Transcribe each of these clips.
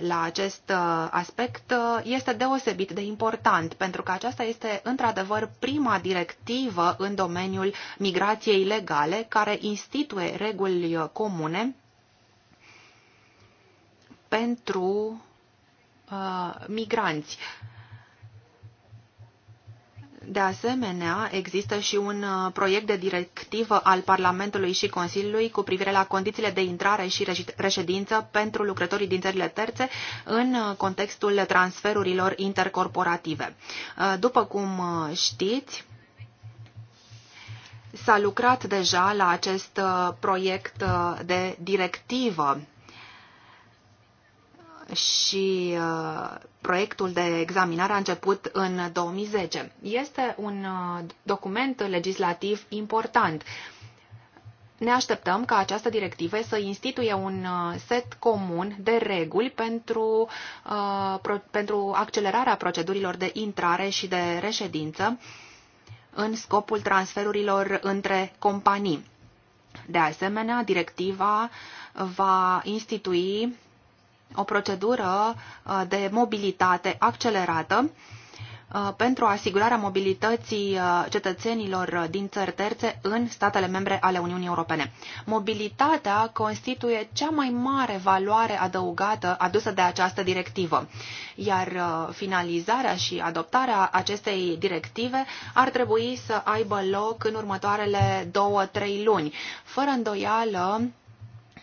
la acest uh, aspect uh, este deosebit de important, pentru că aceasta este într-adevăr prima directivă în domeniul migrației legale care instituie reguli uh, comune pentru migranți. De asemenea, există și un uh, proiect de directivă al Parlamentului și Consiliului cu privire la condițiile de intrare și reședință pentru lucrătorii din țările terțe în uh, contextul transferurilor intercorporative. Uh, după cum știți, s-a lucrat deja la acest proiect de directivă și uh, proiectul de examinare a început în 2010. Este un uh, document legislativ important. Ne așteptăm ca această directivă să instituie un uh, set comun de reguli pentru, pentru accelerarea procedurilor de intrare și de reședință în scopul transferurilor între companii. De asemenea, directiva va institui o procedură uh, de mobilitate accelerată uh, pentru asigurarea mobilității uh, cetățenilor din țări terțe în statele membre ale Uniunii Europene. Mobilitatea constituie cea mai mare valoare adăugată adusă de această directivă, iar finalizarea și adoptarea acestei directive ar trebui să aibă loc în următoarele două-trei luni. Fără îndoială,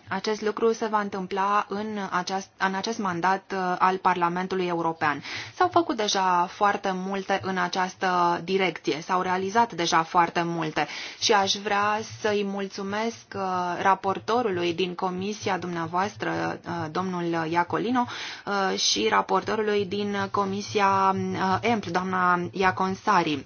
acest lucru se va întâmpla în acest, în acest mandat uh, al Parlamentului European. S-au făcut deja foarte multe în această direcție, s-au realizat deja foarte multe și aș vrea să-i mulțumesc uh, raportorului din comisia dumneavoastră, uh, domnul Iacolino, și raportorului din comisia EMPL, doamna Iaconsari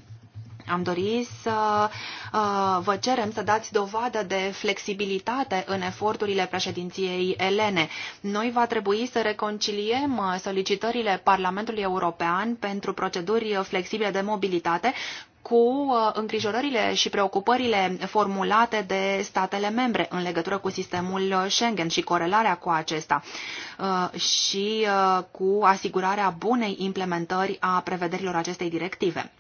am dorit să uh, vă cerem să dați dovadă de flexibilitate în eforturile președinției elene. Noi va trebui să reconciliem uh, solicitările Parlamentului European pentru proceduri flexibile de mobilitate cu uh, îngrijorările și preocupările formulate de statele membre în legătură cu sistemul Schengen și corelarea cu acesta și cu asigurarea bunei implementări a prevederilor acestei directive.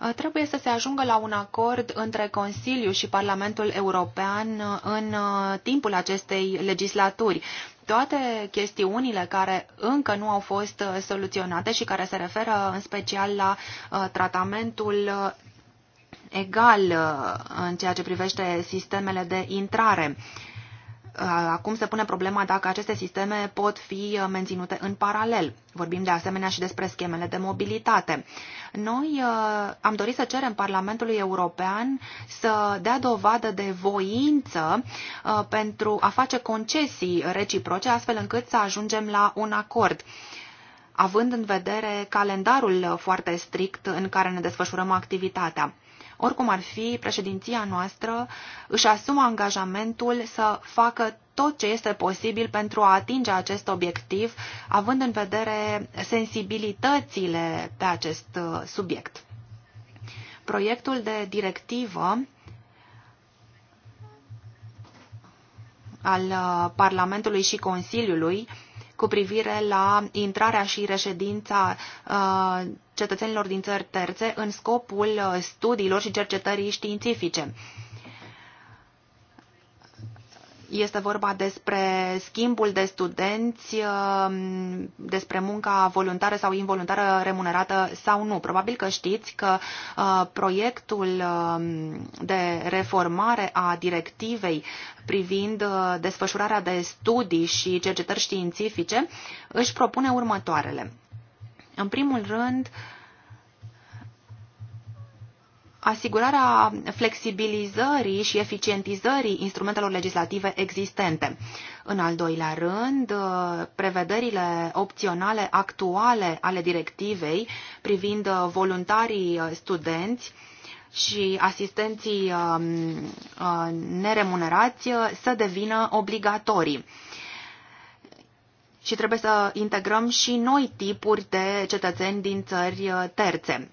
Uh, trebuie să se ajungă la un acord între Consiliu și Parlamentul European uh, în uh, timpul acestei legislaturi. Toate chestiunile care încă nu au fost soluționate și care se referă în special la tratamentul egal în ceea ce privește sistemele de intrare Uh, acum se pune problema dacă aceste sisteme pot fi uh, menținute în paralel. Vorbim de asemenea și despre schemele de mobilitate. Noi uh, am dorit să cerem Parlamentului European să dea dovadă de voință pentru a face concesii reciproce, astfel încât să ajungem la un acord având în vedere calendarul foarte strict în care ne desfășurăm activitatea. Oricum ar fi, președinția noastră își asumă angajamentul să facă tot ce este posibil pentru a atinge acest obiectiv, având în vedere sensibilitățile pe acest uh, subiect. Proiectul de directivă al uh, Parlamentului și Consiliului cu privire la intrarea și reședința uh, cetățenilor din țări terțe în scopul uh, studiilor și cercetării științifice. Este vorba despre schimbul de studenți, um, despre munca voluntară sau involuntară remunerată sau nu. Probabil că știți că uh, proiectul um, de reformare a directivei privind uh, desfășurarea de studii și cercetări științifice își propune următoarele. În primul rând, asigurarea flexibilizării și eficientizării instrumentelor legislative existente. În al doilea rând, prevederile opționale actuale ale directivei privind voluntarii studenți și asistenții um, uh, neremunerați să devină obligatorii și trebuie să integrăm și noi tipuri de cetățeni din țări uh, terțe.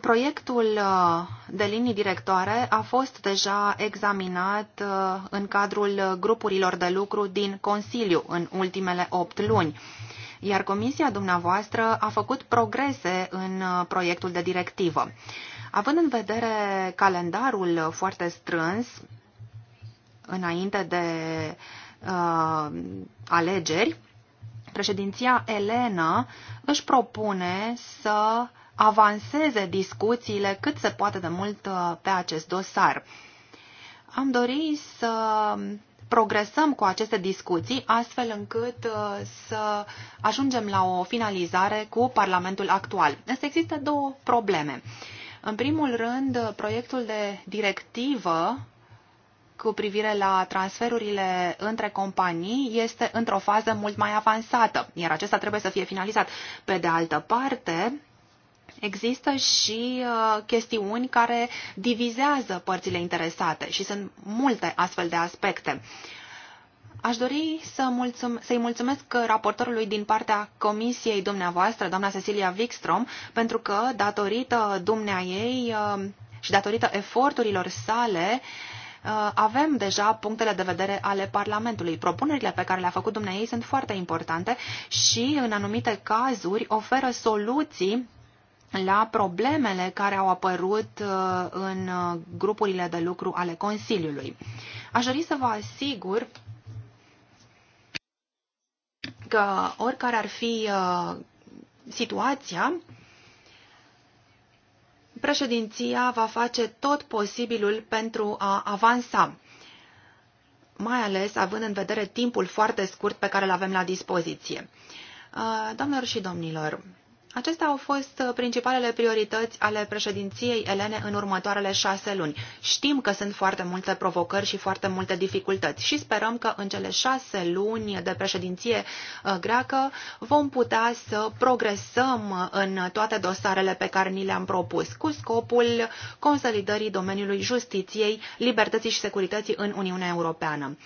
Proiectul uh, de linii directoare a fost deja examinat uh, în cadrul grupurilor de lucru din Consiliu în ultimele opt luni, iar comisia dumneavoastră a făcut progrese în proiectul de directivă. Având în vedere calendarul foarte strâns, înainte de uh, uh, alegeri, președinția Elena își propune să avanseze discuțiile cât se poate de mult uh, pe acest dosar. Am dorit să progresăm cu aceste discuții astfel încât uh, să ajungem la o finalizare cu Parlamentul actual. Însă există două probleme. În primul rând, proiectul de directivă cu privire la transferurile între companii este într-o fază mult mai avansată, iar acesta trebuie să fie finalizat. Pe de altă parte, Există și uh, chestiuni care divizează părțile interesate și sunt multe astfel de aspecte. Aș dori să mulțum- să-i mulțumesc raportorului din partea comisiei dumneavoastră, doamna Cecilia Wikstrom, pentru că, datorită dumnea ei uh, și datorită eforturilor sale, uh, Uh, avem deja punctele de vedere ale Parlamentului. Propunerile pe care le-a făcut dumneai sunt foarte importante și, în anumite cazuri, oferă soluții la problemele care au apărut uh, în uh, grupurile de lucru ale Consiliului. Aș dori să vă asigur că oricare ar fi situația, președinția va face tot posibilul pentru a avansa, mai ales având în vedere timpul foarte scurt pe care îl avem la dispoziție. Uh, doamnelor și domnilor, Acestea au fost uh, principalele priorități ale președinției elene în următoarele șase luni. Știm că sunt foarte multe provocări și foarte multe dificultăți și sperăm că în cele șase luni de președinție uh, greacă vom putea să progresăm uh, în toate dosarele pe care ni le-am propus, cu scopul consolidării domeniului justiției, libertății și securității în Uniunea Europeană.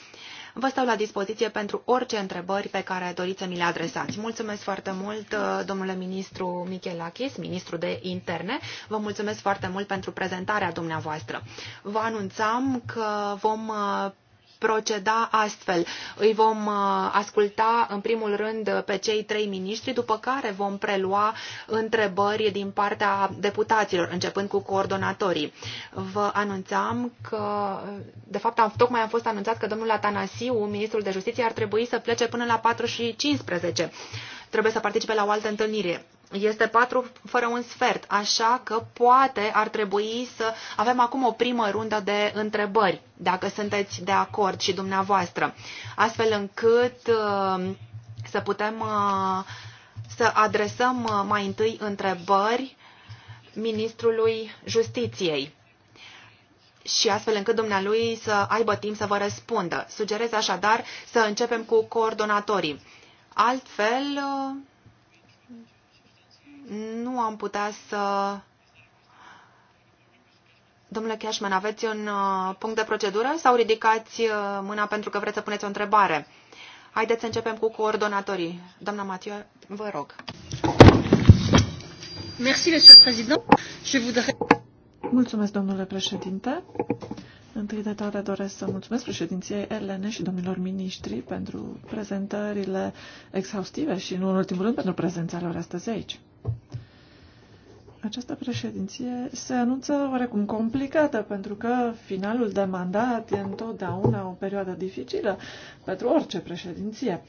Vă stau la dispoziție pentru orice întrebări pe care doriți să mi le adresați. Mulțumesc foarte mult, uh, domnule ministru Michelachis, ministru de interne. Vă mulțumesc foarte mult pentru prezentarea dumneavoastră. Vă anunțam că vom uh, proceda astfel. Îi vom uh, asculta în primul rând pe cei trei miniștri, după care vom prelua întrebări din partea deputaților, începând cu coordonatorii. Vă anunțam că, de fapt, am, tocmai am fost anunțat că domnul Atanasiu, ministrul de justiție, ar trebui să plece până la 4 și 15. Trebuie să participe la o altă întâlnire este 4 fără un sfert, așa că poate ar trebui să avem acum o primă rundă de întrebări, dacă sunteți de acord și dumneavoastră, astfel încât uh, să putem uh, să adresăm uh, mai întâi întrebări ministrului justiției și astfel încât dumnealui să aibă timp să vă răspundă. Sugerez așadar să începem cu coordonatorii. Altfel, nu am putea să... Domnule Cashman, aveți un uh, punct de procedură sau ridicați uh, mâna pentru că vreți să puneți o întrebare? Haideți să începem cu coordonatorii. Doamna Matiu, vă rog. Merci, Monsieur Président. Je voudrais... Mulțumesc, domnule președinte. Întâi de toate doresc să mulțumesc președinției Elene și domnilor miniștri pentru prezentările exhaustive și, nu în ultimul rând, pentru prezența lor astăzi aici. Această președinție se anunță oarecum complicată, pentru că finalul de mandat e întotdeauna o perioadă dificilă pentru orice președinție.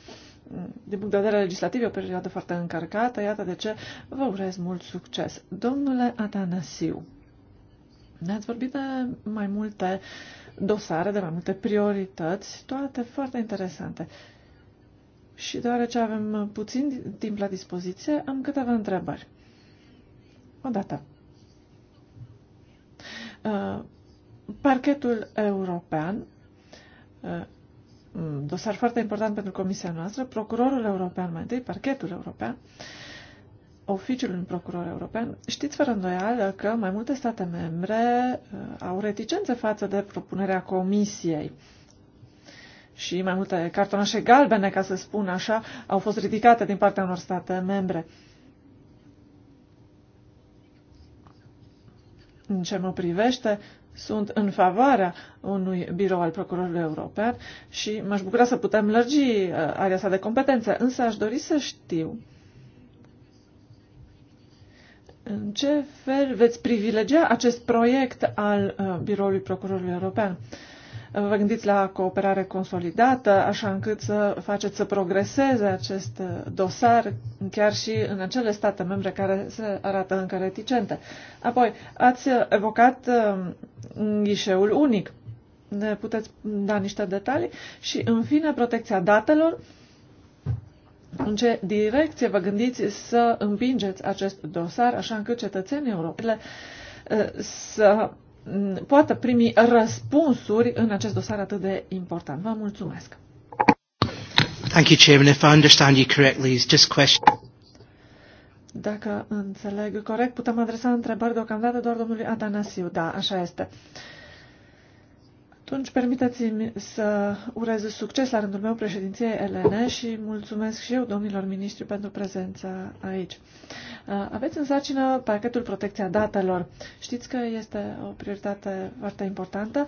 Din punct de vedere legislativ, e o perioadă foarte încărcată, iată de ce vă urez mult succes. Domnule Atanasiu, ne-ați vorbit de mai multe dosare, de mai multe priorități, toate foarte interesante. Și deoarece avem puțin timp la dispoziție, am câteva întrebări. O dată. Uh, parchetul european, uh, dosar foarte important pentru comisia noastră, procurorul european mai întâi, parchetul european, oficiul unui procuror european, știți fără îndoială că mai multe state membre uh, au reticențe față de propunerea comisiei și mai multe cartonașe galbene, ca să spun așa, au fost ridicate din partea unor state membre. În ce mă privește, sunt în favoarea unui birou al procurorului european și m-aș bucura să putem lărgi uh, area sa de competențe, însă aș dori să știu în ce fel veți privilegia acest proiect al uh, biroului procurorului european. Uh, Vă gândiți la cooperare consolidată, așa încât să faceți să progreseze acest dosar, chiar și în acele state membre care se arată încă reticente. Apoi, ați evocat um, ghișeul unic. Ne puteți da niște detalii? Și, în fine, protecția datelor. În ce direcție vă gândiți să împingeți acest dosar, așa încât cetățenii europene uh, să poată primi răspunsuri în acest dosar atât de important. Vă mulțumesc! Thank you, Chairman. If I understand you correctly, it's just question. Dacă înțeleg corect, putem adresa întrebări deocamdată doar domnului Atanasiu. Da, așa este. Uh, atunci, permiteți-mi să urez succes la rândul meu președinției Elene și mulțumesc și eu domnilor ministri, pentru prezența aici. Uh, aveți în sarcină pachetul protecția datelor. Știți că este o prioritate foarte importantă.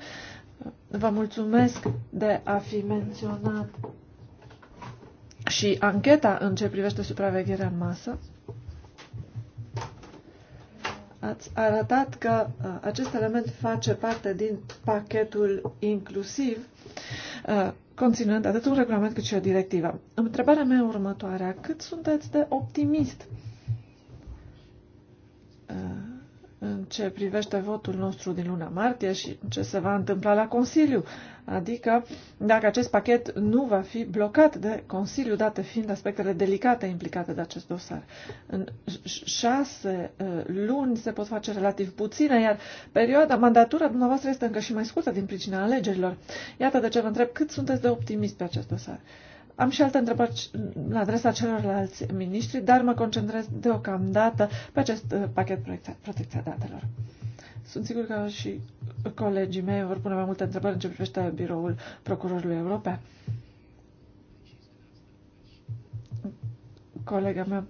Uh, vă mulțumesc de a fi menționat și ancheta în ce privește supravegherea în masă. Ați arătat că uh, acest element face parte din pachetul inclusiv, uh, conținând atât un regulament cât și o directivă. Întrebarea mea următoare: cât sunteți de optimist uh, în ce privește votul nostru din luna martie și ce se va întâmpla la Consiliu, adică dacă acest pachet nu va fi blocat de Consiliu, date fiind aspectele delicate implicate de acest dosar. În șase uh, luni se pot face relativ puține, iar perioada, mandatura dumneavoastră este încă și mai scurtă din pricina alegerilor. Iată de ce vă întreb cât sunteți de optimist pe acest dosar. Am și alte întrebări la adresa celorlalți miniștri, dar mă concentrez deocamdată pe acest uh, pachet protecția datelor. Sunt sigur că și colegii mei vor pune mai multe întrebări în ce privește biroul Procurorului European. Colega mea,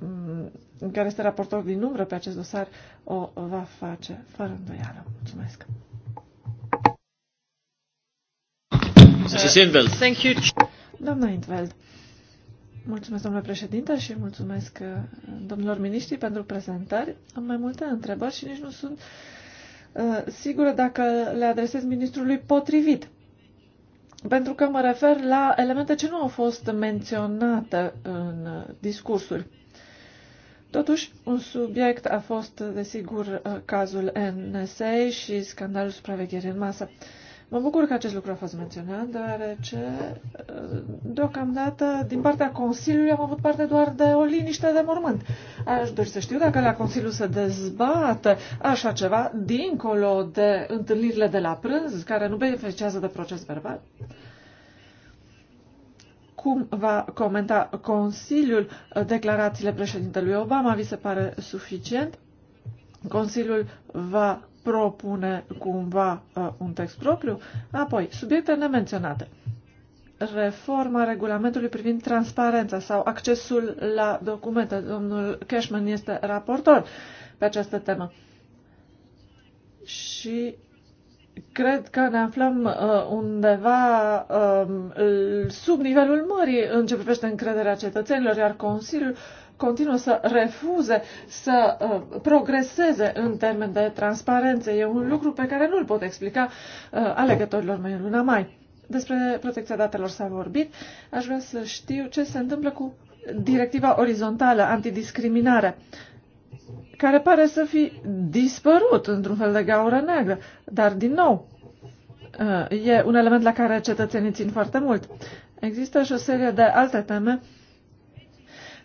mm, care este raportor din umbră pe acest dosar, o va face fără îndoială. Mulțumesc! Uh, thank you. Doamna Intveld, mulțumesc, domnule președinte, și mulțumesc uh, domnilor miniștri pentru prezentări. Am mai multe întrebări și nici nu sunt uh, sigură dacă le adresez ministrului potrivit. Pentru că mă refer la elemente ce nu au fost menționate în uh, discursuri. Totuși, un subiect a fost, desigur, cazul NSA și scandalul supravegherii în masă. Uh, Mă bucur că acest lucru a fost menționat, deoarece uh, deocamdată din partea Consiliului am avut parte doar de o liniște de mormânt. Aș dori să știu dacă la Consiliu se dezbate așa ceva dincolo de întâlnirile de la prânz, care nu beneficiază de proces verbal cum va comenta Consiliul uh, declarațiile președintelui Obama? Vi se pare suficient? Consiliul va propune cumva uh, un text propriu. Apoi, subiecte nemenționate. Reforma regulamentului privind transparența sau accesul la documente. Domnul Cashman este raportor pe această temă. Și cred că ne aflăm uh, undeva uh, sub nivelul mării în ce privește încrederea cetățenilor, iar Consiliul uh, continuă să refuze să uh, progreseze în termen de transparență. E un lucru pe care nu-l pot explica uh, alegătorilor mei în luna mai. Despre protecția datelor s-a vorbit. Aș vrea să știu ce se întâmplă cu directiva orizontală antidiscriminare care pare să fi dispărut într-un fel de gaură neagră. Dar, din nou, uh, e un element la care cetățenii țin foarte mult. Există și o serie de alte teme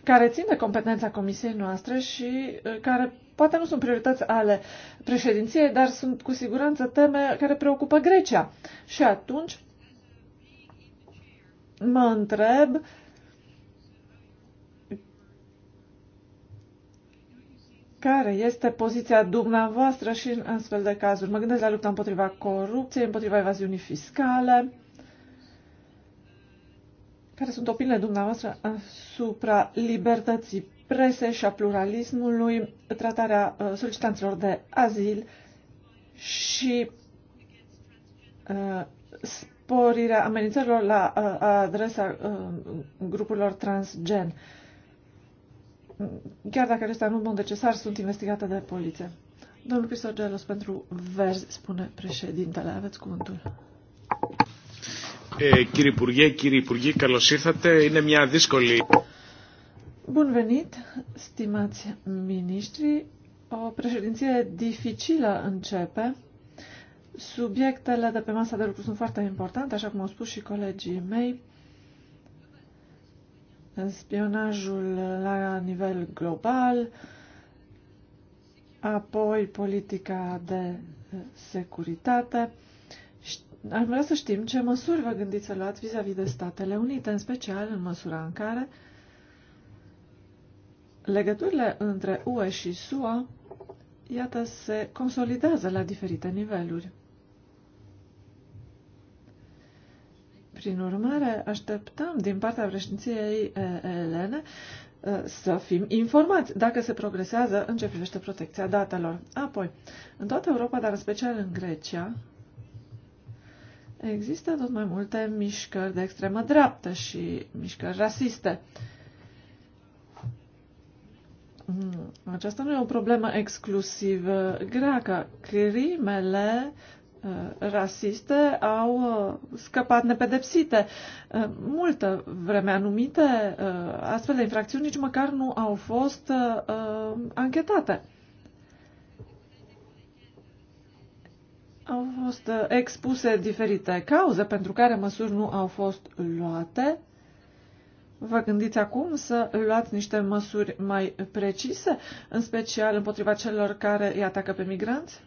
care țin de competența comisiei noastre și uh, care poate nu sunt priorități ale președinției, dar sunt cu siguranță teme care preocupă Grecia. Și atunci mă întreb care este poziția dumneavoastră și în astfel de cazuri. Mă gândesc la lupta împotriva corupției, împotriva evaziunii fiscale, care sunt opiniile dumneavoastră asupra libertății prese și a pluralismului, tratarea uh, solicitanților de azil și uh, sporirea amenințărilor la uh, adresa uh, grupurilor transgen. Chiar dacă acestea nu sunt necesar, sunt investigate de poliție. Domnul Cristogelos, pentru verzi, spune președintele. Aveți cuvântul. Ε, κύριε Υπουργέ, κύριε Υπουργοί, καλώς ήρθατε. Είναι μια δύσκολη... Bun venit, stimați miniștri. O președinție dificilă începe. Subiectele de pe masa de lucru sunt foarte importante, așa cum au spus și colegii mei. Spionajul la nivel global, apoi politica de securitate, ar vrea să știm ce măsuri vă gândiți să luați vis-a-vis -vis de Statele Unite, în special în măsura în care legăturile între UE și SUA, iată, se consolidează la diferite niveluri. Prin urmare, așteptăm din partea președinției elene să fim informați dacă se progresează în ce privește protecția datelor. Apoi, în toată Europa, dar în special în Grecia, Există tot mai multe mișcări de extremă dreaptă și mișcări rasiste. Mm, aceasta nu e o problemă exclusiv greacă. Crimele uh, rasiste au uh, scăpat nepedepsite. Uh, multă vreme anumite astfel de infracțiuni nici măcar nu au fost anchetate. au fost uh, expuse diferite cauze pentru care măsuri nu au fost luate. Vă gândiți acum să luați niște măsuri mai precise, în special împotriva celor care îi atacă pe migranți?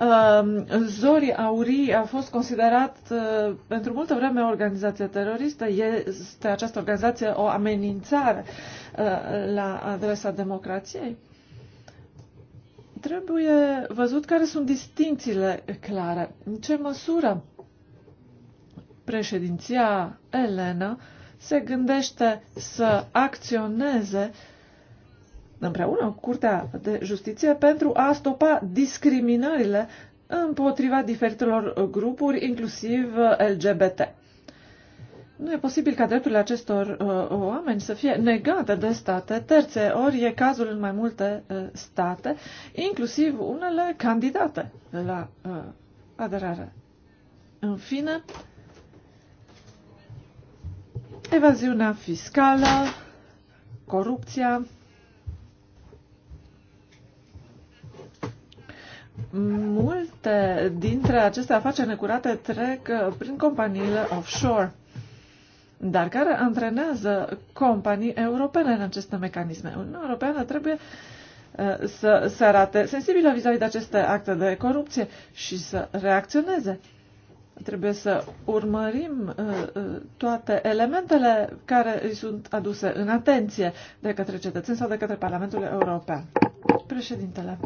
Um, Zorii Aurii a fost considerat uh, pentru multă vreme o organizație teroristă. Este această organizație o amenințare uh, la adresa democrației? Trebuie văzut care sunt distincțiile clare. În ce măsură președinția Elena se gândește să acționeze împreună cu Curtea de Justiție pentru a stopa discriminările împotriva diferitelor grupuri, inclusiv LGBT nu e posibil ca drepturile acestor uh, oameni să fie negate de state terțe, ori e cazul în mai multe uh, state, inclusiv unele candidate la uh, aderare. În fine, evaziunea fiscală, corupția, multe dintre aceste afaceri necurate trec uh, prin companiile offshore dar care antrenează companii europene în aceste mecanisme. Uniunea Europeană trebuie uh, să se arate sensibilă vis-a-vis -vis de aceste acte de corupție și să reacționeze. Trebuie să urmărim uh, uh, toate elementele care îi sunt aduse în atenție de către cetățeni sau de către Parlamentul European. Președintele.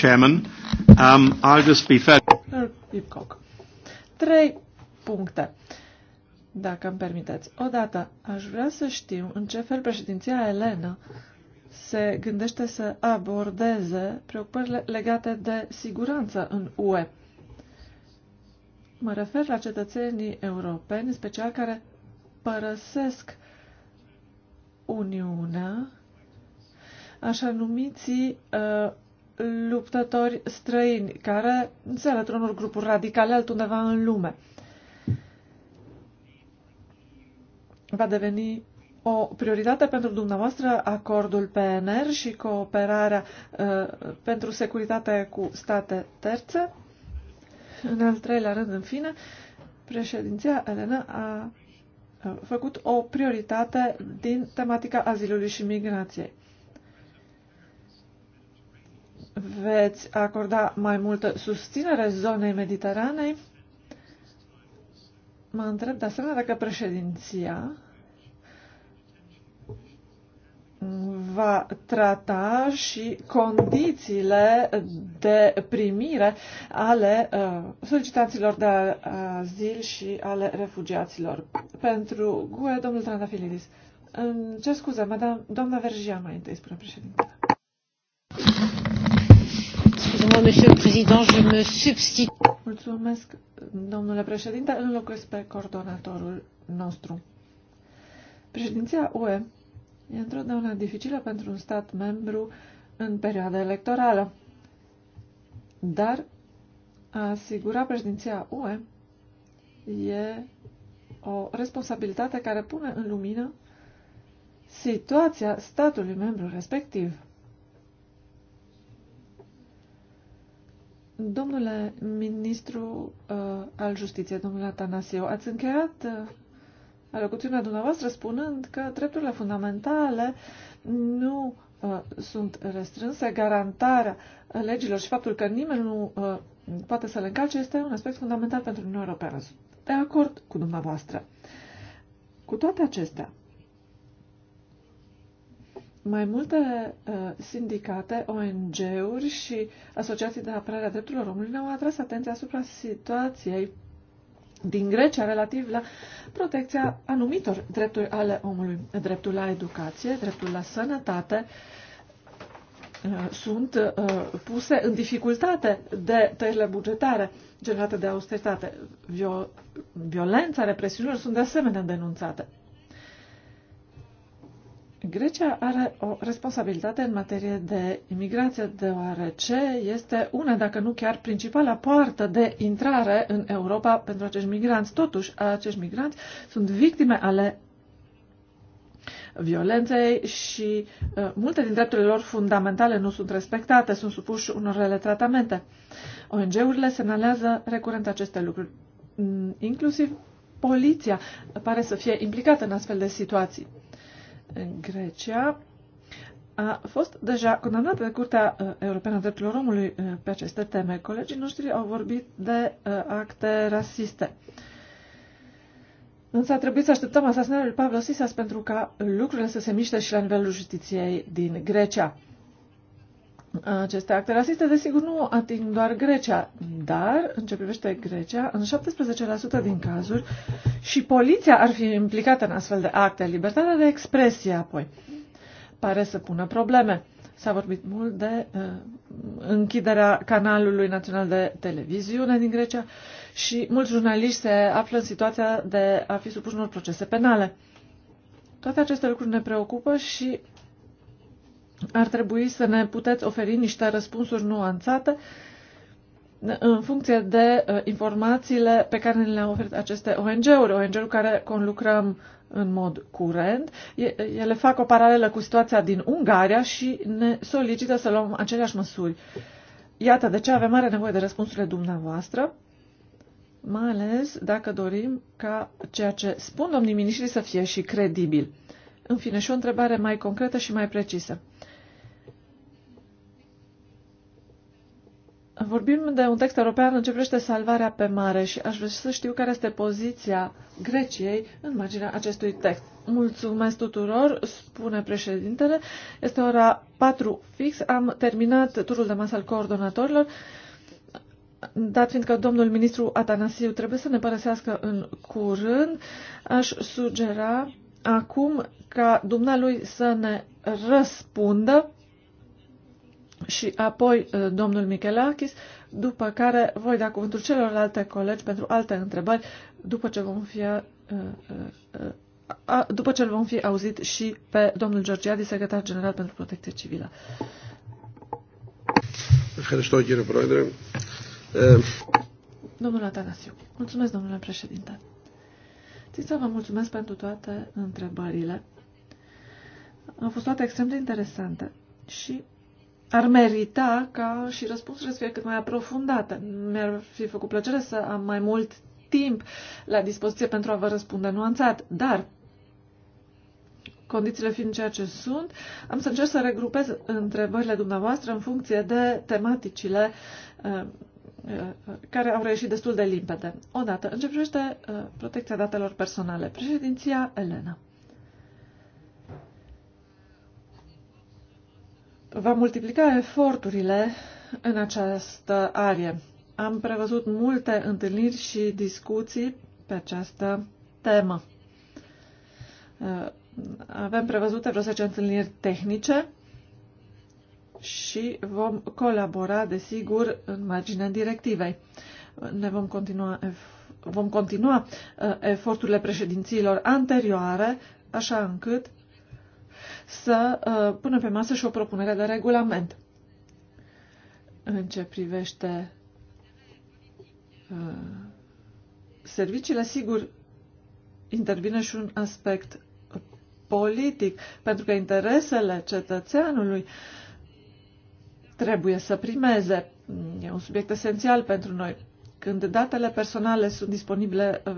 Chairman, um, I'll just be fair. Trei puncte. Uh, dacă îmi permiteți. Odată, aș vrea să știu în ce fel președinția Elena se gândește să abordeze preocupările legate de siguranță în UE. Mă refer la cetățenii europeni, special care părăsesc Uniunea, așa numiții uh, luptători străini, care se alătură unor grupuri radicale altundeva în lume. va deveni o prioritate pentru dumneavoastră acordul PNR și cooperarea uh, pentru securitate cu state terțe. În al treilea rând, în fine, președinția Elena a făcut o prioritate din tematica azilului și migrației. Veți acorda mai multă susținere zonei mediteranei Mă întreb de asemenea dacă președinția va trata și condițiile de primire ale uh, solicitanților de azil și ale refugiaților. Pentru GUE, domnul Trandafilidis. Ce scuze, madame, doamna Vergia mai întâi, spune președintele. Monsieur le Président, je me substitue. Mulțumesc, domnule președinte, îl locuiesc pe coordonatorul nostru. Președinția UE e întotdeauna dificilă pentru un stat membru în perioada electorală, dar a asigura președinția UE e o responsabilitate care pune în lumină situația statului membru respectiv. Domnule ministru uh, al justiției, domnule Atanasiu, ați încheiat uh, alocuțiunea dumneavoastră spunând că drepturile fundamentale nu uh, sunt restrânse, garantarea legilor și faptul că nimeni nu uh, poate să le încalce este un aspect fundamental pentru Uniunea Europeană. de acord cu dumneavoastră. Cu toate acestea, mai multe uh, sindicate, ONG-uri și asociații de apărare a drepturilor omului ne-au atras atenția asupra situației din Grecia relativ la protecția anumitor drepturi ale omului. Dreptul la educație, dreptul la sănătate uh, sunt uh, puse în dificultate de tăierile bugetare generate de austeritate. Vio- violența, represiunilor sunt de asemenea denunțate. Grecia are o responsabilitate în materie de imigrație, deoarece este una, dacă nu chiar principala poartă de intrare în Europa pentru acești migranți. Totuși, acești migranți sunt victime ale violenței și uh, multe din drepturile lor fundamentale nu sunt respectate, sunt supuși unor rele tratamente. ONG-urile semnalează recurent aceste lucruri, mm, inclusiv poliția pare să fie implicată în astfel de situații în Grecia a fost deja condamnată de Curtea uh, Europeană a Drepturilor Omului uh, pe aceste teme. Colegii noștri au vorbit de uh, acte rasiste. Însă a trebuit să așteptăm asasinarea lui Pavlo Sisas pentru ca lucrurile să se miște și la nivelul justiției din Grecia. Aceste acte rasiste, desigur, nu ating doar Grecia, dar, în ce privește Grecia, în 17% din cazuri și poliția ar fi implicată în astfel de acte. Libertatea de expresie, apoi, pare să pună probleme. S-a vorbit mult de uh, închiderea canalului național de televiziune din Grecia și mulți jurnaliști se află în situația de a fi supuși unor procese penale. Toate aceste lucruri ne preocupă și ar trebui să ne puteți oferi niște răspunsuri nuanțate în funcție de uh, informațiile pe care ne le-au oferit aceste ONG-uri, ONG-uri care conlucrăm în mod curent. Ele fac o paralelă cu situația din Ungaria și ne solicită să luăm aceleași măsuri. Iată de ce avem mare nevoie de răspunsurile dumneavoastră, mai ales dacă dorim ca ceea ce spun domnii miniștri să fie și credibil. În fine, și o întrebare mai concretă și mai precisă. Vorbim de un text european în ce privește salvarea pe mare și aș vrea să știu care este poziția Greciei în marginea acestui text. Mulțumesc tuturor, spune președintele. Este ora 4 fix. Am terminat turul de masă al coordonatorilor. Dat fiindcă domnul ministru Atanasiu trebuie să ne părăsească în curând, aș sugera acum ca dumnealui să ne răspundă și apoi uh, domnul Michelachis, după care voi da cuvântul celorlalte colegi pentru alte întrebări, după ce vom fi, uh, uh, după ce vom fi auzit și pe domnul Georgiadi, secretar general pentru protecție civilă. Domnul Atanasiu, mulțumesc, domnule președinte. Țin să vă mulțumesc pentru toate întrebările. Au fost toate extrem de interesante și ar merita ca și răspunsurile să fie cât mai aprofundate. Mi-ar fi făcut plăcere să am mai mult timp la dispoziție pentru a vă răspunde nuanțat, dar condițiile fiind ceea ce sunt, am să încerc să regrupez întrebările dumneavoastră în funcție de tematicile uh, uh care au reieșit destul de limpede. Odată, în ce privește uh, protecția datelor personale, președinția Elena. va multiplica eforturile în această arie. Am prevăzut multe întâlniri și discuții pe această temă. Uh, avem prevăzute vreo 10 întâlniri tehnice și vom colabora, desigur, în marginea directivei. Ne vom continua, vom continua uh, eforturile președințiilor anterioare, așa încât să uh, pună pe masă și o propunere de regulament. În ce privește uh, serviciile, sigur, intervine și un aspect politic, pentru că interesele cetățeanului trebuie să primeze. E un subiect esențial pentru noi. Când datele personale sunt disponibile uh,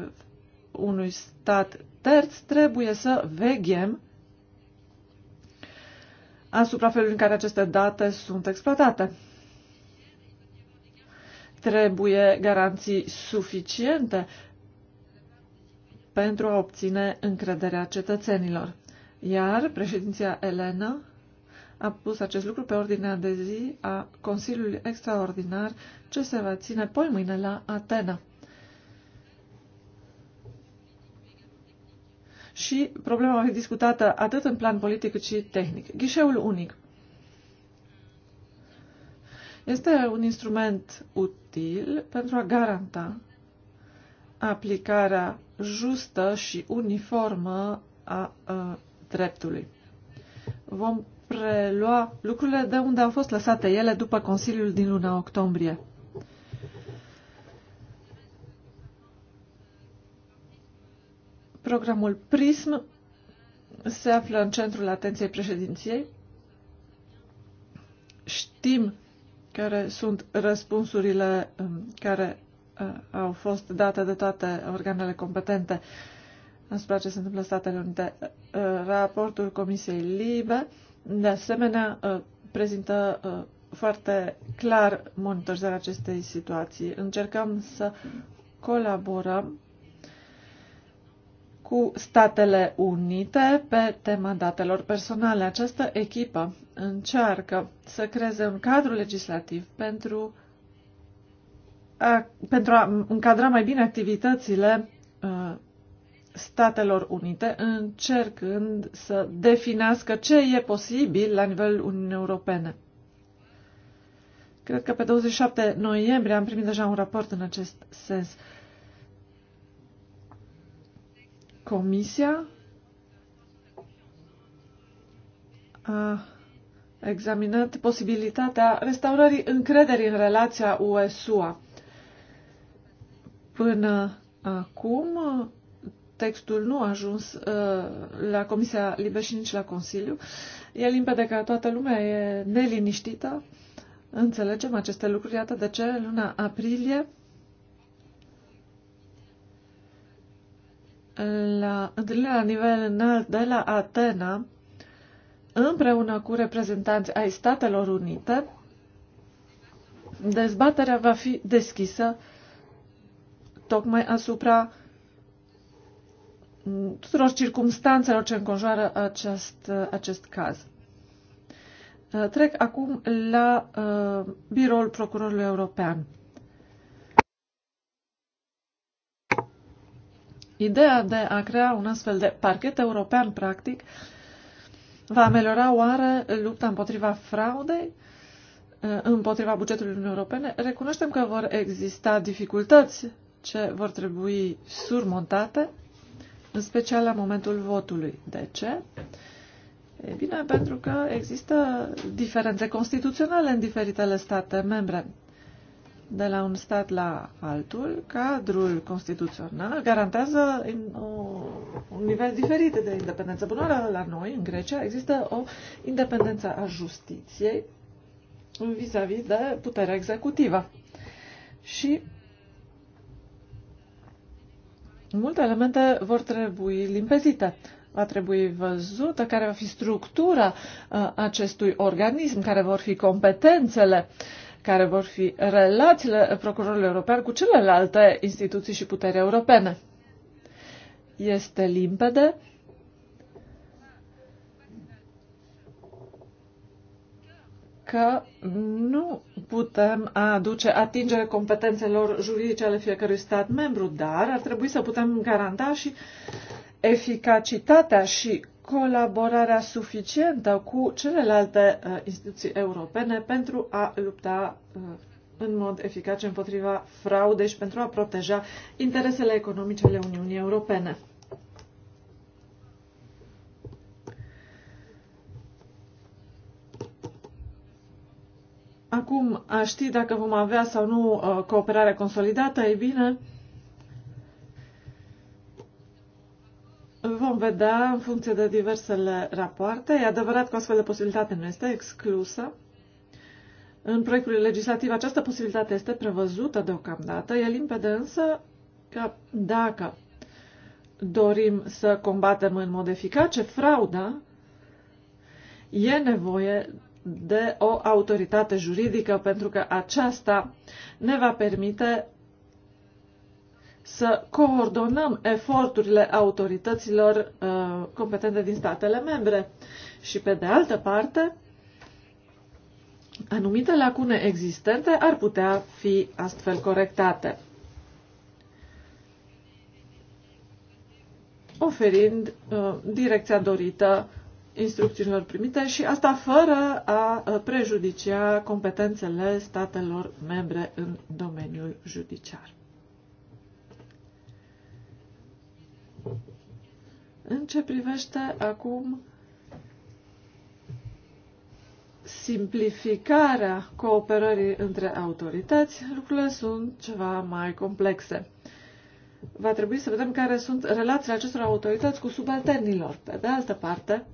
unui stat terț, trebuie să veghem asupra felului în care aceste date sunt exploatate. Trebuie garanții suficiente pentru a obține încrederea cetățenilor. Iar președinția Elena a pus acest lucru pe ordinea de zi a Consiliului Extraordinar ce se va ține poi mâine la Atena. și problema va fi discutată atât în plan politic cât și tehnic. Ghișeul unic este un instrument util pentru a garanta aplicarea justă și uniformă a, a dreptului. Vom prelua lucrurile de unde au fost lăsate ele după Consiliul din luna octombrie. Programul PRISM se află în centrul atenției președinției. Știm care sunt răspunsurile um, care uh, au fost date de toate organele competente asupra ce se întâmplă Statele Unite. Uh, raportul Comisiei Libe, de asemenea, uh, prezintă foarte clar monitorizarea acestei situații. Încercăm să colaborăm cu Statele Unite pe tema datelor personale. Această echipă încearcă să creeze un cadru legislativ pentru a, pentru a încadra mai bine activitățile uh, Statelor Unite, încercând să definească ce e posibil la nivel Uniunii Europene. Cred că pe 27 noiembrie am primit deja un raport în acest sens. Uh, Comisia a examinat posibilitatea restaurării încrederii în relația UE-SUA. Până acum, textul nu a ajuns uh, la Comisia Libe și nici la Consiliu. E limpede că toată lumea e neliniștită. Înțelegem aceste lucruri. Iată de ce luna aprilie la întâlnirea la nivel înalt de la Atena, împreună cu reprezentanți ai Statelor Unite, dezbaterea va fi deschisă tocmai asupra tuturor circumstanțelor ce înconjoară acest, acest caz. Trec acum la uh, biroul Procurorului European. Ideea de a crea un astfel de parchet european, practic, va ameliora oare lupta împotriva fraudei, eh, împotriva bugetului Uniunii Europene? Recunoaștem că vor exista dificultăți ce vor trebui surmontate, în special la momentul votului. De ce? E bine, pentru că există diferențe constituționale în diferitele state membre de la un stat la altul, cadrul constituțional garantează un nivel diferit de independență. Până la, la noi, în Grecia, există o independență a justiției vis-a-vis -vis de puterea executivă. Și multe elemente vor trebui limpezite. Va trebui văzută care va fi structura uh, acestui organism, care vor fi competențele uh, care vor fi relațiile procurorului european cu celelalte instituții și puteri europene. Este limpede că nu putem aduce atingere competențelor juridice ale fiecărui stat membru, dar ar trebui să putem garanta și eficacitatea și colaborarea suficientă cu celelalte uh, instituții europene pentru a lupta uh, în mod eficace împotriva fraudei și pentru a proteja interesele economice ale Uniunii Europene. Acum, a ști dacă vom avea sau nu uh, cooperare consolidată, e bine, Vom vedea în funcție de diversele rapoarte. E adevărat că o astfel de posibilitate nu este exclusă. În proiectul legislativ această posibilitate este prevăzută deocamdată. E limpede însă că dacă dorim să combatem în mod eficace frauda, e nevoie de o autoritate juridică pentru că aceasta ne va permite să coordonăm eforturile autorităților uh, competente din statele membre. Și pe de altă parte, anumite lacune existente ar putea fi astfel corectate, oferind uh, direcția dorită instrucțiunilor primite și asta fără a uh, prejudicia competențele statelor membre în domeniul judiciar. În ce privește acum simplificarea cooperării între autorități, lucrurile sunt ceva mai complexe. Va trebui să vedem care sunt relațiile acestor autorități cu subalternilor. Pe de altă parte,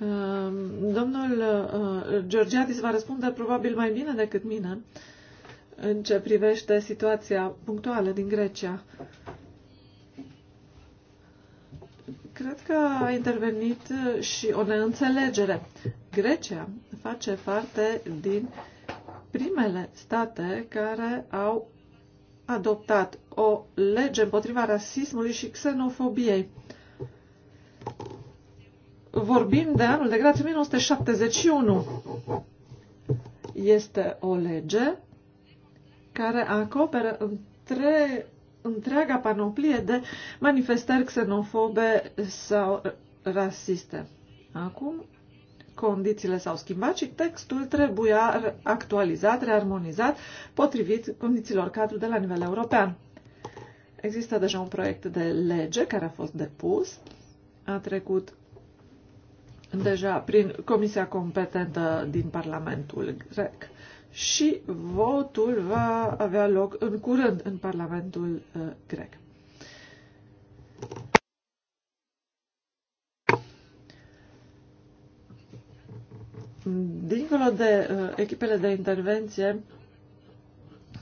um, Domnul uh, Georgiadis va răspunde probabil mai bine decât mine în ce privește situația punctuală din Grecia. Cred că a intervenit și o neînțelegere. Grecia face parte din primele state care au adoptat o lege împotriva rasismului și xenofobiei. Vorbim de anul de grație 1971. Este o lege care acoperă între, întreaga panoplie de manifestări xenofobe sau rasiste. Acum, condițiile s-au schimbat și textul trebuia actualizat, rearmonizat, potrivit condițiilor cadru de la nivel european. Există deja un proiect de lege care a fost depus, a trecut deja prin comisia competentă din Parlamentul grec și votul va avea loc în curând în Parlamentul uh, grec. Dincolo de uh, echipele de intervenție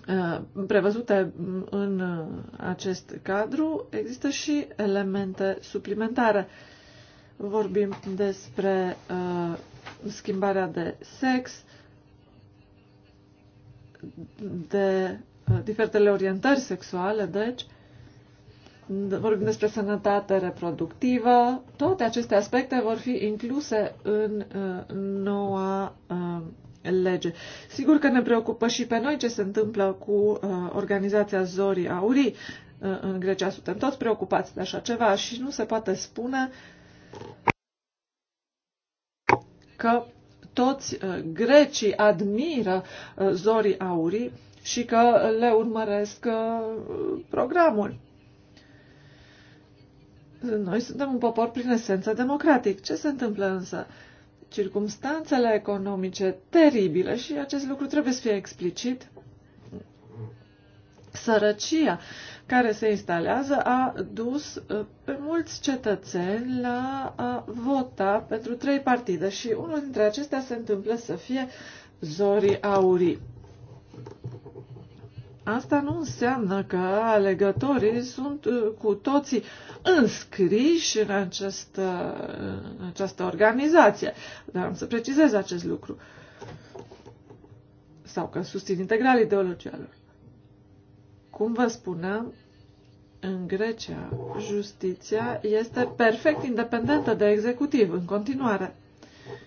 uh, prevăzute în uh, acest cadru, există și elemente suplimentare. Vorbim despre uh, schimbarea de sex, de uh, diferitele orientări sexuale, deci vorbim despre sănătate reproductivă, toate aceste aspecte vor fi incluse în uh, noua uh, lege. Sigur că ne preocupă și pe noi ce se întâmplă cu organizația Zorii Aurii. În Grecia suntem toți preocupați de așa ceva și nu se poate spune că toți uh, grecii admiră uh, zorii aurii și că le urmăresc uh, programul. Noi suntem un popor prin esență democratic. Ce se întâmplă însă? Circumstanțele economice teribile și acest lucru trebuie să fie explicit. Sărăcia, care se instalează a dus uh, pe mulți cetățeni la a vota pentru trei partide și unul dintre acestea se întâmplă să fie Zori aurii. Asta nu înseamnă că alegătorii sunt uh, cu toții înscriși în această, în această organizație. Dar am să precizez acest lucru. Sau că susțin integral ideologia lor. Cum vă spuneam, în Grecia, justiția este perfect independentă de executiv în continuare.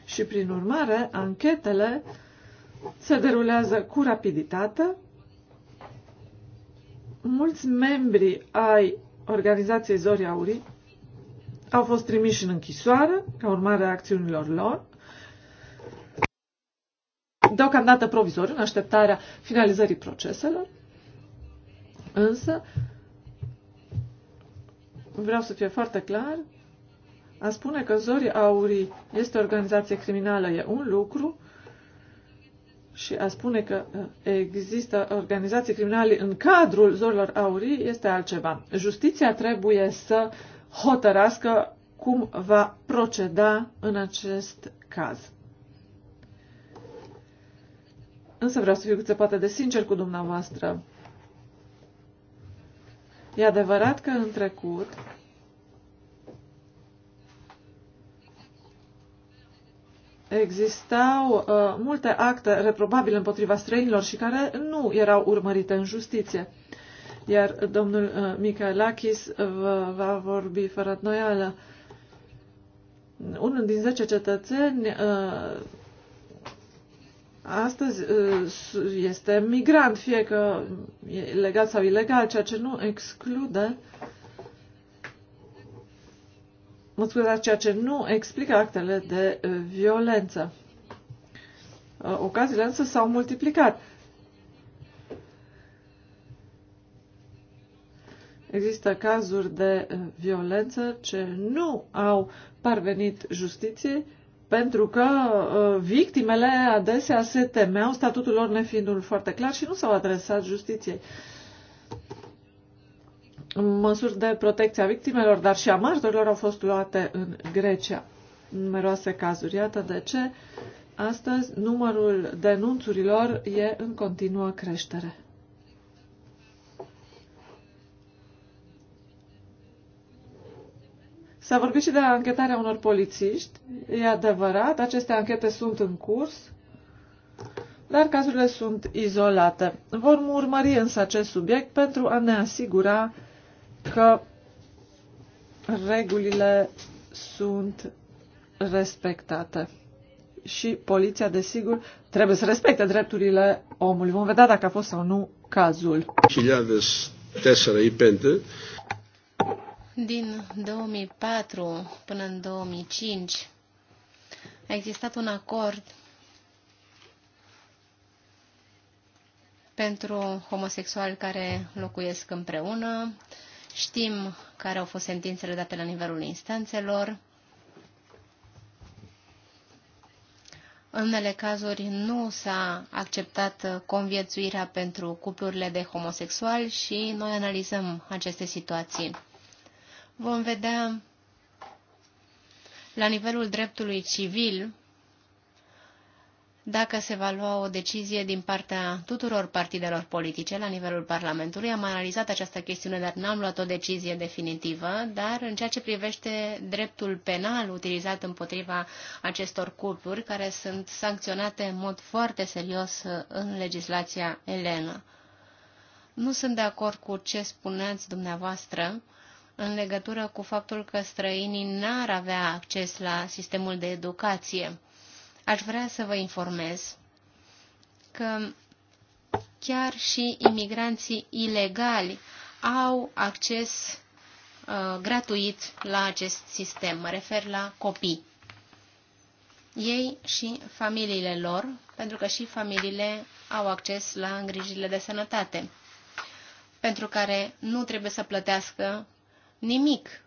Și, prin urmare, anchetele se derulează cu rapiditate. Mulți membri ai organizației Zori Aurii au fost trimiși în închisoare ca urmare a acțiunilor lor, deocamdată provizoriu, în așteptarea finalizării proceselor. Însă, vreau să fie foarte clar, a spune că Zorii Aurii este o organizație criminală e un lucru și a spune că uh, există organizații criminale în cadrul Zorilor Aurii este altceva. Justiția trebuie să hotărască cum va proceda în acest caz. Însă vreau să fiu cât se poate de sincer cu dumneavoastră. E adevărat că în trecut existau uh, multe acte reprobabile împotriva străinilor și care nu erau urmărite în justiție. Iar domnul uh, Michaelakis uh, va, va vorbi fără noială. Unul din zece cetățeni uh, astăzi uh, este migrant, fie că e legat sau ilegal, ceea ce nu exclude mă scuzați, ceea ce nu explică actele de uh, violență. Uh, ocaziile însă s-au multiplicat. Există cazuri de violență ce nu au parvenit justiției, pentru că uh, victimele adesea se temeau statutul lor nefiind unul foarte clar și nu s-au adresat justiției. Măsuri de protecție a victimelor, dar și a martorilor au fost luate în Grecia. Numeroase cazuri. Iată de ce astăzi numărul denunțurilor e în continuă creștere. S-a vorbit și de anchetarea unor polițiști. E adevărat, aceste anchete sunt în curs, dar cazurile sunt izolate. Vom urmări însă acest subiect pentru a ne asigura că regulile sunt respectate. Și poliția, desigur, trebuie să respecte drepturile omului. Vom vedea dacă a fost sau nu cazul. 2004 din 2004 până în 2005 a existat un acord pentru homosexuali care locuiesc împreună. Știm care au fost sentințele date la nivelul instanțelor. În unele cazuri nu s-a acceptat conviețuirea pentru cuplurile de homosexuali și noi analizăm aceste situații vom vedea la nivelul dreptului civil dacă se va lua o decizie din partea tuturor partidelor politice la nivelul Parlamentului. Am analizat această chestiune, dar n-am luat o decizie definitivă, dar în ceea ce privește dreptul penal utilizat împotriva acestor cupluri, care sunt sancționate în mod foarte serios în legislația elenă. Nu sunt de acord cu ce spuneați dumneavoastră în legătură cu faptul că străinii n-ar avea acces la sistemul de educație. Aș vrea să vă informez că chiar și imigranții ilegali au acces uh, gratuit la acest sistem. Mă refer la copii. Ei și familiile lor, pentru că și familiile au acces la îngrijirile de sănătate, pentru care nu trebuie să plătească nimic,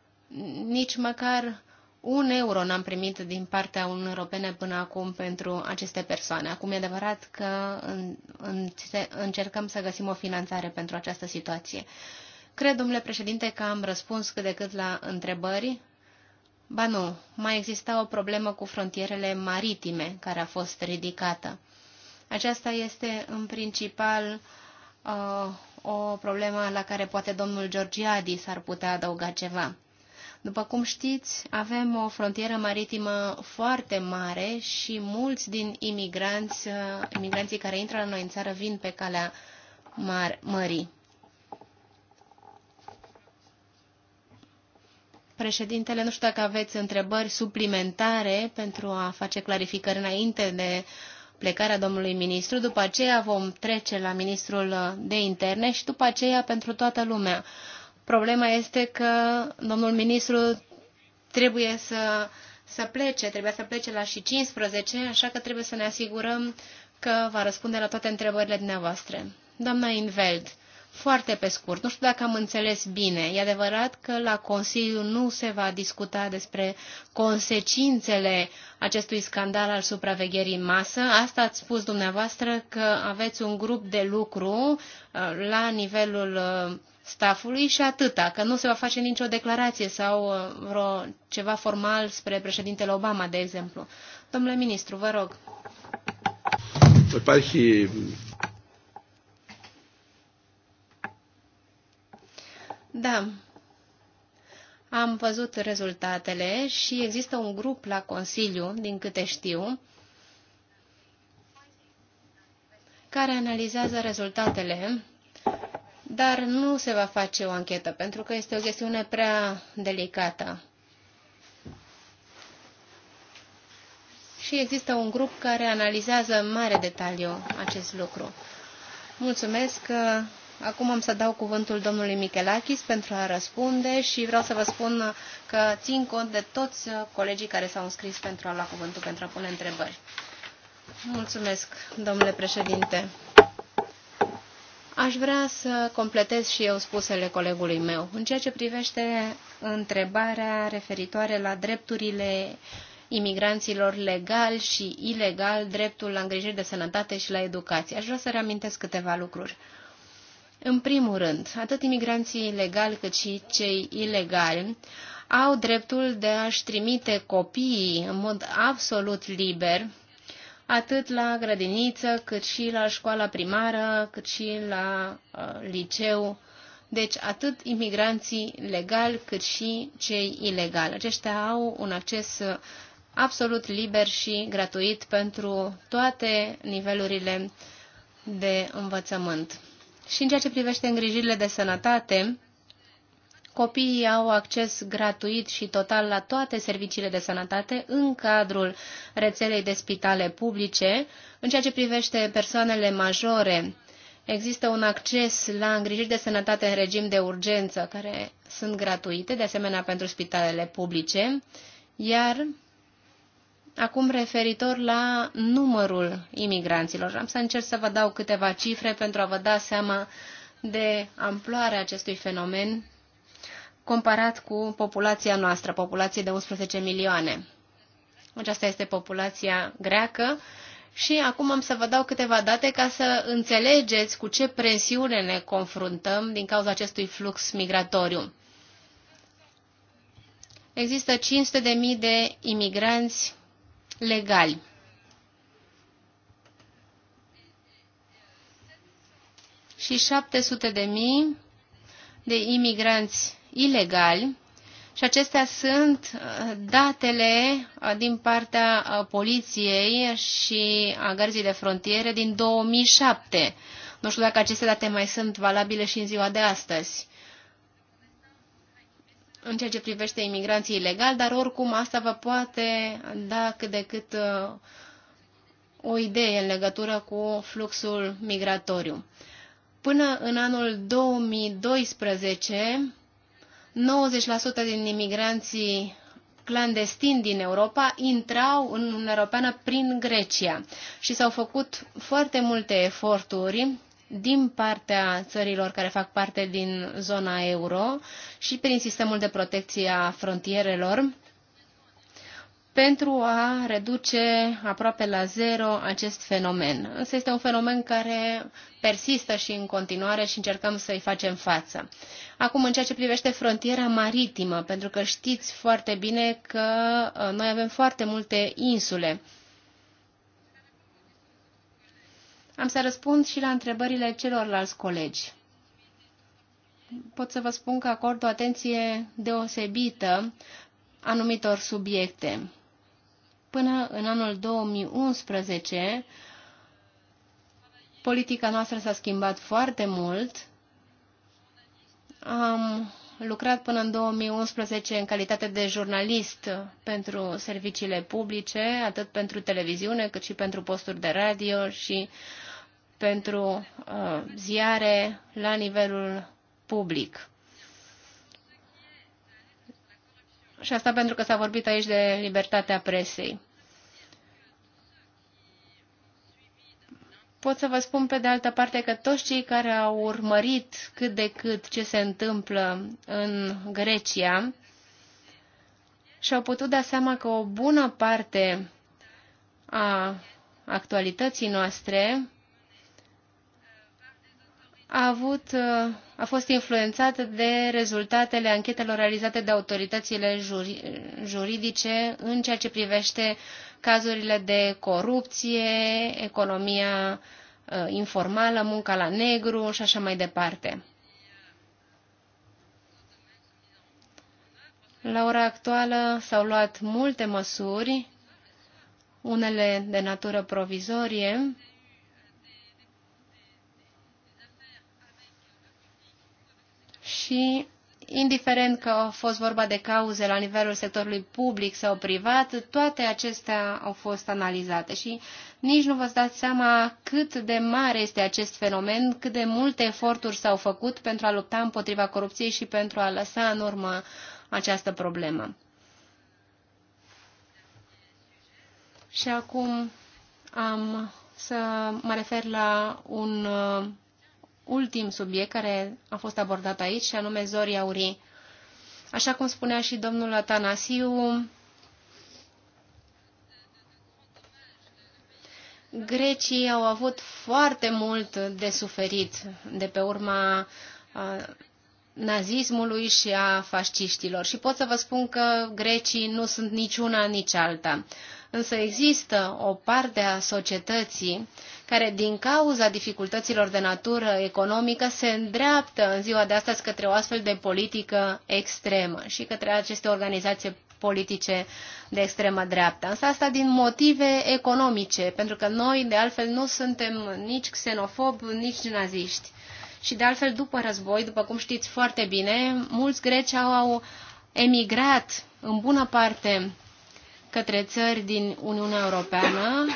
nici măcar un euro n-am primit din partea Uniunii Europene până acum pentru aceste persoane. Acum e adevărat că în, în, încercăm să găsim o finanțare pentru această situație. Cred, domnule președinte, că am răspuns cât de cât la întrebări. Ba nu, mai exista o problemă cu frontierele maritime care a fost ridicată. Aceasta este în principal uh, o problemă la care poate domnul Georgiadis ar putea adăuga ceva. După cum știți, avem o frontieră maritimă foarte mare și mulți din imigranți, imigranții care intră la noi în țară vin pe calea mar- mării. Președintele, nu știu dacă aveți întrebări suplimentare pentru a face clarificări înainte de uh, plecarea domnului ministru, după aceea vom trece la ministrul de interne și după aceea pentru toată lumea. Problema este că domnul ministru trebuie să, să plece, trebuia să plece la și 15, așa că trebuie să ne asigurăm că va răspunde la toate întrebările dumneavoastră. Doamna Inveld, foarte pe scurt, nu știu dacă am înțeles bine. E adevărat că la Consiliu nu se va discuta despre consecințele acestui scandal al supravegherii în masă. Asta ați spus dumneavoastră că aveți un grup de lucru uh, la nivelul uh, stafului și atâta, că nu se va face nicio declarație sau uh, vreo ceva formal spre președintele Obama, de exemplu. Domnule ministru, vă rog. Υπάρχει Da, am văzut rezultatele și există un grup la Consiliu, din câte știu, care analizează rezultatele, dar nu se va face o anchetă, pentru că este o chestiune prea delicată. Și există un grup care analizează în mare detaliu acest lucru. Mulțumesc! Că Acum am să dau cuvântul domnului Michelachis pentru a răspunde și vreau să vă spun că țin cont de toți colegii care s-au înscris pentru a lua cuvântul pentru a pune întrebări. Mulțumesc, domnule președinte. Aș vrea să completez și eu spusele colegului meu. În ceea ce privește întrebarea referitoare la drepturile imigranților legal și ilegal, dreptul la îngrijiri de sănătate și la educație, aș vrea să reamintesc câteva lucruri. În primul rând, atât imigranții ilegali cât și cei ilegali au dreptul de a-și trimite copiii în mod absolut liber, atât la grădiniță, cât și la școala primară, cât și la uh, liceu. Deci atât imigranții legali cât și cei ilegali. Aceștia au un acces absolut liber și gratuit pentru toate nivelurile de învățământ. Și în ceea ce privește îngrijirile de sănătate, copiii au acces gratuit și total la toate serviciile de sănătate în cadrul rețelei de spitale publice. În ceea ce privește persoanele majore, Există un acces la îngrijiri de sănătate în regim de urgență, care sunt gratuite, de asemenea pentru spitalele publice, iar Acum, referitor la numărul imigranților, am să încerc să vă dau câteva cifre pentru a vă da seama de amploarea acestui fenomen comparat cu populația noastră, populație de 11 milioane. Aceasta este populația greacă și acum am să vă dau câteva date ca să înțelegeți cu ce presiune ne confruntăm din cauza acestui flux migratoriu. Există 500.000 de imigranți legali. Și 700 de mii de imigranți ilegali și acestea sunt uh, datele uh, din partea uh, poliției și a gărzii de frontiere din 2007. Nu știu dacă aceste date mai sunt valabile și în ziua de astăzi în ceea ce privește imigranții ilegali, dar oricum asta vă poate da cât de cât uh, o idee în legătură cu fluxul migratoriu. Până în anul 2012, 90% din imigranții clandestini din Europa intrau în Uniunea Europeană prin Grecia și s-au făcut foarte multe eforturi din partea țărilor care fac parte din zona euro și prin sistemul de protecție a frontierelor pentru a reduce aproape la zero acest fenomen. Însă este un fenomen care persistă și în continuare și încercăm să-i facem față. Acum, în ceea ce privește frontiera maritimă, pentru că știți foarte bine că uh, noi avem foarte multe insule Am să răspund și la întrebările celorlalți colegi. Pot să vă spun că acord o atenție deosebită anumitor subiecte. Până în anul 2011, politica noastră s-a schimbat foarte mult. Am lucrat până în 2011 în calitate de jurnalist pentru serviciile publice, atât pentru televiziune, cât și pentru posturi de radio și pentru uh, ziare la nivelul public. Și asta pentru că s-a vorbit aici de libertatea presei. Pot să vă spun pe de altă parte că toți cei care au urmărit cât de cât ce se întâmplă în Grecia și-au putut da seama că o bună parte a actualității noastre a, avut, a fost influențată de rezultatele anchetelor realizate de autoritățile juridice în ceea ce privește uh, cazurile de corupție, economia uh, informală, munca la negru și așa mai departe. La ora actuală s-au luat multe măsuri, unele de natură provizorie, și indiferent că a fost vorba de cauze la nivelul sectorului public sau privat, toate acestea au fost analizate și nici nu vă dați seama cât de mare este acest fenomen, cât de multe eforturi s-au făcut pentru a lupta împotriva corupției și pentru a lăsa în urmă această problemă. Și acum am să mă refer la un uh, ultim subiect care a fost abordat aici, și anume zorii aurii. Așa cum spunea și domnul Atanasiu, grecii au avut foarte mult de suferit de pe urma nazismului și a fasciștilor. Și pot să vă spun că grecii nu sunt niciuna, nici alta. Însă există o parte a societății care din cauza dificultăților de natură economică se îndreaptă în ziua de astăzi către o astfel de politică extremă și către aceste organizații politice de extremă dreaptă. Însă asta din motive economice, pentru că noi, de altfel, nu suntem nici xenofob, nici naziști. Și de altfel, după război, după cum știți foarte bine, mulți greci au emigrat în bună parte către țări din Uniunea Europeană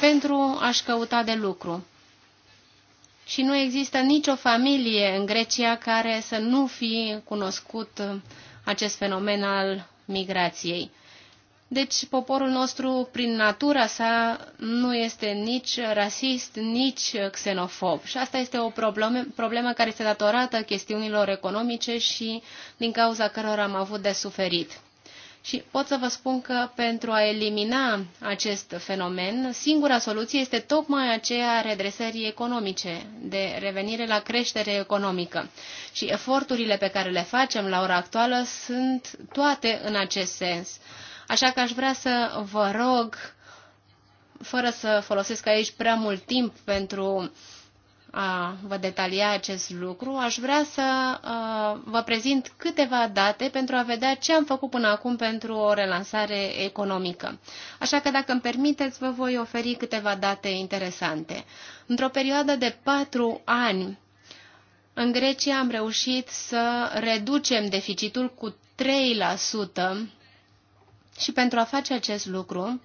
pentru a-și căuta de lucru. Și nu există nicio familie în Grecia care să nu fi cunoscut acest fenomen al migrației. Deci poporul nostru, prin natura sa, nu este nici rasist, nici xenofob. Și asta este o problemă, problemă care este datorată chestiunilor economice și din cauza cărora am avut de suferit. Și pot să vă spun că pentru a elimina acest fenomen, singura soluție este tocmai aceea redresării economice, de revenire la creștere economică. Și eforturile pe care le facem la ora actuală sunt toate în acest sens. Așa că aș vrea să vă rog, fără să folosesc aici prea mult timp pentru uh, a vă detalia acest lucru, aș vrea să a, vă prezint câteva date pentru a vedea ce am făcut până acum pentru o relansare economică. Așa că, dacă îmi permiteți, vă voi oferi câteva date interesante. Într-o perioadă de patru ani, în Grecia am reușit să reducem deficitul cu 3% și pentru a face acest lucru,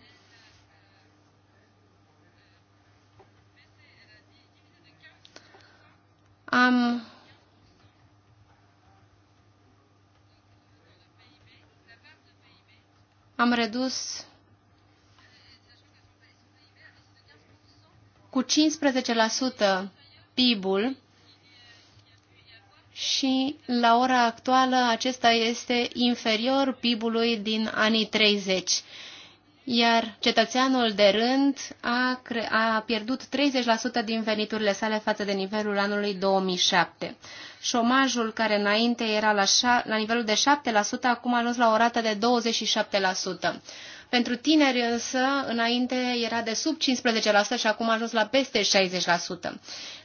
Am am redus cu 15% PIB-ul și la ora actuală acesta este inferior PIB-ului din anii 30 iar cetățeanul de rând a, a pierdut 30% din veniturile sale față de nivelul anului 2007. Șomajul care înainte era la, la nivelul de 7%, acum a ajuns la o rată de 27%. Pentru tineri însă, înainte era de sub 15% și acum a ajuns la peste 60%.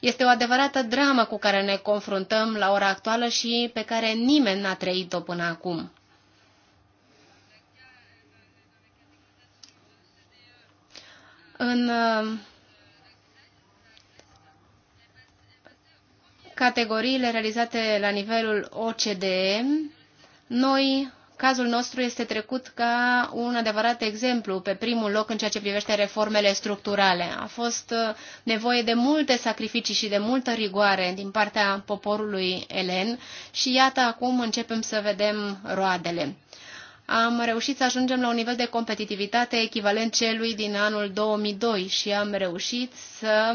Este o adevărată dramă cu care ne confruntăm la ora actuală și pe care nimeni n-a trăit-o până acum. în uh, categoriile realizate la nivelul OCDE, noi, cazul nostru este trecut ca un adevărat exemplu pe primul loc în ceea ce privește reformele structurale. A fost uh, nevoie de multe sacrificii și de multă rigoare din partea poporului elen și iată acum începem să vedem roadele am reușit să ajungem la un nivel de competitivitate echivalent celui din anul 2002 și am reușit să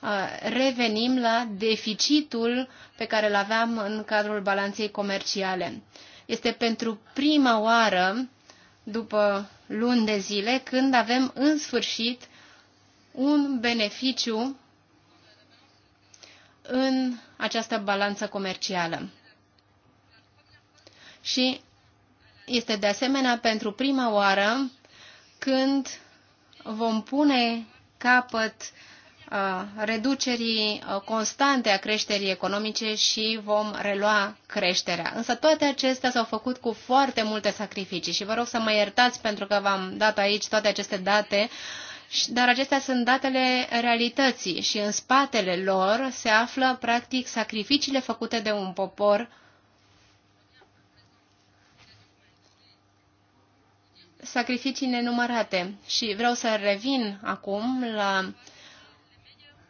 uh, revenim la deficitul pe care îl aveam în cadrul balanței comerciale. Este pentru prima oară, după luni de zile, când avem în sfârșit un beneficiu în această balanță comercială. Și este de asemenea pentru prima oară când vom pune capăt uh, reducerii uh, constante a creșterii economice și vom relua creșterea. Însă toate acestea s-au făcut cu foarte multe sacrificii și vă rog să mă iertați pentru că v-am dat aici toate aceste date, dar acestea sunt datele realității și în spatele lor se află practic sacrificiile făcute de un popor sacrificii nenumărate și vreau să revin acum la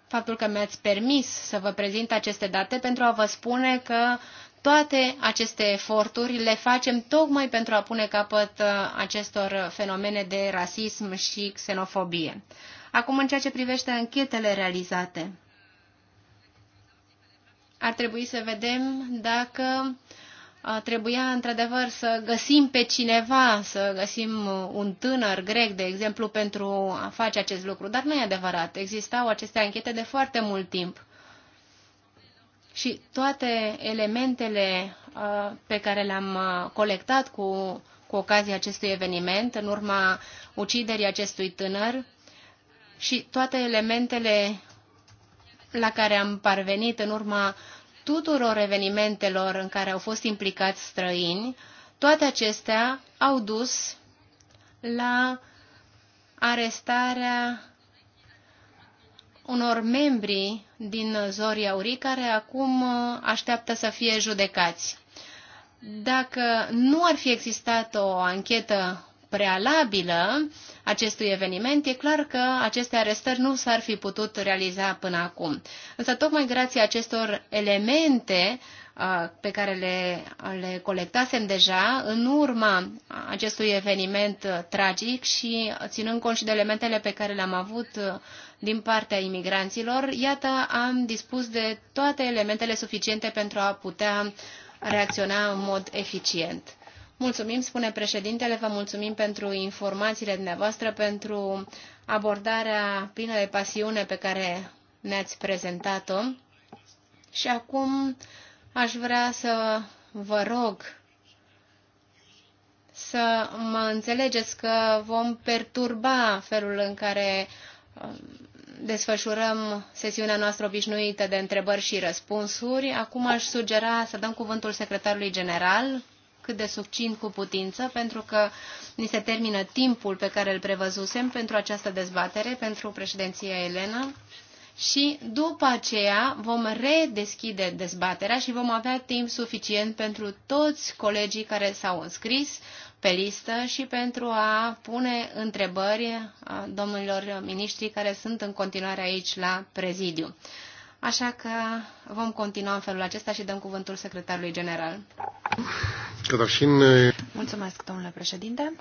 faptul că mi-ați permis să vă prezint aceste date pentru a vă spune că toate aceste eforturi le facem tocmai pentru a pune capăt uh, acestor fenomene de rasism și xenofobie. Acum, în ceea ce privește anchetele realizate, ar trebui să vedem dacă Trebuia într-adevăr să găsim pe cineva, să găsim uh, un tânăr grec, de exemplu, pentru a face acest lucru. Dar nu e adevărat. Existau aceste anchete de foarte mult timp. Și toate elementele uh, pe care le-am uh, colectat cu, cu ocazia acestui eveniment, în urma uciderii acestui tânăr, și toate elementele la care am parvenit în urma tuturor evenimentelor în care au fost implicați străini, toate acestea au dus la arestarea unor membri din Zoria Uri care acum uh, așteaptă să fie judecați. Dacă nu ar fi existat o anchetă prealabilă acestui eveniment, e clar că aceste arestări nu s-ar fi putut realiza până acum. Însă tocmai grație acestor elemente pe care le, le colectasem deja în urma acestui eveniment tragic și ținând cont și de elementele pe care le-am avut din partea imigranților, iată, am dispus de toate elementele suficiente pentru a putea reacționa în mod eficient. Mulțumim, spune președintele, vă mulțumim pentru informațiile dumneavoastră, pentru abordarea plină de pasiune pe care ne-ați prezentat-o. Și acum aș vrea să vă rog să mă înțelegeți că vom perturba felul în care um, desfășurăm sesiunea noastră obișnuită de întrebări și răspunsuri. Acum aș sugera să dăm cuvântul secretarului general cât de succint cu putință, pentru că ni se termină timpul pe care îl prevăzusem pentru această dezbatere, pentru președinția Elena. Și după aceea vom redeschide dezbaterea și vom avea timp suficient pentru toți colegii care s-au înscris pe listă și pentru a pune întrebări a domnilor miniștri care sunt în continuare aici la prezidiu. Așa că vom continua în felul acesta și dăm cuvântul secretarului general. Mulțumesc, domnule președinte.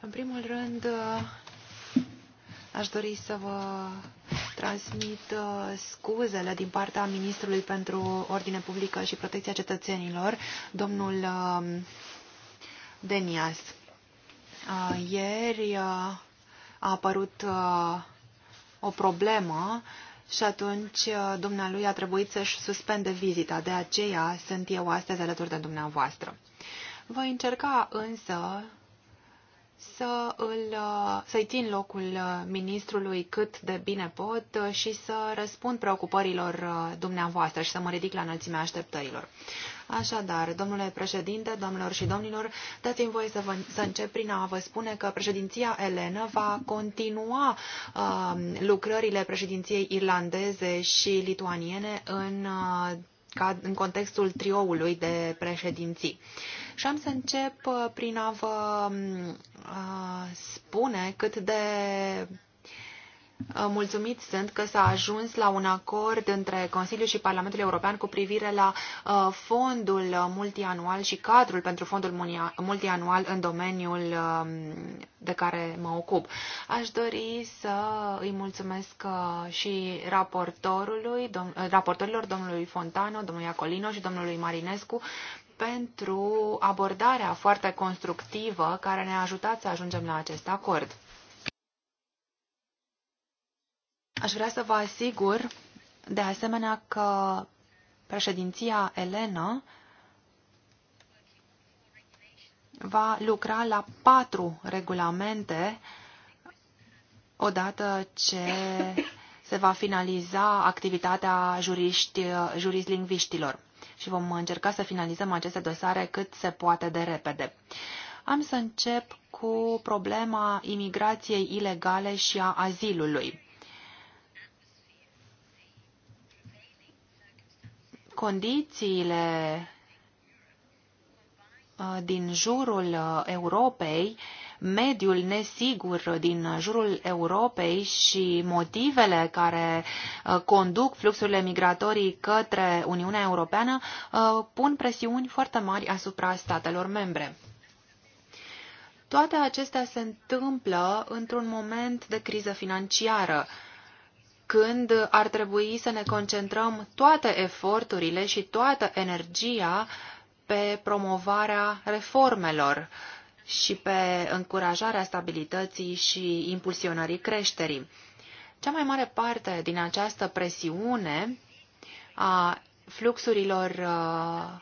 În primul rând, aș dori să vă transmit uh, scuzele din partea Ministrului pentru Ordine Publică și Protecția Cetățenilor, domnul um, Denias. Uh, ieri uh, a apărut o problemă și atunci uh, dumnealui a trebuit să-și suspende vizita. De aceea sunt eu astăzi alături de dumneavoastră. Voi încerca însă să îl, uh, să țin locul uh, ministrului cât de bine pot și să răspund preocupărilor dumneavoastră și să mă ridic la înălțimea așteptărilor. Așadar, domnule președinte, domnilor și domnilor, dați-mi voie să, vă, să încep prin a vă spune că președinția elenă va continua uh, lucrările președinției irlandeze și lituaniene în uh, ca în contextul trioului de președinții. Și am să încep uh, prin a vă um, uh, spune cât de Uh, mulțumit sunt că s-a ajuns la un acord între Consiliul și Parlamentul European cu privire la uh, fondul multianual și cadrul pentru fondul multianual în domeniul um, de care mă ocup. Aș dori să îi mulțumesc uh, și raportorului, domn, raportorilor domnului Fontano, domnului Acolino și domnului Marinescu pentru abordarea foarte constructivă care ne-a ajutat să ajungem la acest acord. Aș vrea să vă asigur, de asemenea, că președinția Elena va lucra la patru regulamente odată ce se va finaliza activitatea juriști, jurislingviștilor și vom încerca să finalizăm aceste dosare cât se poate de repede. Am să încep cu problema imigrației ilegale și a azilului. Condițiile uh, din jurul uh, Europei, mediul nesigur din jurul Europei și motivele care uh, conduc fluxurile migratorii către Uniunea Europeană pun presiuni foarte mari asupra statelor membre. Toate acestea se întâmplă într-un moment de criză financiară când ar trebui să ne concentrăm toate eforturile și toată energia pe promovarea reformelor și pe încurajarea stabilității și impulsionării creșterii. Cea mai mare parte din această presiune a fluxurilor uh,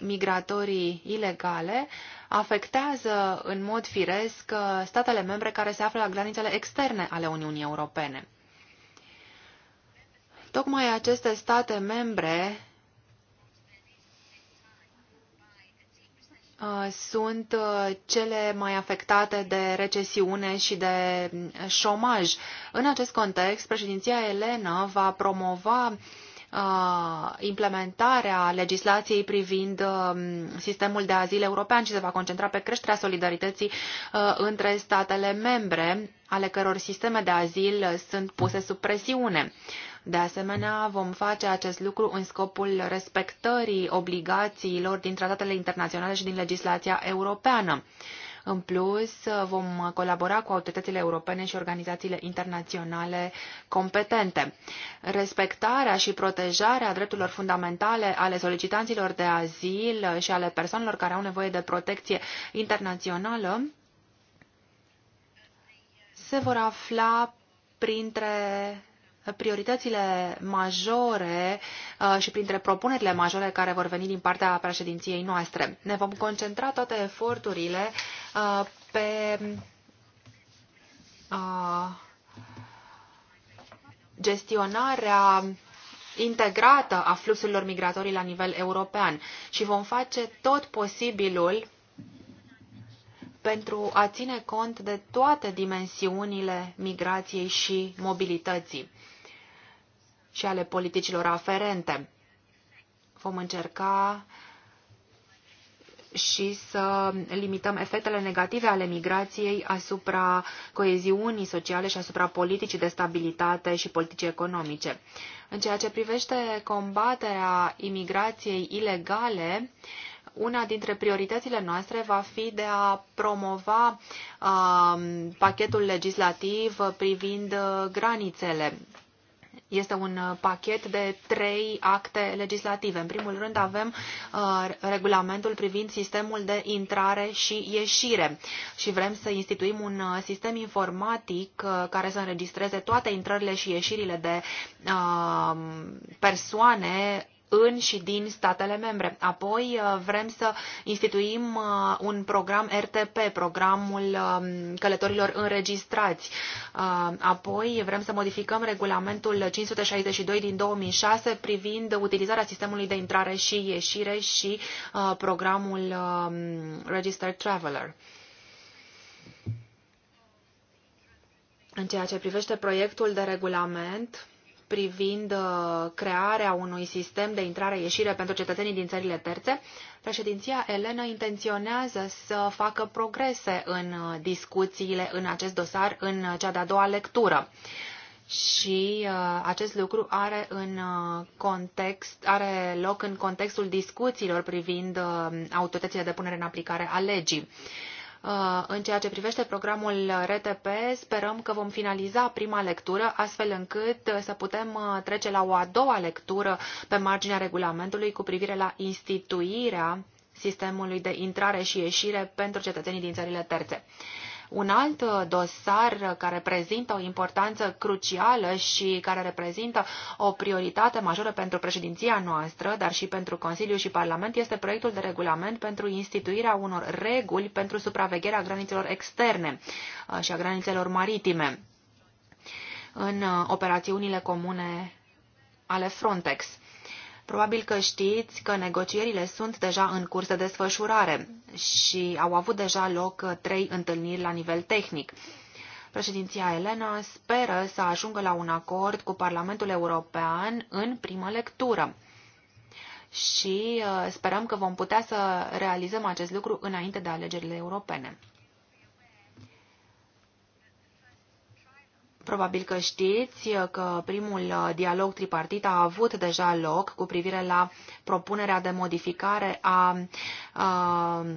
migratorii ilegale afectează în mod firesc uh, statele membre care se află la granițele externe ale Uniunii Europene. Tocmai aceste state membre uh, sunt uh, cele mai afectate de recesiune și de uh, șomaj. În acest context, președinția Elena va promova Uh, implementarea legislației privind um, sistemul de azil european și se va concentra pe creșterea solidarității uh, între statele membre, ale căror sisteme de azil sunt puse sub presiune. De asemenea, vom face acest lucru în scopul respectării obligațiilor din tratatele internaționale și din legislația europeană. În plus, vom colabora cu autoritățile europene și organizațiile internaționale competente. Respectarea și protejarea drepturilor fundamentale ale solicitanților de azil și ale persoanelor care au nevoie de protecție internațională se vor afla printre prioritățile majore uh, și printre propunerile majore care vor veni din partea președinției noastre. Ne vom concentra toate eforturile uh, pe uh, gestionarea integrată a fluxurilor migratorii la nivel european și vom face tot posibilul pentru a ține cont de toate dimensiunile migrației și mobilității și ale politicilor aferente. Vom încerca și să limităm efectele negative ale migrației asupra coeziunii sociale și asupra politicii de stabilitate și politicii economice. În ceea ce privește combaterea imigrației ilegale, una dintre prioritățile noastre va fi de a promova uh, pachetul legislativ privind uh, granițele este un uh, pachet de trei acte legislative. În primul rând avem uh, regulamentul privind sistemul de intrare și ieșire și vrem să instituim un uh, sistem informatic uh, care să înregistreze toate intrările și ieșirile de uh, persoane în și din statele membre. Apoi uh, vrem să instituim uh, un program RTP, programul um, călătorilor înregistrați. Uh, apoi vrem să modificăm regulamentul 562 din 2006 privind utilizarea sistemului de intrare și ieșire și programul um, Registered Traveler. În ceea ce privește proiectul de regulament, privind uh, crearea unui sistem de intrare-ieșire pentru cetățenii din țările terțe, președinția Elena intenționează să facă progrese în uh, discuțiile în acest dosar în uh, cea de-a doua lectură. Și acest lucru are, în context, are loc în contextul discuțiilor privind autoritățile de punere în aplicare a legii. Uh, în ceea ce privește programul RTP, sperăm că vom finaliza prima lectură, astfel încât uh, să putem uh, trece la o a doua lectură pe marginea regulamentului cu privire la instituirea sistemului de intrare și ieșire pentru cetățenii din țările terțe. Un alt dosar care prezintă o importanță crucială și care reprezintă o prioritate majoră pentru președinția noastră, dar și pentru Consiliu și Parlament, este proiectul de regulament pentru instituirea unor reguli pentru supravegherea granițelor externe uh, și a granițelor maritime în uh, operațiunile comune ale Frontex. Probabil că știți că negocierile sunt deja în curs de desfășurare și au avut deja loc uh, trei întâlniri la nivel tehnic. Președinția Elena speră să ajungă la un acord cu Parlamentul European în primă lectură și uh, sperăm că vom putea să realizăm acest lucru înainte de alegerile europene. Probabil că știți uh, că primul uh, dialog tripartit a avut deja loc cu privire la propunerea de modificare a, a uh,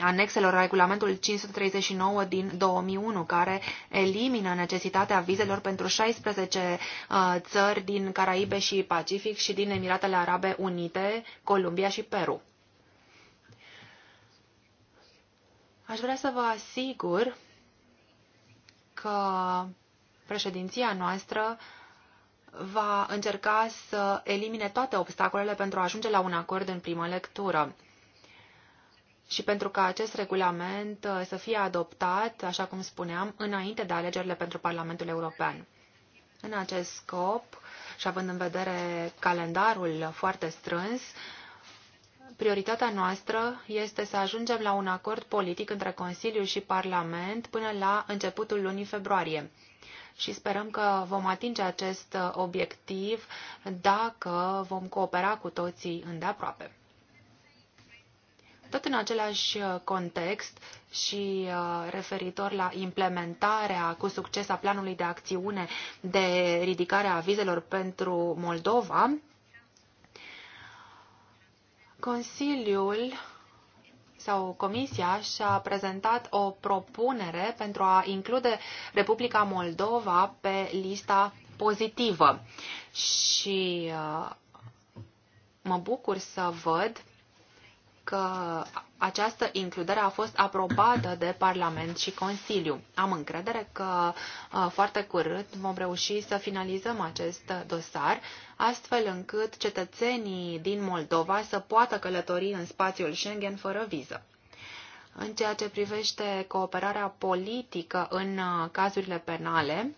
anexelor regulamentul 539 din 2001, care elimină necesitatea vizelor pentru 16 țări din Caraibe și Pacific și din Emiratele Arabe Unite, Columbia și Peru. Aș vrea să vă asigur că Președinția noastră va încerca să elimine toate obstacolele pentru a ajunge la un acord în primă lectură și pentru ca acest regulament uh, să fie adoptat, așa cum spuneam, înainte de alegerile pentru Parlamentul European. În acest scop, și având în vedere calendarul foarte strâns, prioritatea noastră este să ajungem la un acord politic între Consiliu și Parlament până la începutul lunii februarie și sperăm că vom atinge acest obiectiv dacă vom coopera cu toții îndeaproape. Tot în același context și uh, referitor la implementarea cu succes a planului de acțiune de ridicare a vizelor pentru Moldova, Consiliul sau Comisia și-a prezentat o propunere pentru a include Republica Moldova pe lista pozitivă. Și uh, mă bucur să văd că această includere a fost aprobată de Parlament și Consiliu. Am încredere că uh, foarte curând vom reuși să finalizăm acest dosar, astfel încât cetățenii din Moldova să poată călători în spațiul Schengen fără viză. În ceea ce privește cooperarea politică în uh, cazurile penale,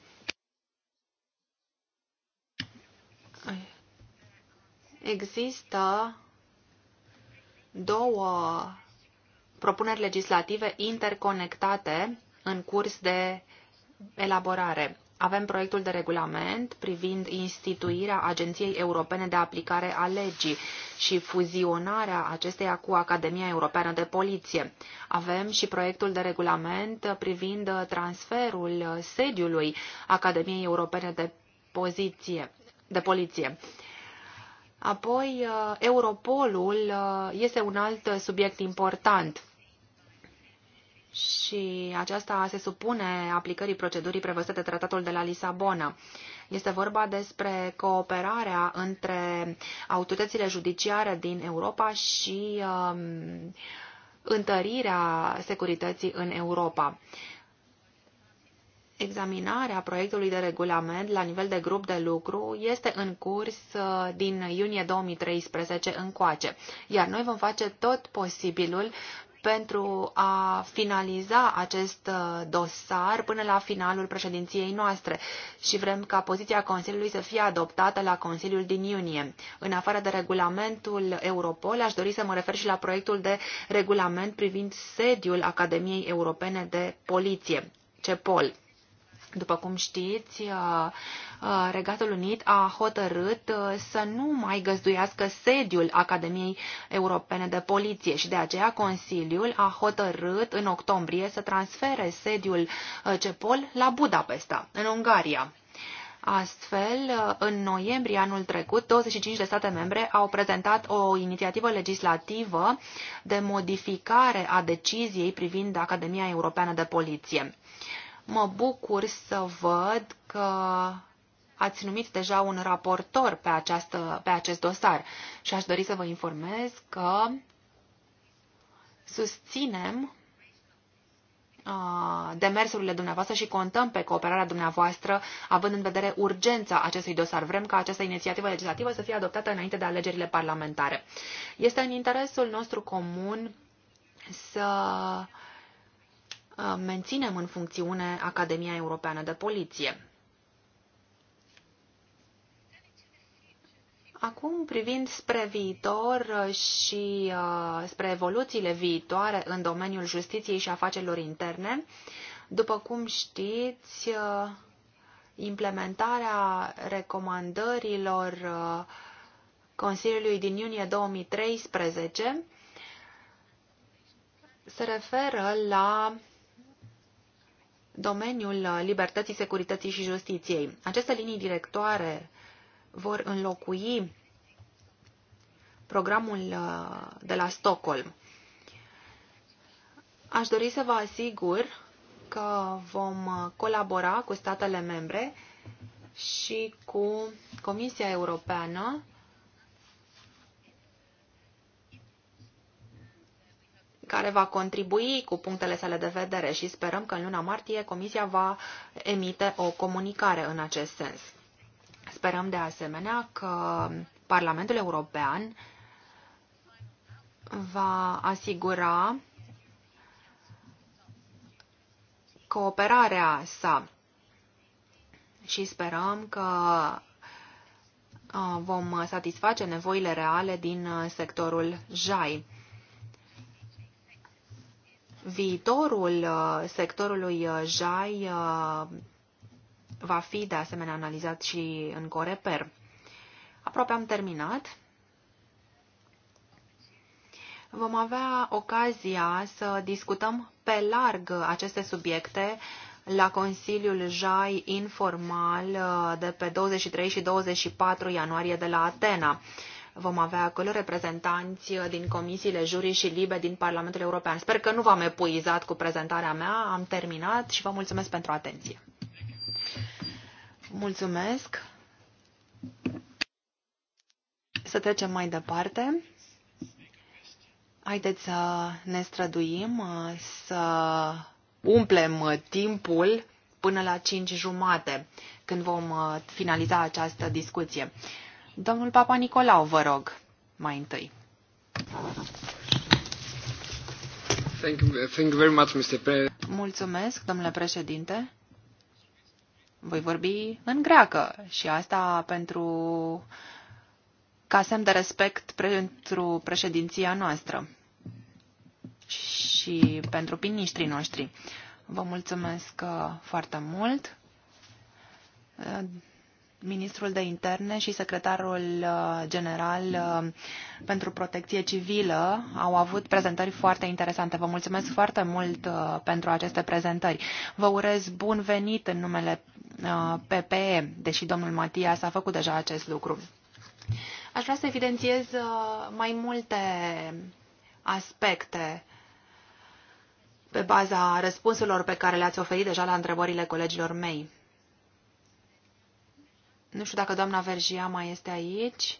există două propuneri legislative interconectate în curs de elaborare. Avem proiectul de regulament privind instituirea Agenției Europene de Aplicare a Legii și fuzionarea acesteia cu Academia Europeană de Poliție. Avem și proiectul de regulament privind transferul sediului Academiei Europene de, poziție, de Poliție. Apoi, uh, Europolul uh, este un alt subiect important și aceasta se supune aplicării procedurii prevăzute de tratatul de la Lisabona. Este vorba despre cooperarea între autoritățile judiciare din Europa și um, întărirea securității în Europa. Uh, Examinarea proiectului de regulament la nivel de grup de lucru este în curs uh, din iunie 2013 încoace, iar noi vom face tot posibilul pentru a finaliza acest uh, dosar până la finalul președinției noastre și vrem ca poziția Consiliului să fie adoptată la Consiliul din iunie. În afară de regulamentul Europol, aș dori să mă refer și la proiectul de regulament privind sediul Academiei Europene de Poliție, CEPOL. După cum știți, uh, uh, Regatul Unit a hotărât uh, să nu mai găzduiască sediul Academiei Europene de Poliție și de aceea Consiliul a hotărât în octombrie să transfere sediul CEPOL la Budapesta, în Ungaria. Astfel, în noiembrie anul trecut, 25 de state membre au prezentat o inițiativă legislativă de modificare a deciziei privind Academia Europeană de Poliție. Mă bucur să văd că ați numit deja un raportor pe, această, pe acest dosar și aș dori să vă informez că susținem demersurile dumneavoastră și contăm pe cooperarea dumneavoastră, având în vedere urgența acestui dosar. Vrem ca această inițiativă legislativă să fie adoptată înainte de alegerile parlamentare. Este în interesul nostru comun să uh, Uh, menținem în funcțiune Academia Europeană de Poliție. Acum, privind spre viitor și uh, spre evoluțiile viitoare în domeniul justiției și afacerilor interne, după cum știți, uh, implementarea recomandărilor uh, Consiliului din iunie 2013 se referă la domeniul uh, libertății, securității și justiției. Aceste linii directoare vor înlocui programul uh, de la Stockholm. Aș dori să vă asigur că vom uh, colabora cu statele membre și cu Comisia Europeană care va contribui cu punctele sale de vedere și sperăm că în luna martie Comisia va emite o comunicare în acest sens. Sperăm de asemenea că Parlamentul European va asigura cooperarea sa și sperăm că uh, vom satisface nevoile reale din uh, sectorul JAI. Viitorul uh, sectorului uh, JAI uh, va fi de asemenea analizat și în Coreper. Aproape am terminat. Vom avea ocazia să discutăm pe larg aceste subiecte la Consiliul JAI informal de pe 23 și 24 ianuarie de la Atena Vom avea acolo reprezentanți uh, din comisiile jurii și libe din Parlamentul European. Sper că nu v-am epuizat cu prezentarea mea, am terminat și vă mulțumesc pentru atenție. Mulțumesc. Să trecem mai departe. Haideți să ne străduim, uh, să umplem uh, timpul până la 5 jumate, când vom finaliza această discuție. Domnul Papa Nicolau, vă rog, mai întâi. Thank you, thank you very much, Mr. Pre Mulțumesc, domnule președinte. Voi vorbi în greacă și asta pentru ca semn de respect pentru președinția noastră și pentru piniștrii noștri. Vă mulțumesc uh, foarte mult. Uh, ministrul de interne și secretarul uh, general uh, pentru protecție civilă au avut prezentări foarte interesante. Vă mulțumesc foarte mult uh, pentru aceste prezentări. Vă urez bun venit în numele PPE, deși domnul Matias a făcut deja acest lucru. Aș vrea să evidențiez mai multe aspecte pe baza răspunsurilor pe care le-ați oferit deja la întrebările colegilor mei. Nu știu dacă doamna Vergia mai este aici.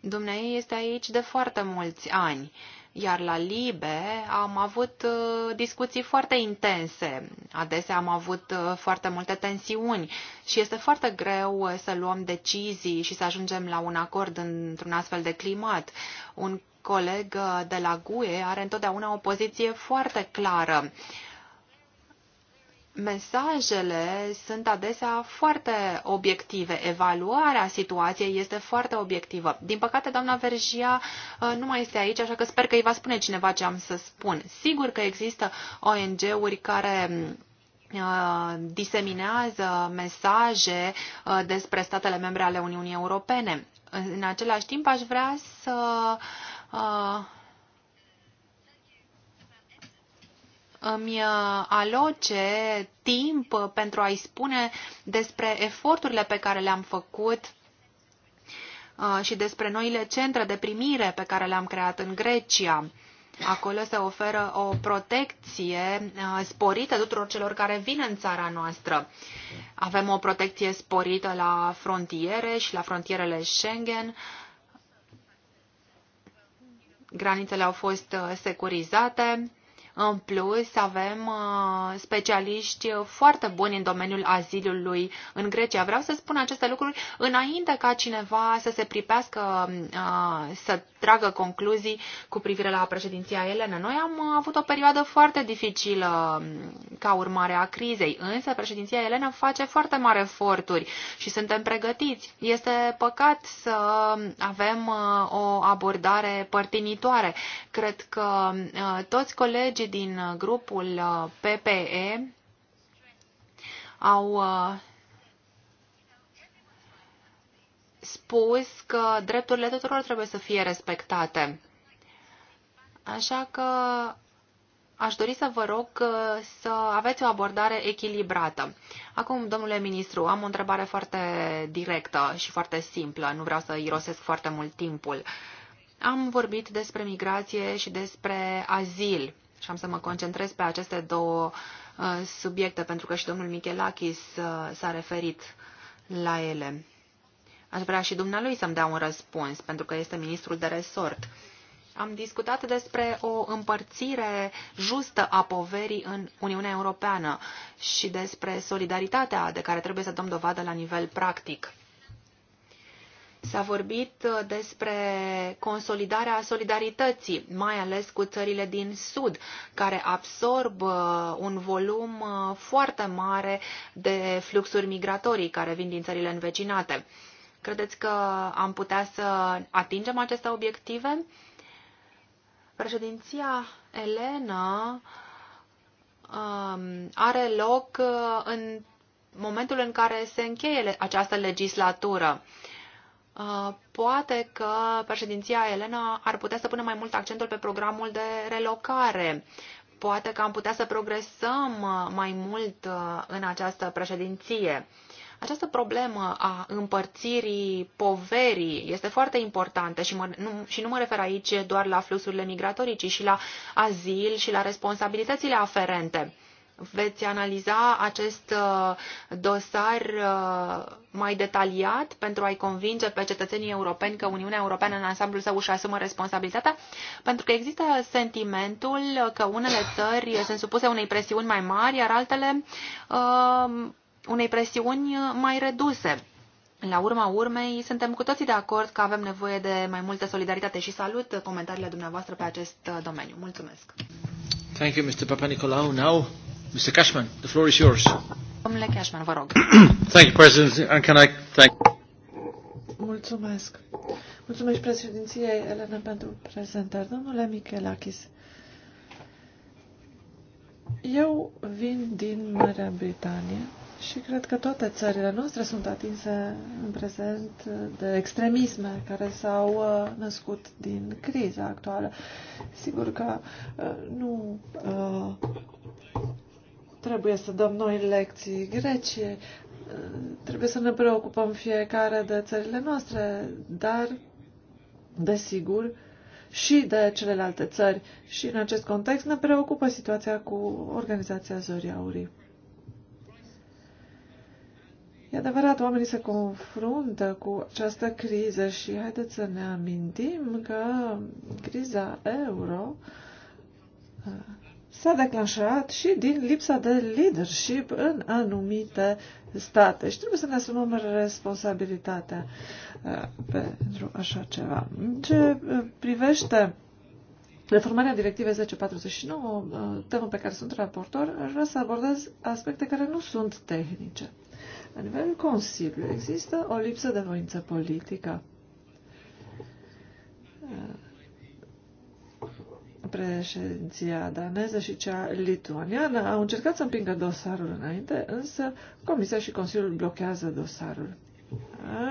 Dumnezeu este aici de foarte mulți ani, iar la Libe am avut uh, discuții foarte intense. Adesea am avut uh, foarte multe tensiuni și este foarte greu uh, să luăm decizii și să ajungem la un acord într-un astfel de climat. Un coleg de la GUE are întotdeauna o poziție foarte clară mesajele sunt adesea foarte obiective. Evaluarea situației este foarte obiectivă. Din păcate, doamna Vergia uh, nu mai este aici, așa că sper că îi va spune cineva ce am să spun. Sigur că există ONG-uri care uh, diseminează mesaje uh, despre statele membre ale Uniunii Europene. În același timp, aș vrea să îmi uh, aloce timp pentru a-i spune despre eforturile pe care le-am făcut uh, și despre noile centre de primire pe care le-am creat în Grecia. Acolo se oferă o protecție uh, sporită tuturor celor care vin în țara noastră. Avem o protecție sporită la frontiere și la frontierele Schengen. Granițele au fost securizate în plus, avem uh, specialiști foarte buni în domeniul azilului în Grecia. Vreau să spun aceste lucruri înainte ca cineva să se pripească, uh, să tragă concluzii cu privire la președinția Elena. Noi am avut o perioadă foarte dificilă um, ca urmare a crizei, însă președinția Elena face foarte mari eforturi și suntem pregătiți. Este păcat să avem uh, o abordare părtinitoare. Cred că toți colegii colegi din uh, grupul uh, PPE au uh, spus că drepturile tuturor trebuie să fie respectate. Așa că aș dori să vă rog să aveți o abordare echilibrată. Acum, domnule ministru, am o întrebare foarte directă și foarte simplă. Nu vreau să irosesc foarte mult timpul. Am vorbit despre migrație și despre azil. Și am să mă concentrez pe aceste două uh, subiecte, pentru că și domnul Michelachis uh, s-a referit la ele. Aș vrea și dumnealui să-mi dea un răspuns, pentru că este ministrul de resort. Am discutat despre o împărțire justă a poverii în Uniunea Europeană și despre solidaritatea de care trebuie să dăm dovadă la nivel practic. S-a vorbit uh, despre consolidarea solidarității, mai ales cu țările din Sud, care absorb uh, un volum uh, foarte mare de fluxuri migratorii care vin din țările învecinate. Credeți că am putea să atingem aceste obiective? Președinția Elena um, are loc în momentul în care se încheie această legislatură. Uh, poate că președinția Elena ar putea să pună mai mult accentul pe programul de relocare. Poate că am putea să progresăm uh, mai mult uh, în această președinție. Această problemă a împărțirii poverii este foarte importantă și, mă, nu, și nu mă refer aici doar la fluxurile migratorii, ci și la azil și la responsabilitățile aferente veți analiza acest uh, dosar uh, mai detaliat pentru a-i convinge pe cetățenii europeni că Uniunea Europeană în ansamblul său își asumă responsabilitatea? Pentru că există sentimentul că unele țări sunt supuse unei presiuni mai mari, iar altele uh, unei presiuni mai reduse. La urma urmei, suntem cu toții de acord că avem nevoie de mai multă solidaritate și salut comentariile dumneavoastră pe acest domeniu. Mulțumesc! Thank you, Mr. Papa Nicolau. Now... Mr. Cashman, the floor is yours. Domnule Cashman, vă rog. thank you, President, and can I thank... Mulțumesc. Mulțumesc președinției, Elena, pentru prezentare. Domnule Michelakis, eu vin din Marea Britanie și cred că toate țările noastre sunt atinse în prezent de extremisme care s-au uh, născut din criza actuală. Sigur că uh, nu uh, trebuie să dăm noi lecții grecie, trebuie să ne preocupăm fiecare de țările noastre, dar, desigur, și de celelalte țări. Și în acest context ne preocupă situația cu organizația Zorii Aurii. E adevărat, oamenii se confruntă cu această criză și haideți să ne amintim că criza euro s-a declanșat și din lipsa de leadership în anumite state și trebuie să ne asumăm responsabilitatea uh, pentru așa ceva. Ce uh, privește reformarea directivei 1049, uh, temă pe care sunt raportor, aș vrea să abordez aspecte care nu sunt tehnice. La nivelul Consiliului există o lipsă de voință politică președinția daneză și cea lituaniană au încercat să împingă dosarul înainte, însă Comisia și Consiliul blochează dosarul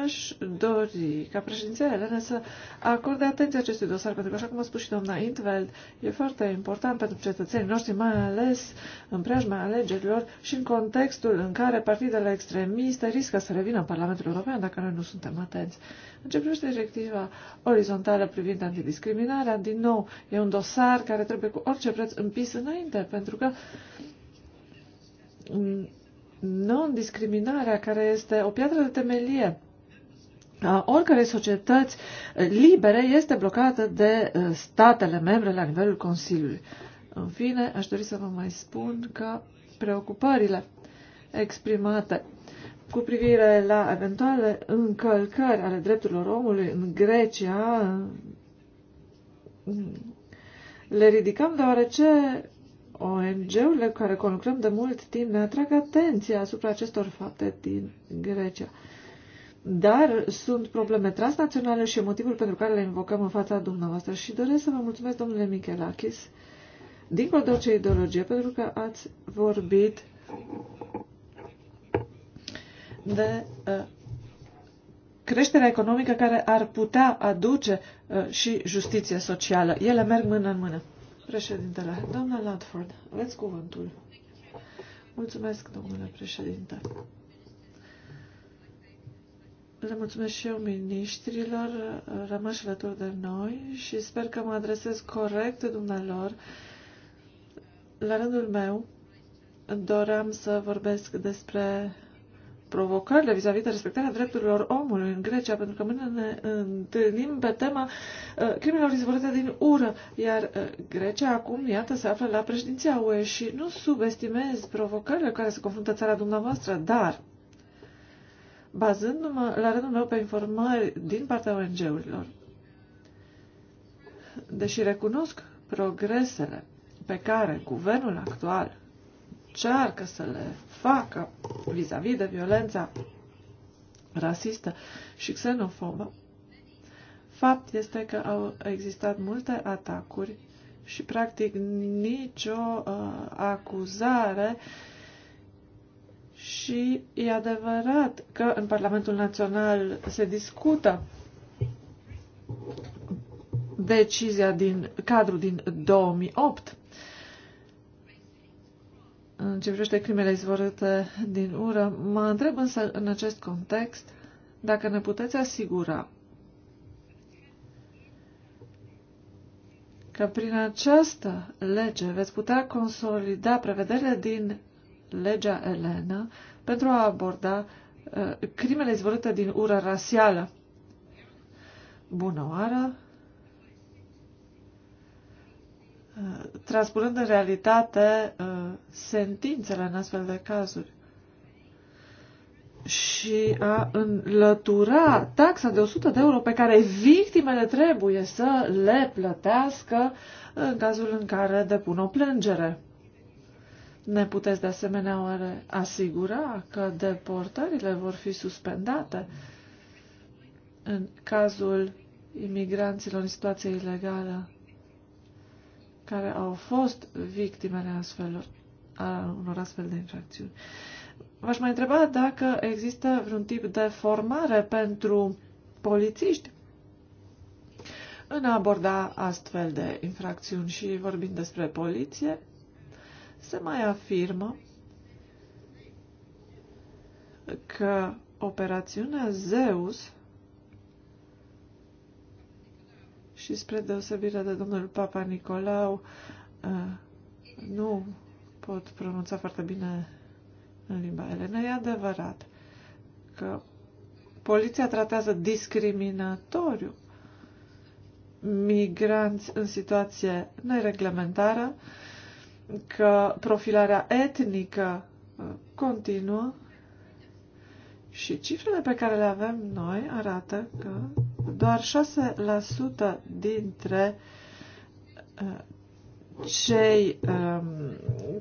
aș dori ca președinția Elena să acorde atenție acestui dosar, pentru că, așa cum a spus și doamna Intveld, e foarte important pentru cetățenii noștri, mai ales în preajma alegerilor și în contextul în care partidele extremiste riscă să revină în Parlamentul European dacă noi nu suntem atenți. În ce privește directiva orizontală privind antidiscriminarea, din nou, e un dosar care trebuie cu orice preț împis înainte, pentru că non-discriminarea, care este o piatră de temelie a oricărei societăți libere, este blocată de uh, statele membre la nivelul Consiliului. În fine, aș dori să vă mai spun că preocupările exprimate cu privire la eventuale încălcări ale drepturilor omului în Grecia, mm, le ridicăm deoarece ONG-urile care conlucrăm de mult timp ne atrag atenția asupra acestor fapte din Grecia. Dar sunt probleme transnaționale și motivul pentru care le invocăm în fața dumneavoastră și doresc să vă mulțumesc, domnule Michelachis, dincolo de orice ideologie, pentru că ați vorbit de uh, creșterea economică care ar putea aduce uh, și justiție socială. Ele merg mână în mână. Președintele, doamna Ladford, aveți cuvântul. Mulțumesc, domnule președinte. Le mulțumesc și eu miniștrilor rămași alături de noi și sper că mă adresez corect dumnealor. La rândul meu, doream să vorbesc despre provocările vis-a-vis -vis de respectarea drepturilor omului în Grecia, pentru că mâine ne întâlnim pe tema uh, crimelor izvorâte din ură, iar uh, Grecia acum, iată, se află la președinția UE și nu subestimez provocările care se confruntă țara dumneavoastră, dar bazându-mă la rândul meu pe informări din partea ONG-urilor, deși recunosc progresele pe care guvernul actual încearcă să le facă vis-a-vis -vis de violența rasistă și xenofobă, fapt este că au existat multe atacuri și practic nicio uh, acuzare și e adevărat că în Parlamentul Național se discută decizia din cadrul din 2008 în ce privește crimele izvorâte din ură, mă întreb însă în acest context dacă ne puteți asigura că prin această lege veți putea consolida prevederile din legea Elena pentru a aborda uh, crimele izvorâte din ură rasială. Bună oară! Eh, transpunând în realitate eh, sentințele în astfel de cazuri și a înlătura taxa de 100 de euro pe care victimele trebuie să le plătească eh, în cazul în care depun o plângere. Ne puteți de asemenea oare asigura că deportările vor fi suspendate în cazul imigranților în situație ilegală care au fost victimele astfel, a unor astfel de infracțiuni. V-aș mai întreba dacă există vreun tip de formare pentru polițiști în a aborda astfel de infracțiuni și vorbind despre poliție, se mai afirmă că operațiunea Zeus și spre deosebire de domnul Papa Nicolau, uh, nu pot pronunța foarte bine în limba elenă. E adevărat că poliția tratează discriminatoriu migranți în situație nereglementară, că profilarea etnică uh, continuă și cifrele pe care le avem noi arată că doar 6% dintre uh, cei um,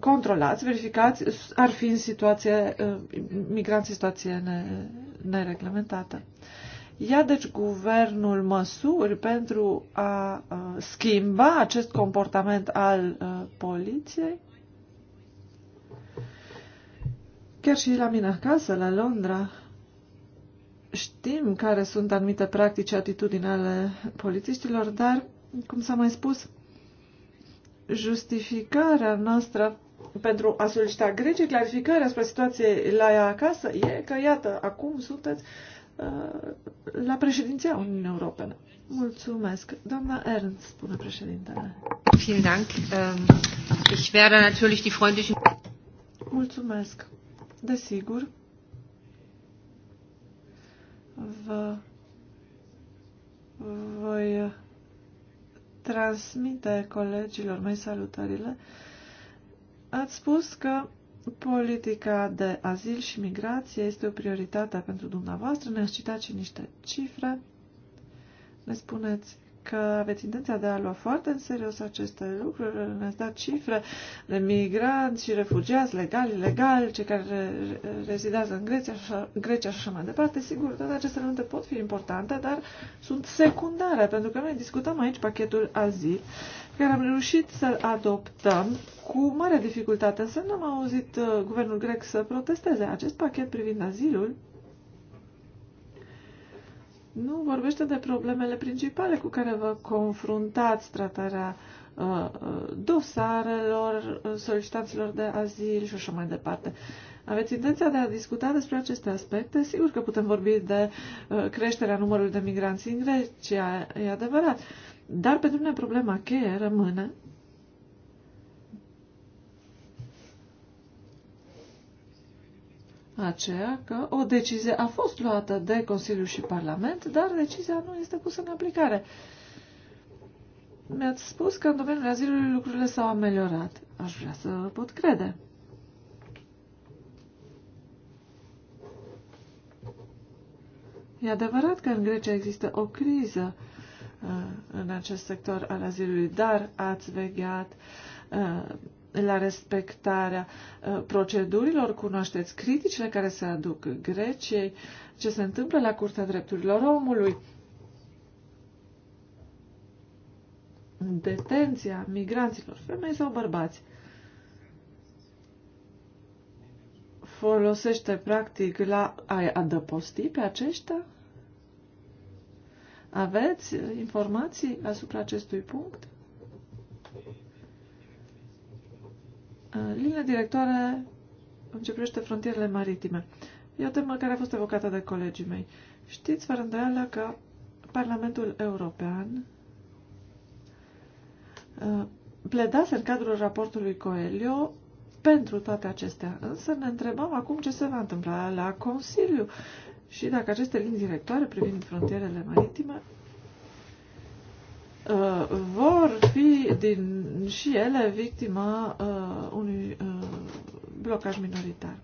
controlați, verificați, ar fi în situație, uh, migranți în situație nereglementată. Ia deci guvernul măsuri pentru a uh, schimba acest comportament al poliției? Chiar și la mine acasă, la Londra, Știm care sunt anumite practici atitudini ale polițiștilor, dar, cum s-a mai spus, justificarea noastră pentru a solicita Greciei clarificarea spre situație la ea acasă e că, iată, acum sunteți uh, la președinția Uniunii Europene. Mulțumesc. Doamna Ernst, spune președintele. Vielen Dank. Ähm, ich werde natürlich die freundlichen... Mulțumesc. Desigur v, voi transmite colegilor mei salutările. Ați spus că politica de azil și migrație este o prioritate pentru dumneavoastră. Ne-ați citat și niște cifre. Ne spuneți că aveți intenția de a lua foarte în serios aceste lucruri. Ne-ați dat cifre de migranți și refugiați legali, ilegali, cei care rezidează în Grecia, așa, Grecia și așa mai departe. Sigur, toate aceste elemente pot fi importante, dar sunt secundare, pentru că noi discutăm aici pachetul azil, care am reușit să-l adoptăm cu mare dificultate. Să nu am auzit uh, guvernul grec să protesteze. Acest pachet privind azilul nu vorbește de problemele principale cu care vă confruntați tratarea uh, uh, dosarelor, uh, solicitanților de azil și așa mai departe. Aveți intenția de a discuta despre aceste aspecte? Sigur că putem vorbi de creșterea numărului de migranți în Grecia, e adevărat. Dar pentru mine problema cheie rămâne aceea că o decizie a fost luată de Consiliu și Parlament, dar decizia nu este pusă în aplicare. Mi-ați spus că în domeniul azilului lucrurile s-au ameliorat. Aș vrea să pot crede. E adevărat că în Grecia există o criză uh, în acest sector al azilului, dar ați vegheat uh, la respectarea uh, procedurilor, cunoașteți criticile care se aduc Greciei, ce se întâmplă la Curtea Drepturilor Omului, detenția migranților, femei sau bărbați. Folosește practic la a adăposti pe aceștia? Aveți informații asupra acestui punct? Eh, linia directoare începește frontierele maritime. E o temă care a fost evocată de colegii mei. Știți, fără îndoială, că Parlamentul European eh, pledase în cadrul raportului Coelho pentru toate acestea. Însă ne întrebăm acum ce se va întâmpla la Consiliu și dacă aceste linii directoare privind frontierele maritime Uh, vor fi din, și ele victima uh, unui uh, blocaj minoritar.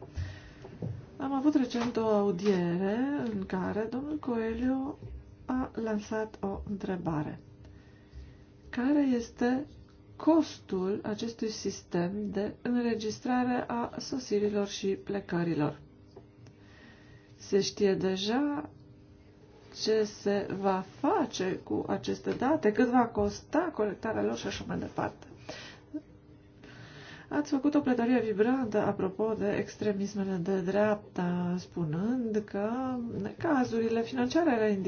Am avut recent o audiere în care domnul Coelho a lansat o întrebare. Care este costul acestui sistem de înregistrare a sosirilor și plecărilor? Se știe deja ce se va face cu aceste date, cât va costa colectarea lor și așa mai departe. Ați făcut o pledoarie vibrantă apropo de extremismele de dreapta, spunând că cazurile financiare ale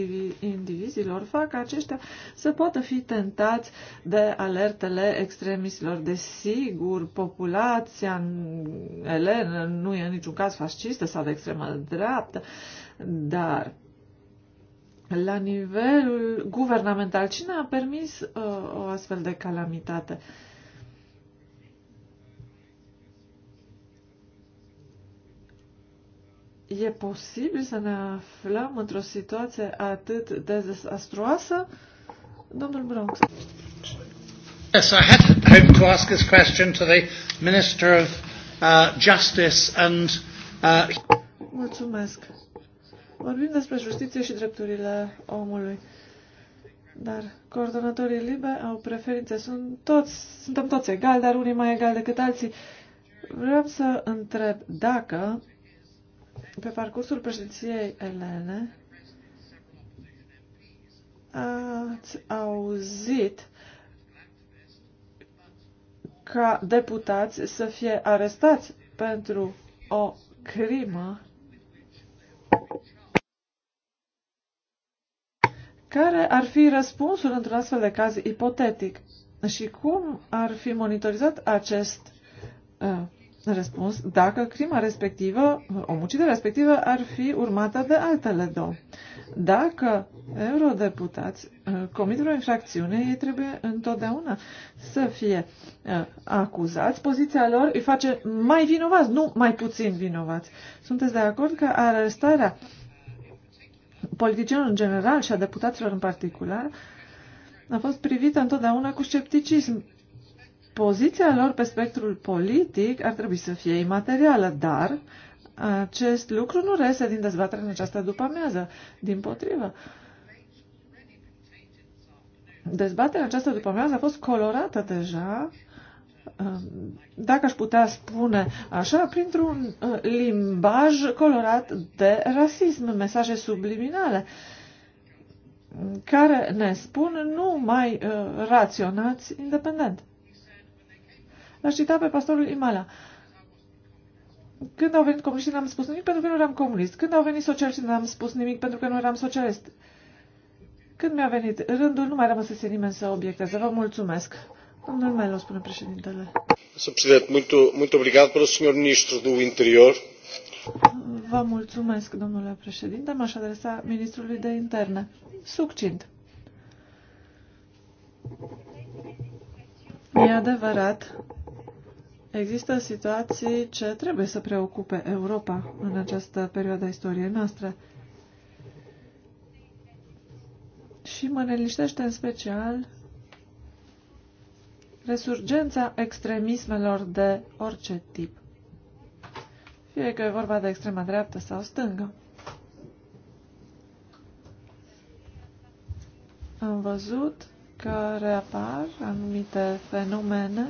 indivizilor fac aceștia să poată fi tentați de alertele extremistilor. Desigur, populația elenă nu e în niciun caz fascistă sau de extremă dreaptă, dar la nivelul guvernamental. Cine a permis uh, o astfel de calamitate? E posibil să ne aflăm într-o situație atât de dezastruoasă? Domnul Bronx. Yes, I had hoped to ask this question to the Minister of uh, Justice and... Uh... Mulțumesc. Vorbim despre justiție și drepturile omului. Dar coordonatorii liberi au preferințe. Sunt toți, suntem toți egali, dar unii mai egali decât alții. Vreau să întreb dacă pe parcursul președinției elene ați auzit ca deputați să fie arestați pentru o crimă Care ar fi răspunsul într-un astfel de caz ipotetic? Și cum ar fi monitorizat acest uh, răspuns dacă crima respectivă, omuciderea respectivă, ar fi urmată de altele două? Dacă eurodeputați uh, comit o infracțiune, ei trebuie întotdeauna să fie uh, acuzați. Poziția lor îi face mai vinovați, nu mai puțin vinovați. Sunteți de acord că arestarea uh, politicienilor în general și a deputaților în particular, a fost privită întotdeauna cu scepticism. Poziția lor pe spectrul politic ar trebui să fie imaterială, dar acest lucru nu rese din dezbatere în această după-amiază. Din potrivă, dezbaterea aceasta după-amiază a fost colorată deja Um, dacă aș putea spune așa, printr-un uh, limbaj colorat de rasism, mesaje subliminale care ne spun nu mai uh, raționați independent. L-aș cita pe pastorul Imala. Când au venit comuniștii, n-am spus nimic pentru că nu eram comunist. Când au venit socialiștii, n-am spus nimic pentru că nu eram socialist. Când mi-a venit rândul, nu mai rămăsese nimeni să obiecteze. Vă mulțumesc! Domnul Melo, spune președintele. Președinte, mult muito Interior. Vă mulțumesc, domnule președinte. M-aș adresa ministrului de interne. Succint. E adevărat, există situații ce trebuie să preocupe Europa în această perioadă a istoriei noastre. Și mă neliniștește în special resurgența extremismelor de orice tip, fie că e vorba de extrema dreaptă sau stângă. Am văzut că reapar anumite fenomene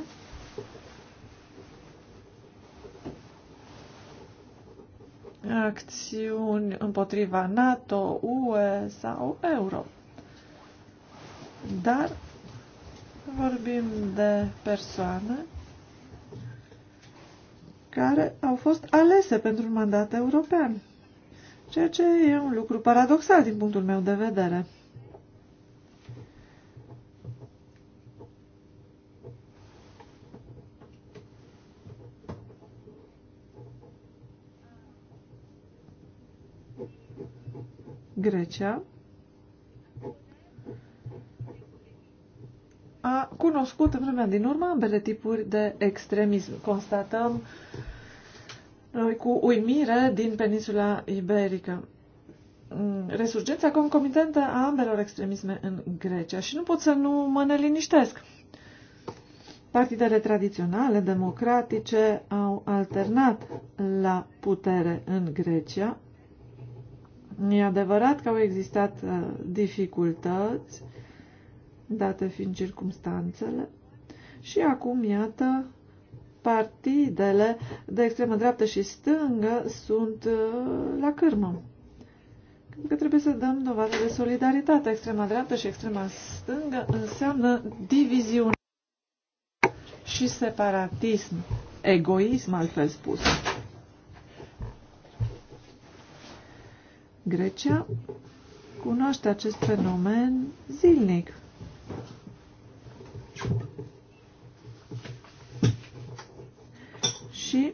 acțiuni împotriva NATO, UE sau euro. Dar vorbim de persoane care au fost alese pentru un mandat european, ceea ce e un lucru paradoxal din punctul meu de vedere. Grecia a cunoscut în vremea din urmă ambele tipuri de extremism. Constatăm noi cu uimire din peninsula iberică mm, resurgența concomitentă a ambelor extremisme în Grecia și nu pot să nu mă neliniștesc. Partidele tradiționale, democratice, au alternat la putere în Grecia. E adevărat că au existat uh, dificultăți date fiind circumstanțele. Și acum, iată, partidele de extremă dreaptă și stângă sunt uh, la cârmă. Cred că trebuie să dăm dovadă de solidaritate. Extrema dreaptă și extrema stângă înseamnă diviziune și separatism, egoism, altfel spus. Grecia cunoaște acest fenomen zilnic. Și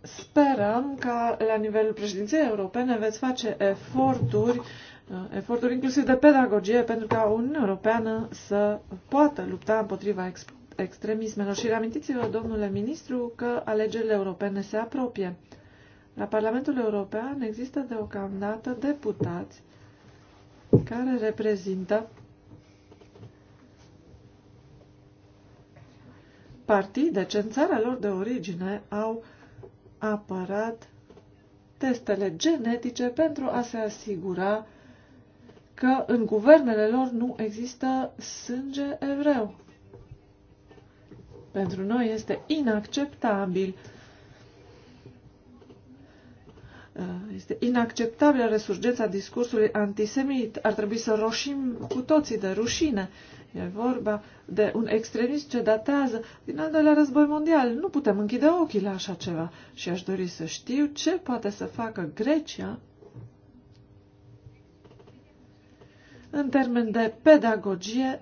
sperăm că la nivelul președinției europene veți face eforturi uh, eforturi inclusiv de pedagogie pentru ca Uniunea Europeană să poată lupta împotriva ex- extremismelor. Și reamintiți-vă, domnule ministru, că alegerile europene se apropie. La Parlamentul European există deocamdată deputați care reprezintă partide ce în țara lor de origine au apărat testele genetice pentru a se asigura că în guvernele lor nu există sânge evreu. Pentru noi este inacceptabil Uh, este inacceptabilă resurgența discursului antisemit. Ar trebui să roșim cu toții de rușine. E vorba de un extremist ce datează din al doilea război mondial. Nu putem închide ochii la așa ceva. Și aș dori să știu ce poate să facă Grecia în termen de pedagogie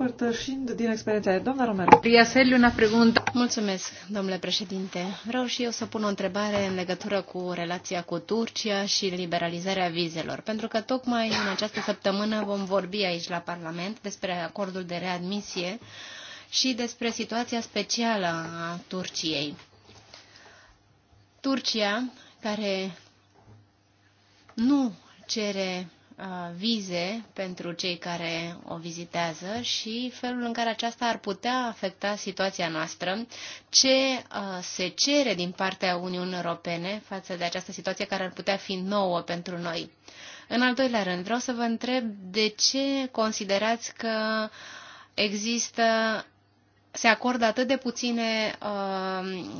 împărtășind din experiența aia. Doamna Romero. Priaseliu, una pregunta. Mulțumesc, domnule președinte. Vreau și eu să pun o întrebare în legătură cu relația cu Turcia și liberalizarea vizelor, pentru că tocmai în această săptămână vom vorbi aici la Parlament despre acordul de readmisie și despre situația specială a Turciei. Turcia, care nu cere Uh, vize pentru cei care o vizitează și felul în care aceasta ar putea afecta situația noastră, ce uh, se cere din partea Uniunii Europene față de această situație care ar putea fi nouă pentru noi. În al doilea rând, vreau să vă întreb de ce considerați că există se acordă atât de puține uh,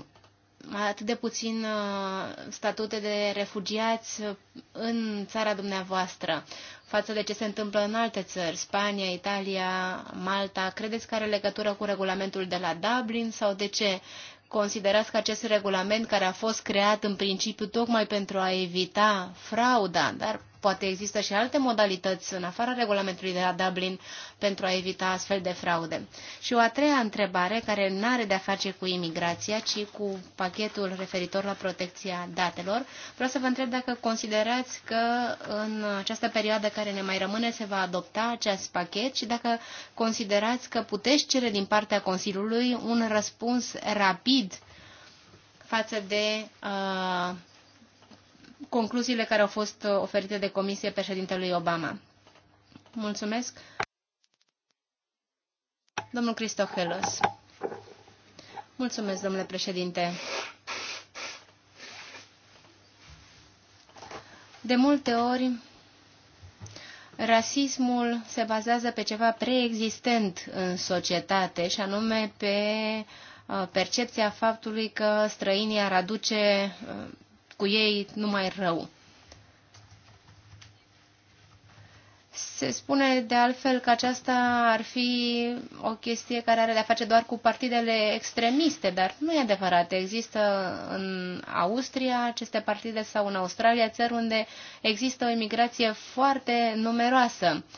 atât de puțin uh, statute de refugiați uh, în țara dumneavoastră față de ce se întâmplă în alte țări, Spania, Italia, Malta? Credeți că are legătură cu regulamentul de la Dublin sau de ce considerați că acest regulament care a fost creat în principiu tocmai pentru a evita frauda, dar poate există și alte modalități în afara regulamentului de la Dublin pentru a evita astfel de fraude. Și o a treia întrebare, care nu are de-a face cu imigrația, ci cu pachetul referitor la protecția datelor, vreau să vă întreb dacă considerați că în această perioadă care ne mai rămâne se va adopta acest pachet și dacă considerați că puteți cere din partea Consiliului un răspuns rapid față de uh, concluziile care au fost uh, oferite de comisie președintelui Obama. Mulțumesc. Domnul Cristofelos. Mulțumesc, domnule președinte. De multe ori, rasismul se bazează pe ceva preexistent în societate, și anume pe uh, percepția faptului că străinii ar aduce uh, cu ei numai rău. Se spune de altfel că aceasta ar fi o chestie care are de-a face doar cu partidele extremiste, dar nu e adevărat. Există în Austria aceste partide sau în Australia, țări unde există o imigrație foarte numeroasă. Uh,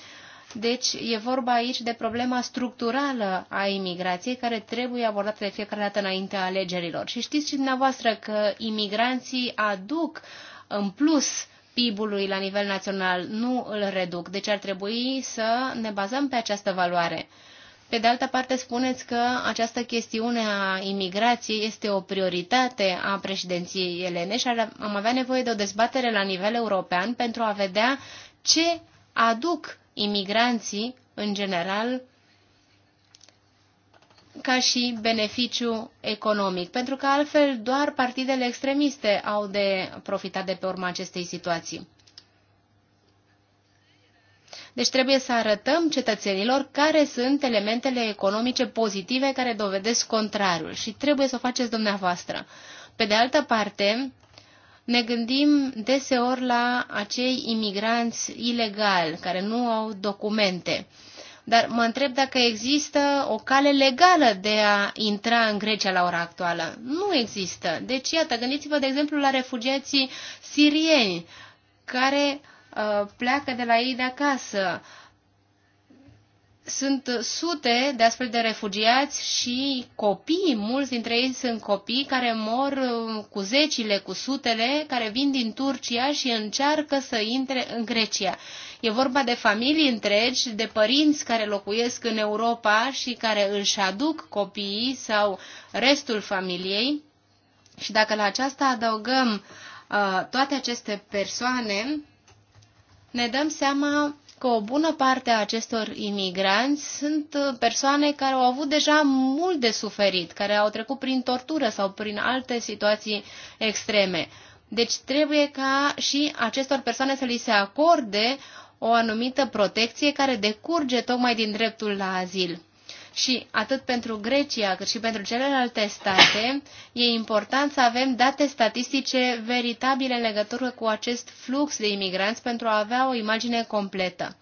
deci e vorba aici de problema structurală a imigrației care trebuie abordată de fiecare dată înaintea alegerilor. Și știți și dumneavoastră că imigranții aduc în plus PIB-ului la nivel național, nu îl reduc. Deci ar trebui să ne bazăm pe această valoare. Pe de altă parte, spuneți că această chestiune a imigrației este o prioritate a președinției elene și am avea nevoie de o dezbatere la nivel european pentru a vedea ce aduc imigranții, în general, ca și beneficiu economic, pentru că altfel doar partidele extremiste au de profitat de pe urma acestei situații. Deci trebuie să arătăm cetățenilor care sunt elementele economice pozitive care dovedesc contrariul și trebuie să o faceți dumneavoastră. Pe de altă parte, ne gândim deseori la acei imigranți ilegali care nu au documente. Dar mă întreb dacă există o cale legală de a intra în Grecia la ora actuală. Nu există. Deci, iată, gândiți-vă, de exemplu, la refugiații sirieni care uh, pleacă de la ei de acasă. Uh, sunt sute de astfel de refugiați și copii, mulți dintre ei sunt copii care mor uh, cu zecile, cu sutele, care vin din Turcia și încearcă să intre în Grecia. E vorba de familii întregi, de părinți care locuiesc în Europa și care își aduc copiii sau restul familiei. Și dacă la aceasta adăugăm uh, toate aceste persoane, ne dăm seama că o bună parte a acestor imigranți sunt uh, persoane care au avut deja mult de suferit, care au trecut prin tortură sau prin alte situații extreme. Deci trebuie ca și acestor persoane să li se acorde o anumită protecție care decurge tocmai din dreptul la azil și atât pentru Grecia cât și pentru celelalte state, e important să avem date statistice veritabile în legătură cu acest flux de imigranți pentru a avea o imagine completă.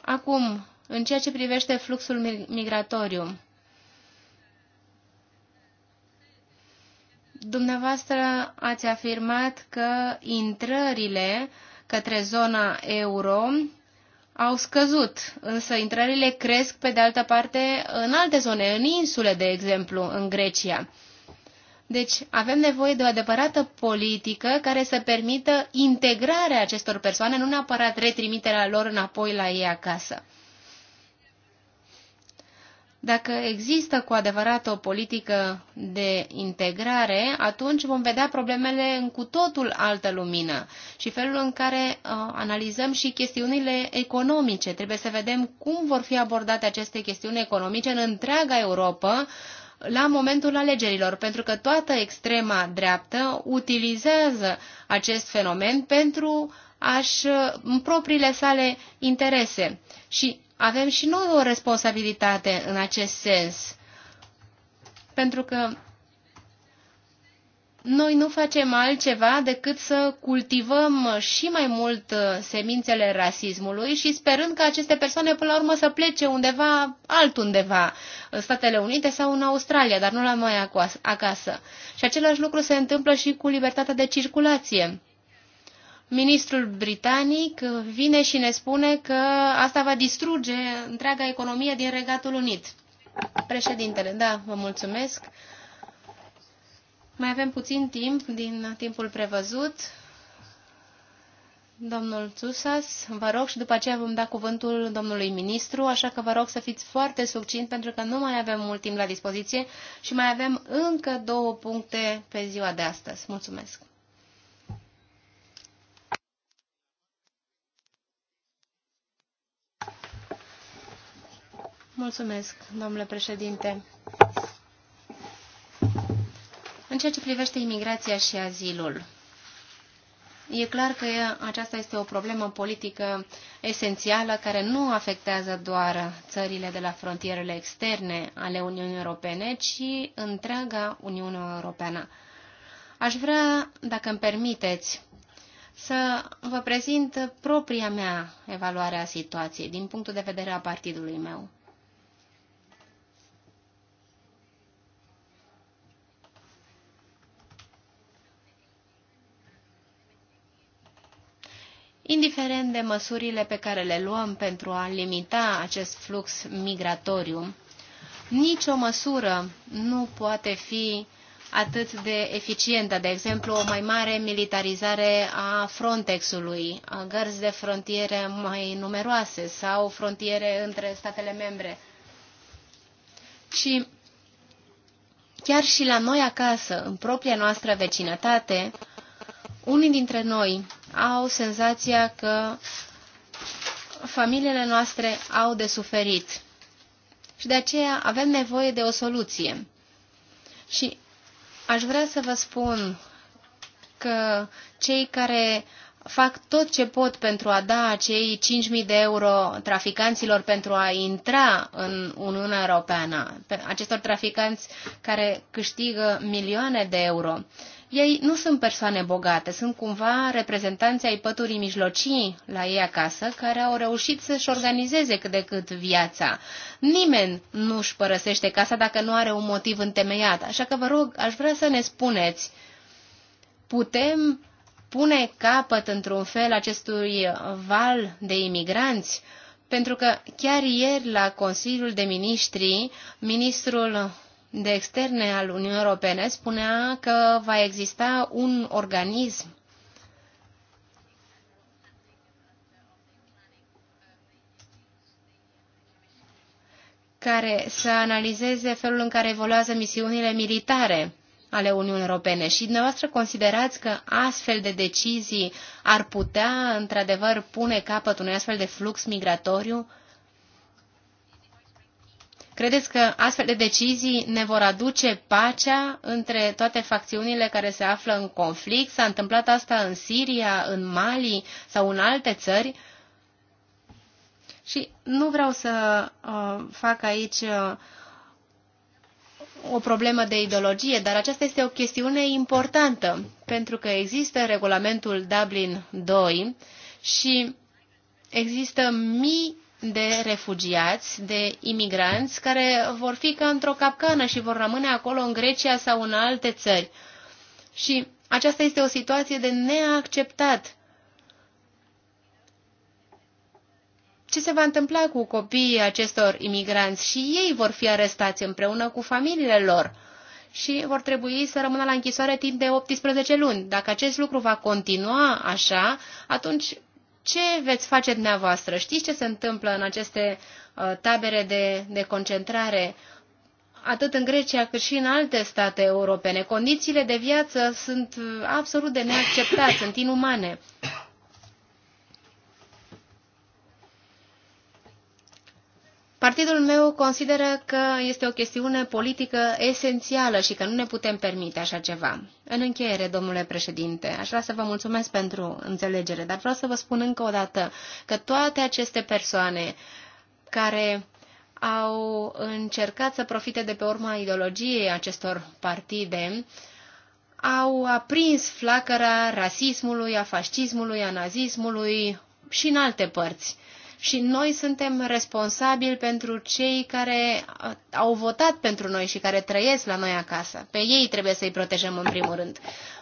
Acum, în ceea ce privește fluxul migratoriu, Dumneavoastră ați afirmat că intrările către zona euro au scăzut, însă intrările cresc pe de altă parte în alte zone, în insule, de exemplu, în Grecia. Deci avem nevoie de o adevărată politică care să permită integrarea acestor persoane, nu neapărat retrimiterea lor înapoi la ei acasă. Dacă există cu adevărat o politică de integrare, atunci vom vedea problemele în cu totul altă lumină și felul în care uh, analizăm și chestiunile economice. Trebuie să vedem cum vor fi abordate aceste chestiuni economice în întreaga Europa la momentul alegerilor, pentru că toată extrema dreaptă utilizează acest fenomen pentru aș, uh, în propriile sale interese. Și avem și noi o responsabilitate în acest sens. Pentru că noi nu facem altceva decât să cultivăm și mai mult uh, semințele rasismului și sperând că aceste persoane până la urmă să plece undeva altundeva, în Statele Unite sau în Australia, dar nu la noi acasă. Și același lucru se întâmplă și cu libertatea de circulație ministrul britanic vine și ne spune că asta va distruge întreaga economie din Regatul Unit. Președintele, da, vă mulțumesc. Mai avem puțin timp din timpul prevăzut. Domnul Tsusas, vă rog și după aceea vom da cuvântul domnului ministru, așa că vă rog să fiți foarte succint pentru că nu mai avem mult timp la dispoziție și mai avem încă două puncte pe ziua de astăzi. Mulțumesc! Mulțumesc, domnule președinte. În ceea ce privește imigrația și azilul, e clar că aceasta este o problemă politică esențială care nu afectează doar țările de la frontierele externe ale Uniunii Europene, ci întreaga Uniune Europeană. Aș vrea, dacă îmi permiteți, să vă prezint propria mea evaluare a situației din punctul de vedere a partidului meu. indiferent de măsurile pe care le luăm pentru a limita acest flux migratoriu. Nicio măsură nu poate fi atât de eficientă, de exemplu, o mai mare militarizare a Frontex-ului, gărzi de frontiere mai numeroase sau frontiere între statele membre. Și chiar și la noi acasă, în propria noastră vecinătate, unii dintre noi au senzația că familiile noastre au de suferit. Și de aceea avem nevoie de o soluție. Și aș vrea să vă spun că cei care fac tot ce pot pentru a da acei 5.000 de euro traficanților pentru a intra în Uniunea Europeană, acestor traficanți care câștigă milioane de euro. Ei nu sunt persoane bogate, sunt cumva reprezentanții ai păturii mijlocii la ei acasă, care au reușit să-și organizeze cât de cât viața. Nimeni nu-și părăsește casa dacă nu are un motiv întemeiat, așa că vă rog, aș vrea să ne spuneți, putem pune capăt într-un fel acestui val de imigranți? Pentru că chiar ieri la Consiliul de Ministri, ministrul de externe al Uniunii Europene spunea că va exista un organism care să analizeze felul în care evoluează misiunile militare ale Uniunii Europene. Și dumneavoastră considerați că astfel de decizii ar putea, într-adevăr, pune capăt unui astfel de flux migratoriu? Credeți că astfel de decizii ne vor aduce pacea între toate facțiunile care se află în conflict? S-a întâmplat asta în Siria, în Mali sau în alte țări? Și nu vreau să uh, fac aici uh, o problemă de ideologie, dar aceasta este o chestiune importantă, pentru că există regulamentul Dublin 2 și există mii de refugiați, de imigranți, care vor fi ca într-o capcană și vor rămâne acolo în Grecia sau în alte țări. Și aceasta este o situație de neacceptat. Ce se va întâmpla cu copiii acestor imigranți? Și ei vor fi arestați împreună cu familiile lor și vor trebui să rămână la închisoare timp de 18 luni. Dacă acest lucru va continua așa, atunci ce veți face dumneavoastră? Știți ce se întâmplă în aceste uh, tabere de, de concentrare, atât în Grecia cât și în alte state europene? Condițiile de viață sunt uh, absolut de neacceptat, sunt inumane. Partidul meu consideră că este o chestiune politică esențială și că nu ne putem permite așa ceva. În încheiere, domnule președinte, aș vrea să vă mulțumesc pentru înțelegere, dar vreau să vă spun încă o dată că toate aceste persoane care au încercat să profite de pe urma ideologiei acestor partide, au aprins flacăra rasismului, a fascismului, a nazismului și în alte părți și noi suntem responsabili pentru cei care uh, au votat pentru noi și care trăiesc la noi acasă. Pe ei trebuie să-i protejăm în primul rând.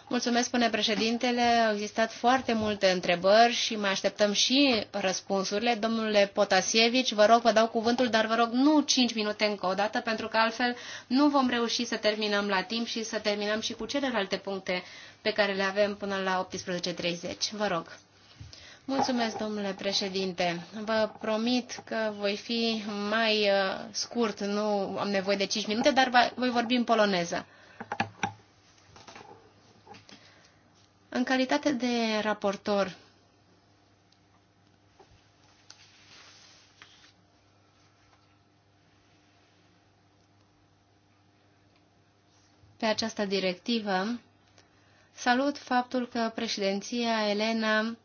Mulțumesc, spune președintele. Au existat foarte multe întrebări și mai așteptăm și răspunsurile. Domnule Potasievici, vă rog, vă dau cuvântul, dar vă rog nu 5 minute încă o dată, pentru că altfel nu vom reuși să terminăm la timp și să terminăm și cu celelalte puncte pe care le avem până la 18.30. Vă rog. Mulțumesc, domnule președinte. Vă promit că voi fi mai uh, scurt, nu am nevoie de 5 minute, dar voi vorbi în poloneză. În calitate de raportor, pe această directivă, salut faptul că președinția Elena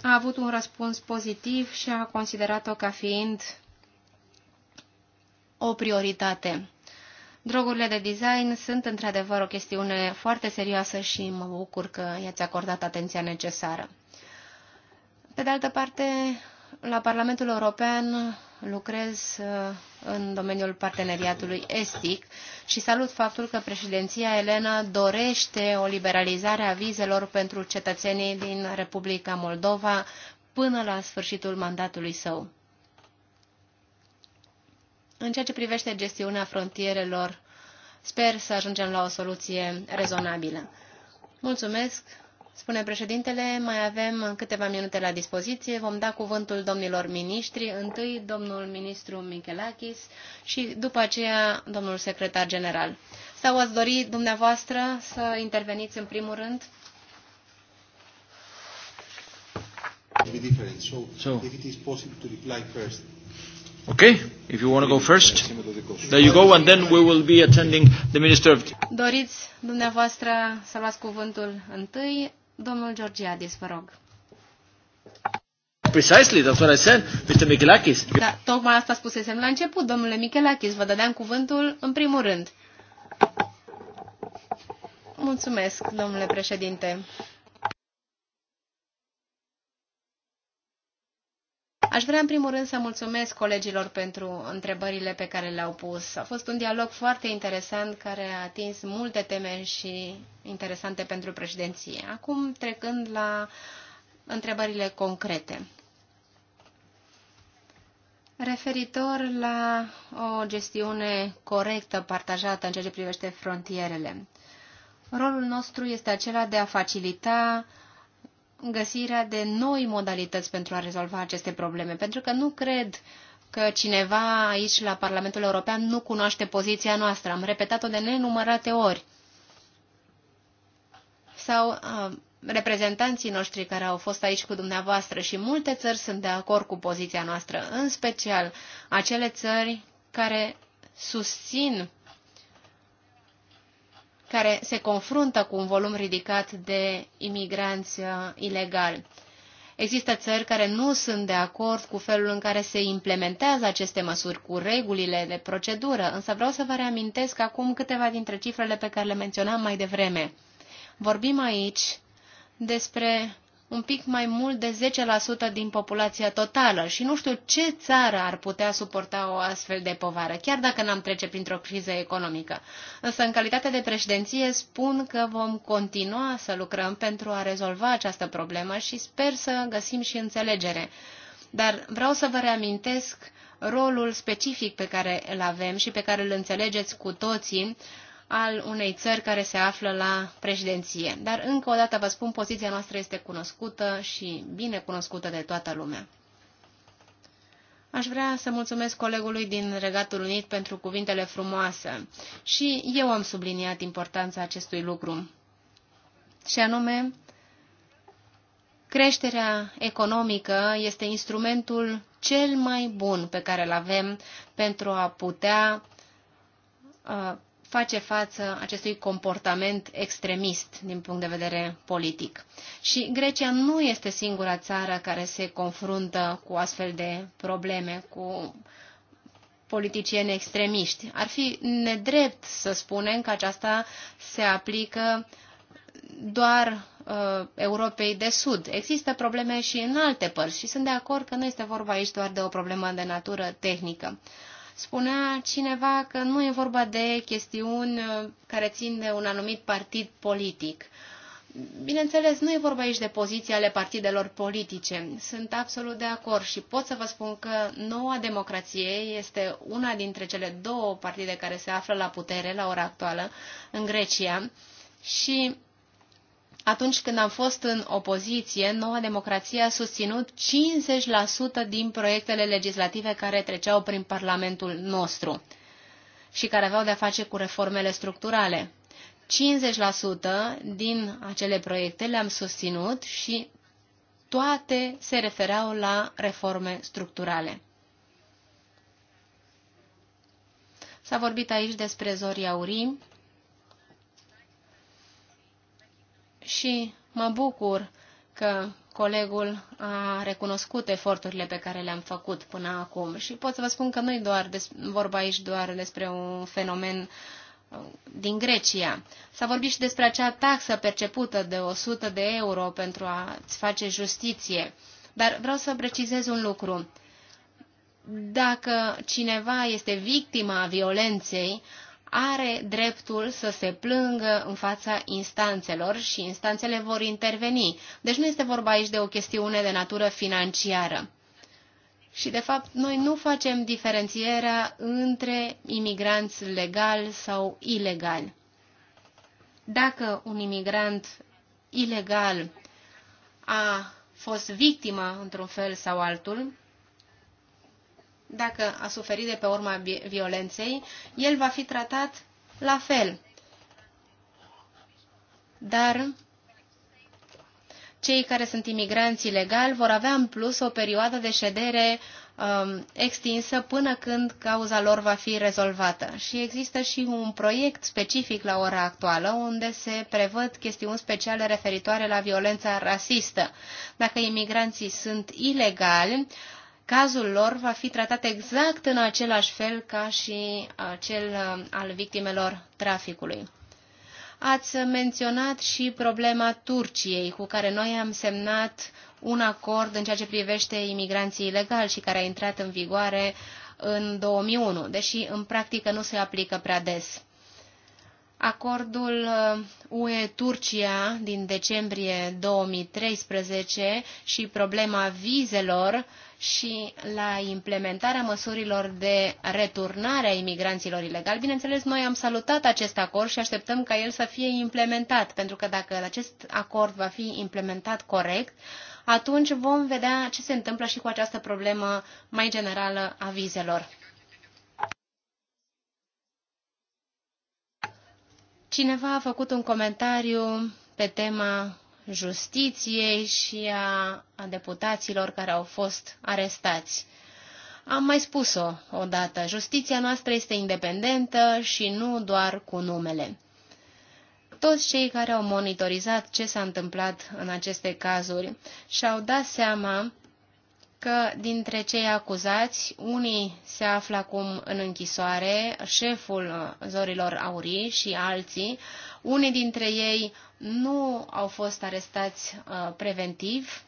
a avut un răspuns pozitiv și a considerat-o ca fiind o prioritate. Drogurile de design sunt într-adevăr o chestiune foarte serioasă și mă bucur că i-ați acordat atenția necesară. Pe de altă parte, la Parlamentul European lucrez uh, în domeniul parteneriatului estic și salut faptul că președinția Elena dorește o liberalizare a vizelor pentru cetățenii din Republica Moldova până la sfârșitul mandatului său. În ceea ce privește gestiunea frontierelor, sper să ajungem la o soluție rezonabilă. Mulțumesc! Spune președintele, mai avem câteva minute la dispoziție. Vom da cuvântul domnilor miniștri, întâi domnul ministru Michelakis și după aceea domnul secretar general. Sau ați dori dumneavoastră să interveniți în primul rând? Okay, if you want to go first, there you go, and then we will be attending the Minister of... Doriți dumneavoastră să luați cuvântul întâi, Domnul Georgiadis, vă rog. Precisely, that's what I said, Mr. Michelakis. Da, tocmai asta spusesem la început, domnule Michelakis. Vă dădeam cuvântul în primul rând. Mulțumesc, domnule președinte. Aș vrea în primul rând să mulțumesc colegilor pentru întrebările pe care le-au pus. A fost un dialog foarte interesant care a atins multe teme și interesante pentru președinție. Acum trecând la întrebările concrete. Referitor la o gestiune corectă, partajată în ceea ce privește frontierele, rolul nostru este acela de a facilita uh, găsirea de noi modalități pentru a rezolva aceste probleme, pentru că nu cred că cineva aici la Parlamentul European nu cunoaște poziția noastră. Am repetat-o de nenumărate ori. Sau a, uh, reprezentanții noștri care au fost aici cu dumneavoastră și multe țări sunt de acord cu poziția noastră, în special acele țări care susțin care se confruntă cu un volum ridicat de imigranți uh, ilegali. Există țări care nu sunt de acord cu felul în care se implementează aceste măsuri, cu regulile de procedură, însă vreau să vă reamintesc acum câteva dintre cifrele pe care le menționam mai devreme. Vorbim aici despre un pic mai mult de 10% din populația totală și nu știu ce țară ar putea suporta o astfel de povară, chiar dacă n-am trece printr-o criză economică. Însă, în calitate de președinție, spun că vom continua să lucrăm pentru a rezolva această problemă și sper să găsim și înțelegere. Dar vreau să vă reamintesc rolul specific pe care îl avem și pe care îl înțelegeți cu toții al unei țări care se află la președinție. Dar încă o dată vă spun, poziția noastră este cunoscută și bine cunoscută de toată lumea. Aș vrea să mulțumesc colegului din Regatul Unit pentru cuvintele frumoase și eu am subliniat importanța acestui lucru. Și anume, creșterea economică este instrumentul cel mai bun pe care îl avem pentru a putea uh, face față acestui comportament extremist din punct de vedere politic. Și Grecia nu este singura țară care se confruntă cu astfel de probleme, cu politicieni extremiști. Ar fi nedrept să spunem că aceasta se aplică doar uh, Europei de Sud. Există probleme și în alte părți și sunt de acord că nu este vorba aici doar de o problemă de natură tehnică. Uh, Spunea cineva că nu e vorba de chestiuni uh, care țin de un anumit partid politic. Bineînțeles, nu e vorba aici de poziții ale partidelor politice. Sunt absolut de acord și pot să vă spun că noua democrație este una dintre cele două partide care se află la putere la ora actuală în Grecia și atunci când am fost în opoziție, Noua Democrație a susținut 50% din proiectele legislative care treceau prin Parlamentul nostru și care aveau de-a face cu reformele structurale. 50% din acele proiecte le-am susținut și toate se refereau la reforme structurale. S-a vorbit aici despre Zoria Urim. și mă bucur că colegul a recunoscut eforturile pe care le-am făcut până acum și pot să vă spun că nu i doar des, vorba aici doar despre un fenomen uh, din Grecia. S-a vorbit și despre acea taxă percepută de 100 de euro pentru a-ți face justiție. Dar vreau să precizez un lucru. Dacă cineva este victima violenței, are dreptul să se plângă în fața instanțelor și instanțele vor interveni. Deci nu este vorba aici de o chestiune de natură financiară. Și, de fapt, noi nu facem diferențierea între imigranți legali sau ilegali. Dacă un imigrant ilegal a fost victima, într-un fel sau altul, dacă a suferit de pe urma violenței, el va fi tratat la fel. Dar cei care sunt imigranți ilegali vor avea în plus o perioadă de ședere um, extinsă până când cauza lor va fi rezolvată. Și există și un proiect specific la ora actuală unde se prevăd chestiuni speciale referitoare la violența rasistă. Dacă imigranții sunt ilegali, uh, cazul lor va fi tratat exact în același fel ca și uh, cel uh, al victimelor traficului. Ați menționat și problema Turciei, cu care noi am semnat un acord în ceea ce privește imigranții ilegali și care a intrat în vigoare în 2001, deși în practică nu se aplică prea des. Acordul uh, UE-Turcia din decembrie 2013 și problema vizelor și la implementarea măsurilor de returnare a imigranților ilegali. Bineînțeles, noi am salutat acest acord și așteptăm ca el să fie implementat, pentru că dacă acest acord va fi implementat corect, atunci vom vedea ce se întâmplă și cu această problemă mai generală a vizelor. Cineva a făcut un comentariu pe tema justiției și a, a deputaților care au fost arestați. Am mai spus-o odată, justiția noastră este independentă și nu doar cu numele. Toți cei care au monitorizat ce s-a întâmplat în aceste cazuri și-au dat seama că dintre cei acuzați, unii se află acum în închisoare, șeful zorilor aurii și alții. Unii dintre ei nu au fost arestați uh, preventiv,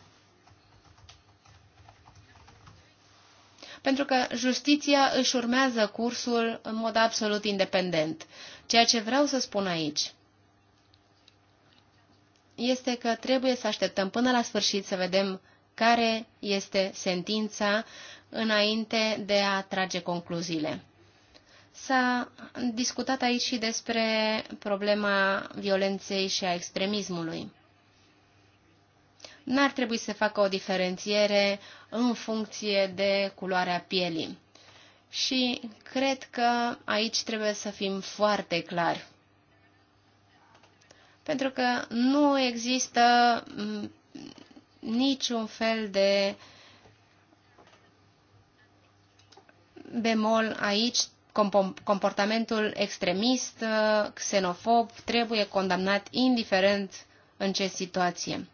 pentru că justiția își urmează cursul în mod absolut independent. Ceea ce vreau să spun aici este că trebuie să așteptăm până la sfârșit să vedem care este sentința înainte de a trage concluziile. S-a discutat aici și despre problema violenței și a extremismului. N-ar trebui să facă o diferențiere în funcție de culoarea pielii. Și cred că aici trebuie să fim foarte clari. Pentru că nu există niciun fel de bemol aici. Comportamentul extremist, xenofob, trebuie condamnat indiferent în ce situație.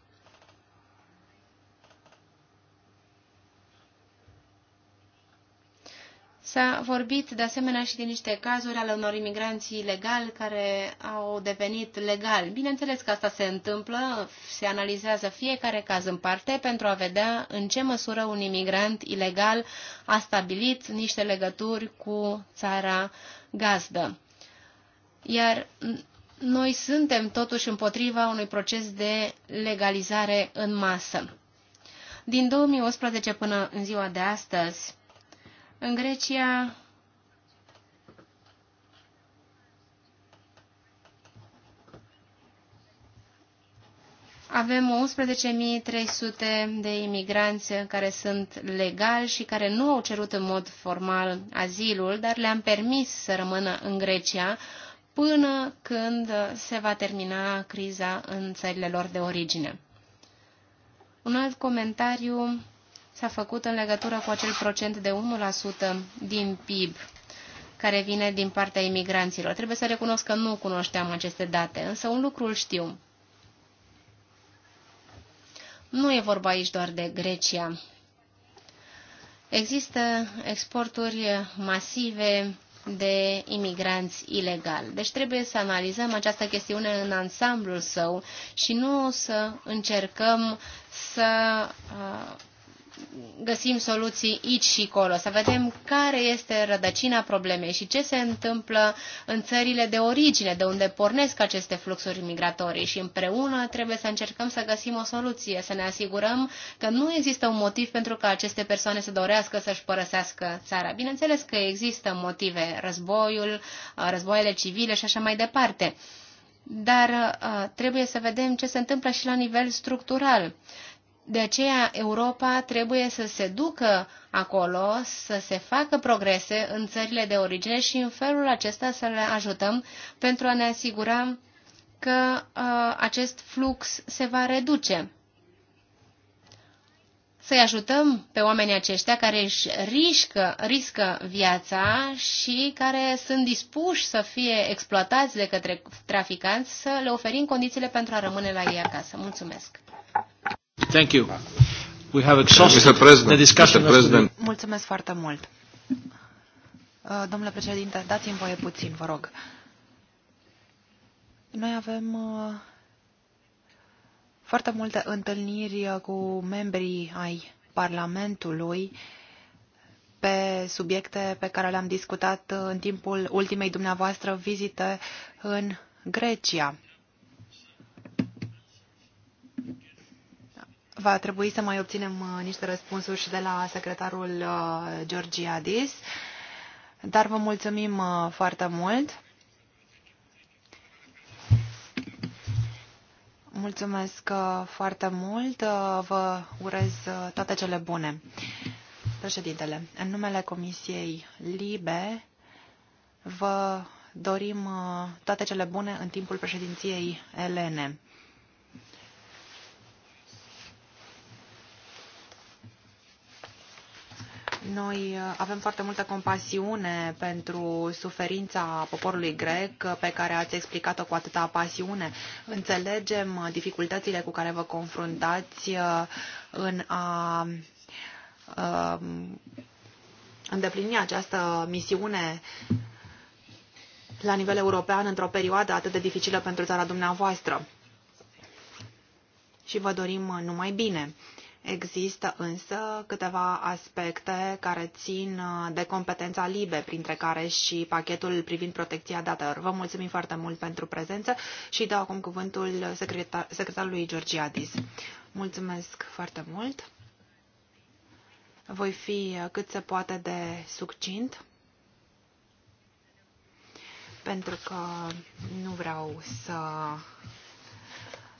S-a vorbit de asemenea și de niște cazuri ale unor imigranți ilegali care au devenit legali. Bineînțeles că asta se întâmplă, se analizează fiecare caz în parte pentru a vedea în ce măsură un imigrant ilegal a stabilit niște legături cu țara gazdă. Iar noi suntem totuși împotriva unui proces de legalizare în masă. Din 2011 până în ziua de astăzi, în Grecia avem 11.300 de imigranți care sunt legali și care nu au cerut în mod formal azilul, dar le-am permis să rămână în Grecia până când se va termina criza în țările lor de origine. Un alt comentariu s-a făcut în legătură cu acel procent de 1% din PIB care vine din partea imigranților. Trebuie să recunosc că nu cunoșteam aceste date, însă un lucru îl știu. Nu e vorba aici doar de Grecia. Există exporturi masive de imigranți ilegal. Deci trebuie să analizăm această chestiune în ansamblul său și nu să încercăm să uh, găsim soluții aici și acolo, să vedem care este rădăcina problemei și ce se întâmplă în țările de origine, de unde pornesc aceste fluxuri migratorii și împreună trebuie să încercăm să găsim o soluție, să ne asigurăm că nu există un motiv pentru ca aceste persoane să dorească să-și părăsească țara. Bineînțeles că există motive, războiul, războaiele civile și așa mai departe. Dar trebuie să vedem ce se întâmplă și la nivel structural. De aceea Europa trebuie să se ducă acolo, să se facă progrese în țările de origine și în felul acesta să le ajutăm pentru a ne asigura că uh, acest flux se va reduce. Să-i ajutăm pe oamenii aceștia care își riscă, riscă viața și care sunt dispuși să fie exploatați de către traficanți, să le oferim condițiile pentru a rămâne la ei acasă. Mulțumesc! Thank you. We have exhausted the discussion. President. Mulțumesc foarte mult. Uh, domnule președinte, dați-mi voie puțin, vă rog. Noi avem uh, foarte multe întâlniri uh, cu membrii ai Parlamentului pe subiecte pe care le-am discutat în timpul ultimei dumneavoastră vizite în Grecia. va trebui să mai obținem uh, niște răspunsuri și de la secretarul uh, Georgiadis, dar vă mulțumim uh, foarte mult. Mulțumesc foarte mult. Vă urez toate cele bune. Președintele, în numele Comisiei Libe, vă dorim toate cele bune în timpul președinției Elene. Noi uh, avem foarte multă compasiune pentru suferința poporului grec uh, pe care ați explicat-o cu atâta pasiune. Înțelegem uh, dificultățile cu care vă confruntați în a îndeplini această misiune la nivel european într-o perioadă atât de dificilă pentru țara dumneavoastră. Și vă dorim numai bine. Există însă câteva aspecte care țin uh, de competența LIBE, printre care și pachetul privind protecția datelor. Vă mulțumim foarte mult pentru prezență și dau acum cuvântul secretar secretarului Georgiadis. Mulțumesc foarte mult. Voi fi uh, cât se poate de succint pentru că nu vreau să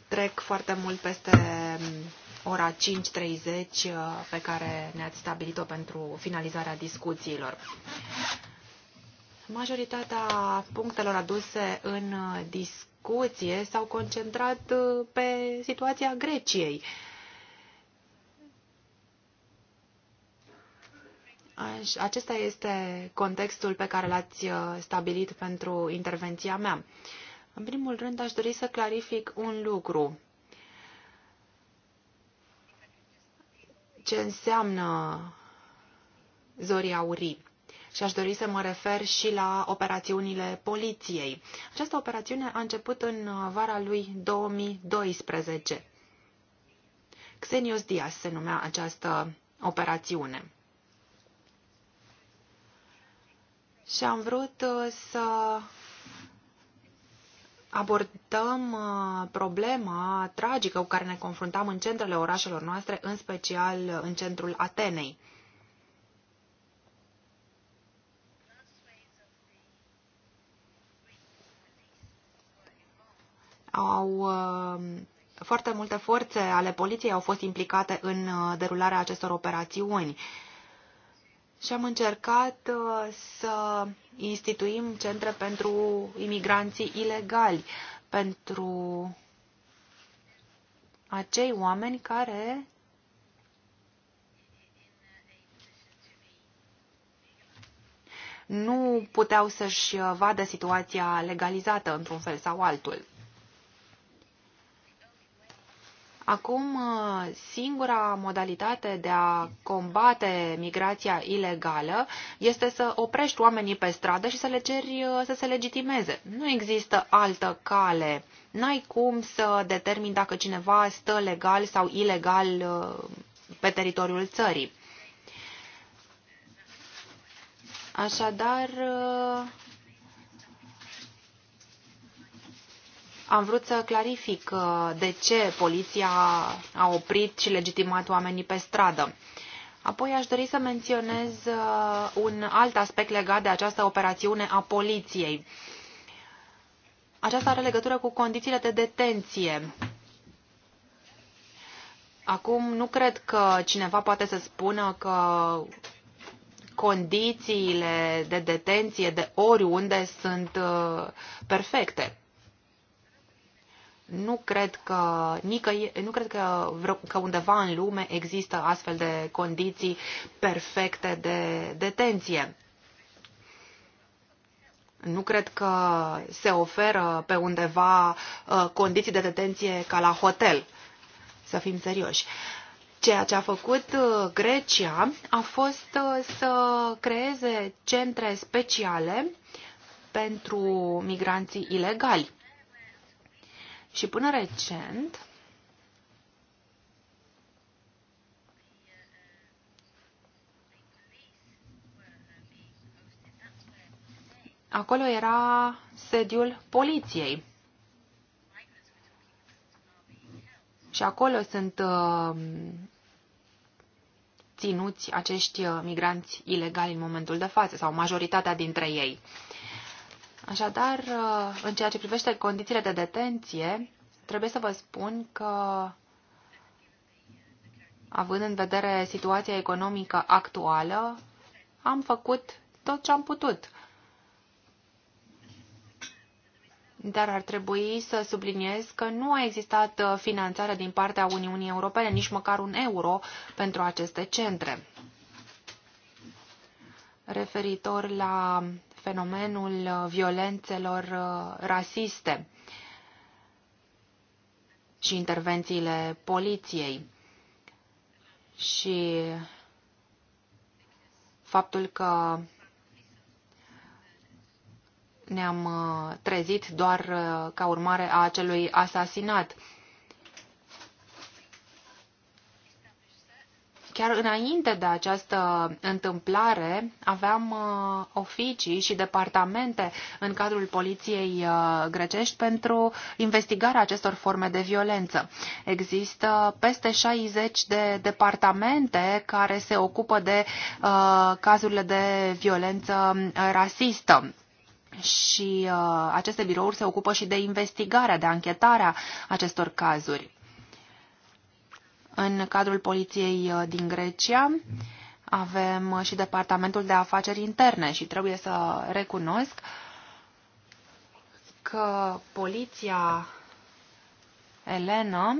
trec foarte mult peste ora 5.30 uh, pe care ne-ați stabilit-o pentru finalizarea discuțiilor. Majoritatea punctelor aduse în uh, discuție s-au concentrat uh, pe situația Greciei. Acesta este contextul pe care l-ați stabilit pentru intervenția mea. În primul rând, aș dori să clarific un lucru. ce înseamnă Zoria aurii și aș dori să mă refer și la operațiunile poliției. Această operațiune a început în vara lui 2012. Xenios Dias se numea această operațiune. Și am vrut uh, să abordăm uh, problema tragică cu care ne confruntam în centrele orașelor noastre, în special uh, în centrul Atenei. Au uh, foarte multe forțe ale poliției au fost implicate în derularea acestor operațiuni și am încercat uh, să instituim centre pentru imigranții ilegali, pentru acei oameni care nu puteau să-și vadă situația legalizată într-un fel sau altul. Acum, uh, singura modalitate de a combate migrația ilegală este să oprești oamenii pe stradă și să le ceri uh, să se legitimeze. Nu există altă cale. N-ai cum să determini dacă cineva stă legal sau ilegal uh, pe teritoriul țării. Așadar, Am vrut să clarific uh, de ce poliția a oprit și legitimat oamenii pe stradă. Apoi aș dori să menționez uh, un alt aspect legat de această operațiune a poliției. Aceasta are legătură cu condițiile de detenție. Acum nu cred că cineva poate să spună că condițiile de detenție de oriunde sunt uh, perfecte. Nu cred că, nicăi, nu cred că, vreo, că undeva în lume există astfel de condiții perfecte de detenție. Nu cred că se oferă pe undeva uh, condiții de detenție ca la hotel, să fim serioși. Ceea ce a făcut uh, Grecia a fost uh, să creeze centre speciale pentru migranții ilegali și până recent, acolo era sediul poliției. Și acolo sunt uh, ținuți acești uh, migranți ilegali în momentul de față, sau majoritatea dintre ei. Așadar, uh, în ceea ce privește condițiile de detenție, trebuie să vă spun că, având în vedere situația economică actuală, am făcut tot ce am putut. Dar ar trebui să subliniez că nu a existat uh, finanțare din partea Uniunii Europene, nici măcar un euro, pentru aceste centre. Referitor la fenomenul uh, violențelor uh, rasiste și intervențiile poliției și faptul că ne-am uh, trezit doar ca urmare a acelui asasinat. chiar înainte de această întâmplare aveam uh, oficii și departamente în cadrul poliției uh, grecești pentru investigarea acestor forme de violență. Există peste 60 de departamente care se ocupă de uh, cazurile de violență rasistă și uh, aceste birouri se ocupă și de investigarea, de anchetarea acestor cazuri. În cadrul poliției uh, din Grecia avem uh, și Departamentul de Afaceri Interne și trebuie să recunosc că poliția Elena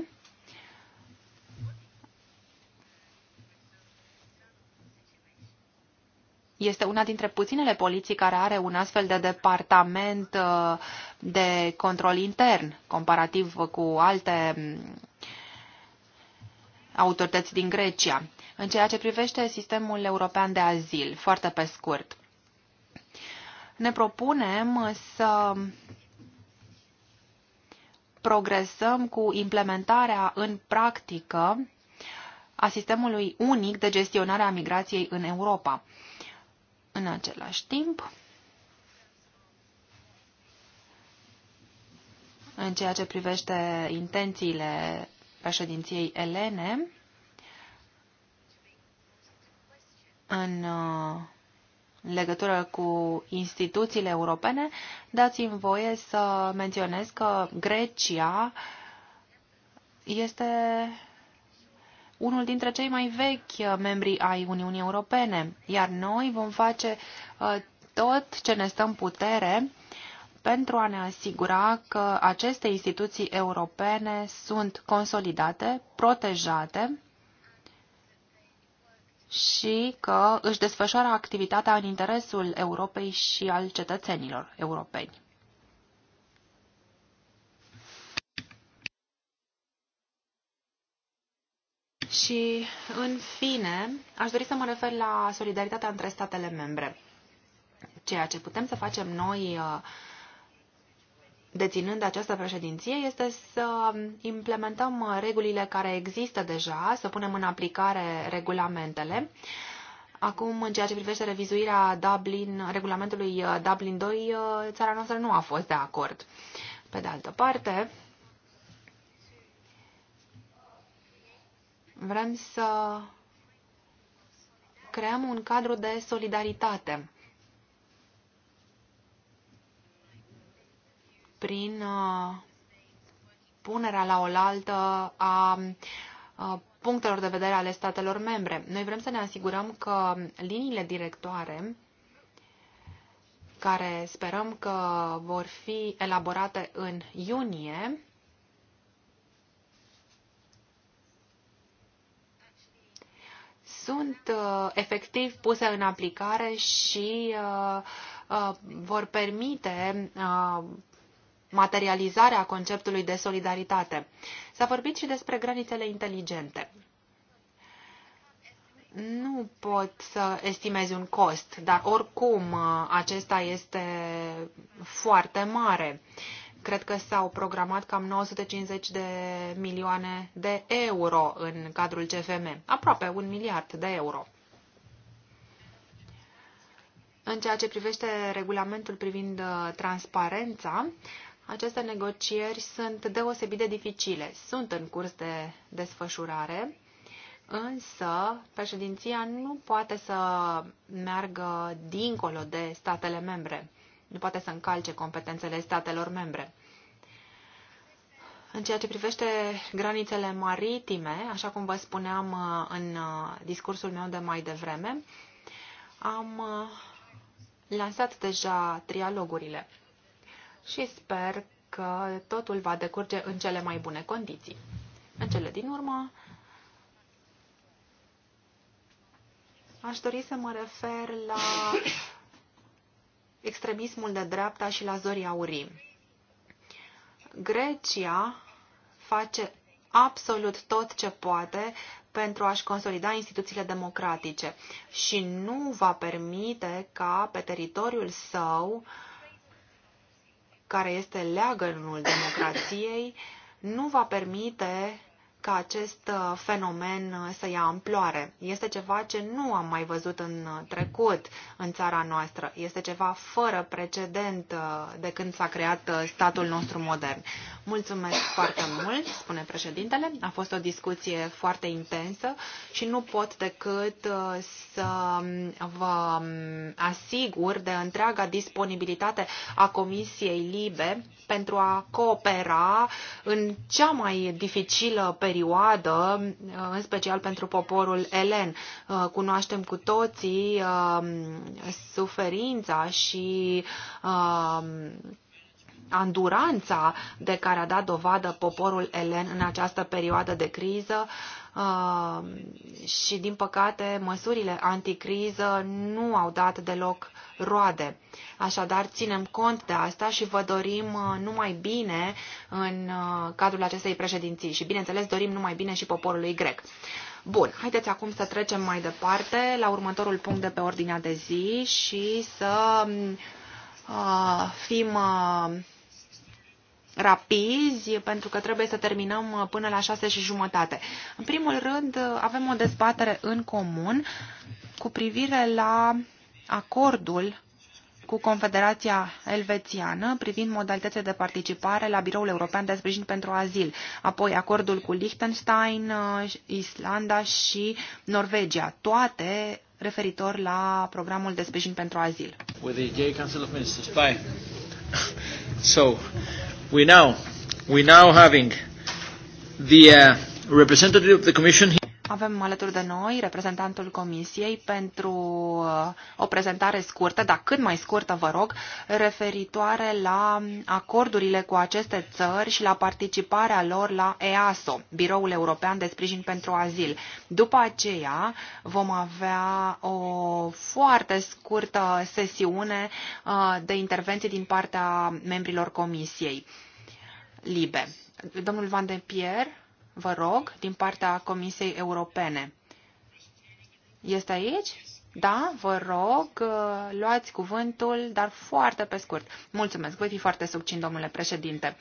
este una dintre puținele poliții care are un astfel de departament uh, de control intern, comparativ cu alte autorități din Grecia. În ceea ce privește sistemul european de azil, foarte pe scurt, ne propunem să progresăm cu implementarea în practică a sistemului unic de gestionare a migrației în Europa. În același timp, în ceea ce privește intențiile președinției Elene în uh, legătură cu instituțiile europene, dați-mi voie să menționez că Grecia este unul dintre cei mai vechi membri ai Uniunii Europene, iar noi vom face uh, tot ce ne stă în putere pentru a ne asigura că aceste instituții europene sunt consolidate, protejate și că își desfășoară activitatea în interesul Europei și al cetățenilor europeni. Și, în fine, aș dori să mă refer la solidaritatea între statele membre. Ceea ce putem să facem noi uh, deținând această președinție este să implementăm regulile care există deja, să punem în aplicare regulamentele. Acum, în ceea ce privește revizuirea Dublin, regulamentului uh, Dublin 2, uh, țara noastră nu a fost de acord. Pe de altă parte, vrem să creăm un cadru de solidaritate prin uh, punerea la oaltă a uh, punctelor de vedere ale statelor membre. Noi vrem să ne asigurăm că liniile directoare care sperăm că vor fi elaborate în iunie, sunt uh, efectiv puse în aplicare și vor permite materializare a conceptului de solidaritate. S-a vorbit și despre granițele inteligente. Nu pot să estimez un cost, dar oricum uh, acesta este foarte mare. Cred că s-au programat cam 950 de milioane de euro în cadrul CFM, aproape un miliard de euro. În ceea ce privește regulamentul privind uh, transparența, aceste negocieri sunt deosebit de dificile. Sunt în curs de desfășurare, însă președinția nu poate să meargă dincolo de statele membre. Nu poate să încalce competențele statelor membre. În ceea ce privește granițele maritime, așa cum vă spuneam uh, în uh, discursul meu de mai devreme, am uh, lansat deja trialogurile și sper că totul va decurge în cele mai bune condiții. În cele din urmă, aș dori să mă refer la extremismul de dreapta și la zorii aurii. Grecia face absolut tot ce poate pentru a-și consolida instituțiile democratice și nu va permite ca pe teritoriul său uh, care este leagănul democrației, nu va permite ca acest uh, fenomen uh, să ia amploare. Este ceva ce nu am mai văzut în uh, trecut în țara noastră. Este ceva fără precedent de când s-a creat statul nostru modern. Mulțumesc foarte mult, spune președintele. A fost o discuție foarte intensă și nu pot decât să um, vă um, asigur de întreaga disponibilitate a Comisiei Libe pentru a coopera în cea mai dificilă perioadă perioadă, în special pentru poporul elen. Uh, cunoaștem cu toții um, suferința și um, anduranța de care a dat dovadă poporul elen în această perioadă de criză și, din păcate, măsurile anticriză nu au dat deloc roade. Așadar, ținem cont de asta și vă dorim uh, numai bine în uh, cadrul acestei președinții și, bineînțeles, dorim numai bine și poporului grec. Bun, haideți acum să trecem mai departe la următorul punct de pe ordinea de zi și să mm, uh, fim uh, rapizi, pentru că trebuie să terminăm uh, până la șase și jumătate. În primul rând, uh, avem o dezbatere în comun cu privire la acordul cu Confederația Elvețiană privind modalitățile de participare la Biroul European de Sprijin pentru Azil, apoi acordul cu Liechtenstein, uh, Islanda și Norvegia, toate referitor la programul de sprijin pentru azil. So, We now, we now having the uh, representative of the Commission. Avem alături de noi reprezentantul Comisiei pentru uh, o prezentare scurtă, dar cât mai scurtă, vă rog, referitoare la acordurile cu aceste țări și la participarea lor la EASO, Biroul European de Sprijin pentru Azil. După aceea vom avea o foarte scurtă sesiune uh, de intervenții din partea membrilor Comisiei Libe. Domnul Van de Pierre vă rog, din partea Comisiei Europene. Este aici? Da, vă rog, uh, luați cuvântul, dar foarte pe scurt. Mulțumesc, voi fi foarte succint, domnule președinte.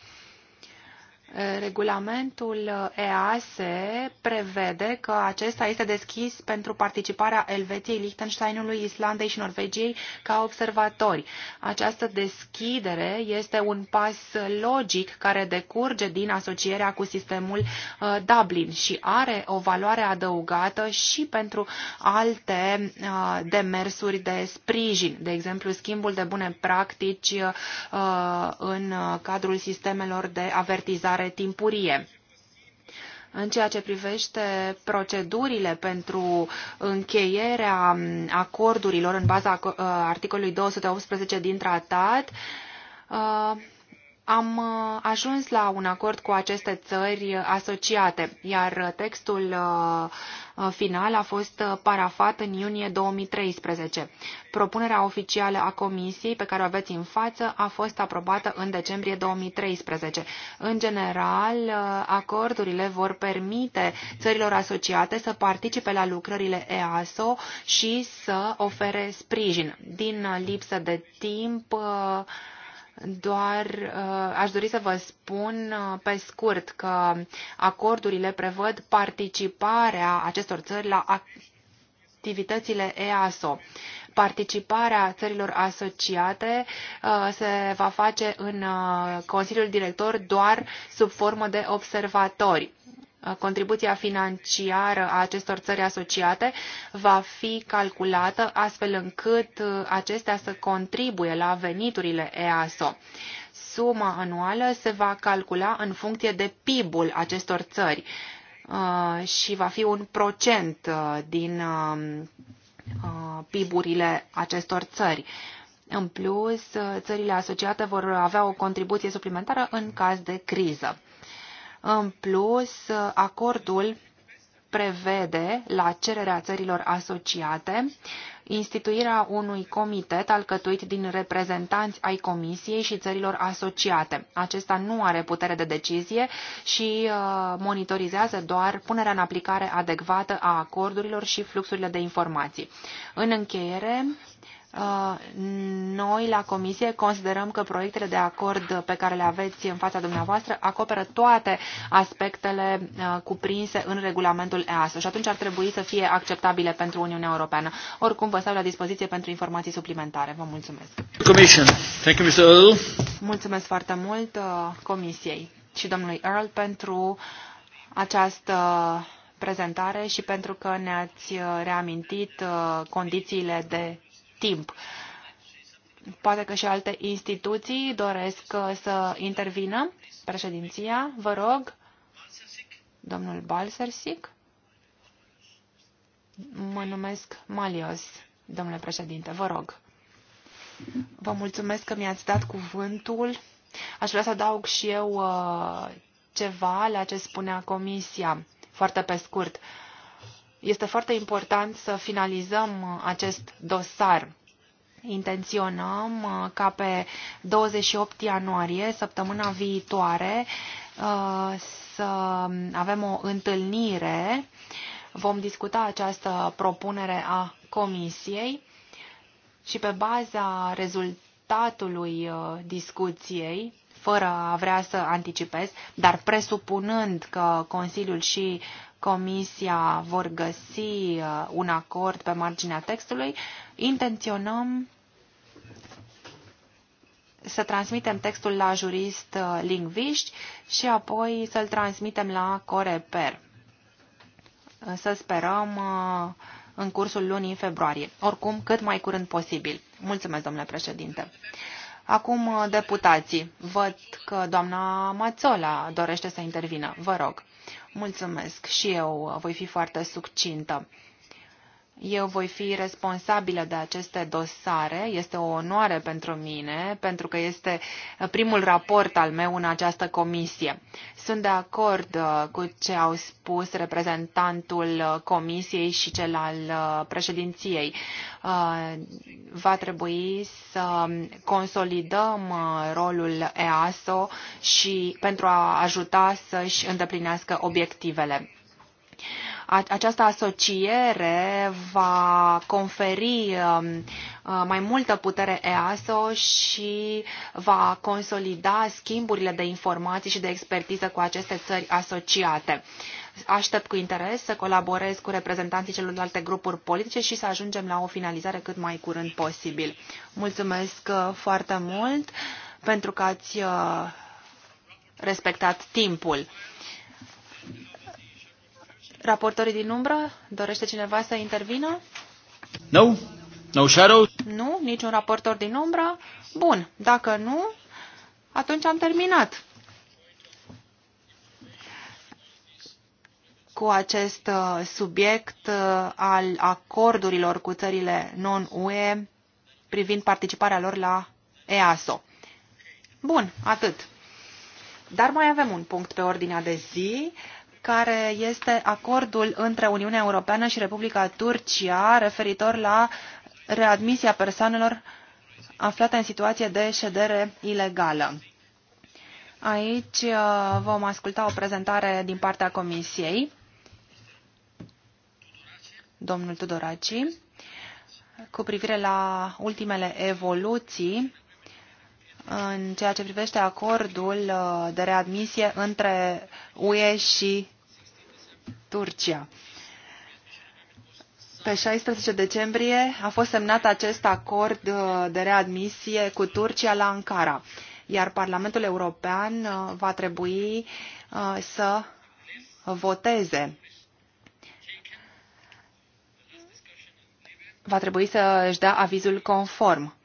Regulamentul EASE prevede că acesta este deschis pentru participarea Elveției, Liechtensteinului, Islandei și Norvegiei ca observatori. Această deschidere este un pas logic care decurge din asocierea cu sistemul uh, Dublin și are o valoare adăugată și pentru alte uh, demersuri de sprijin, de exemplu schimbul de bune practici uh, în cadrul sistemelor de avertizare mare timpurie. În ceea ce privește procedurile pentru încheierea acordurilor în baza uh, articolului 218 din tratat, uh, am uh, ajuns la un acord cu aceste țări uh, asociate, iar uh, textul final a fost parafat în iunie 2013. Propunerea oficială a Comisiei pe care o aveți în față a fost aprobată în decembrie 2013. În general, acordurile vor permite țărilor asociate să participe la lucrările EASO și să ofere sprijin. Din lipsă de timp, doar uh, aș dori să vă spun uh, pe scurt că acordurile prevăd participarea acestor țări la activitățile EASO. Participarea țărilor asociate uh, se va face în Consiliul Director doar sub formă de observatori contribuția financiară a acestor țări asociate va fi calculată astfel încât acestea să contribuie la veniturile EASO. Suma anuală se va calcula în funcție de PIB-ul acestor țări și va fi un procent din PIB-urile acestor țări. În plus, țările asociate vor avea o contribuție suplimentară în caz de criză. În plus, acordul prevede, la cererea țărilor asociate, instituirea unui comitet alcătuit din reprezentanți ai Comisiei și țărilor asociate. Acesta nu are putere de decizie și uh, monitorizează doar punerea în aplicare adecvată a acordurilor și fluxurile de informații. În încheiere, Uh, noi, la Comisie, considerăm că proiectele de acord pe care le aveți în fața dumneavoastră acoperă toate aspectele uh, cuprinse în regulamentul EASO și atunci ar trebui să fie acceptabile pentru Uniunea Europeană. Oricum, vă stau la dispoziție pentru informații suplimentare. Vă mulțumesc. Mulțumesc foarte mult uh, Comisiei și domnului Earl pentru această prezentare și pentru că ne-ați reamintit condițiile de timp. Poate că și alte instituții doresc uh, să intervină. Președinția, vă rog, domnul Balsersic. Mă numesc Malios, domnule președinte, vă rog. Vă mulțumesc că mi-ați dat cuvântul. Aș vrea să adaug și eu uh, ceva la ce spunea Comisia, foarte pe scurt. Uh, este foarte important să finalizăm acest dosar. Intenționăm uh, ca pe 28 ianuarie, săptămâna viitoare, uh, să avem o întâlnire. Vom discuta această propunere a Comisiei și pe baza rezultatului uh, discuției, fără a vrea să anticipez, dar presupunând că Consiliul și Comisia vor găsi uh, un acord pe marginea textului, intenționăm să transmitem textul la jurist uh, lingviști și apoi să-l transmitem la Coreper. Uh, să sperăm în cursul lunii februarie, oricum cât mai curând posibil. Mulțumesc, domnule președinte. Acum, deputații, văd că doamna Mațola dorește să intervină. Vă rog. Mulțumesc și eu voi fi foarte succintă. Eu voi fi responsabilă de aceste dosare. Este o onoare pentru mine, pentru că este primul raport al meu în această comisie. Sunt de acord uh, cu ce au spus reprezentantul uh, comisiei și cel al uh, președinției. Va trebui să consolidăm rolul EASO și pentru a ajuta să-și îndeplinească obiectivele această asociere va conferi um, uh, mai multă putere EASO și va consolida schimburile de informații și de expertiză cu aceste țări asociate. Aștept cu interes să colaborez cu reprezentanții celorlalte grupuri politice și să ajungem la o finalizare cât mai curând posibil. Mulțumesc uh, foarte mult pentru că ați uh, respectat timpul. Raportorii din umbră, dorește cineva să intervină? No. No shadow? Nu, niciun raportor din umbră. Bun, dacă nu, atunci am terminat. cu acest uh, subiect uh, al acordurilor cu țările non-UE privind participarea lor la EASO. Bun, atât. Dar mai avem un punct pe ordinea de zi care este acordul între Uniunea Europeană și Republica Turcia referitor la readmisia persoanelor aflate în situație de ședere ilegală. Aici uh, vom asculta o prezentare din partea Comisiei, domnul Tudoraci, cu privire la ultimele evoluții în ceea ce privește acordul uh, de readmisie între UE și Turcia. Pe 16 decembrie a fost semnat acest acord uh, de readmisie cu Turcia la Ankara, iar Parlamentul European uh, va trebui să voteze. Va trebui să își dea avizul conform.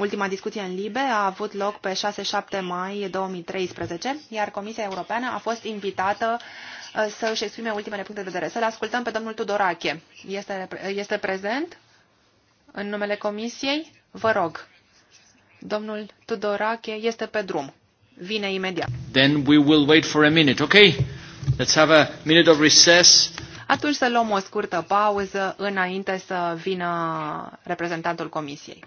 Ultima discuție în Libe a avut loc pe 6-7 mai 2013, iar Comisia Europeană a fost invitată uh, să își exprime ultimele puncte de vedere. Să-l ascultăm pe domnul Tudorache. Este, este prezent în numele Comisiei? Vă rog. Domnul Tudorache este pe drum. Vine imediat. Then we will wait for a minute, okay? Let's have a minute of recess. Atunci să luăm o scurtă pauză înainte să vină reprezentantul Comisiei.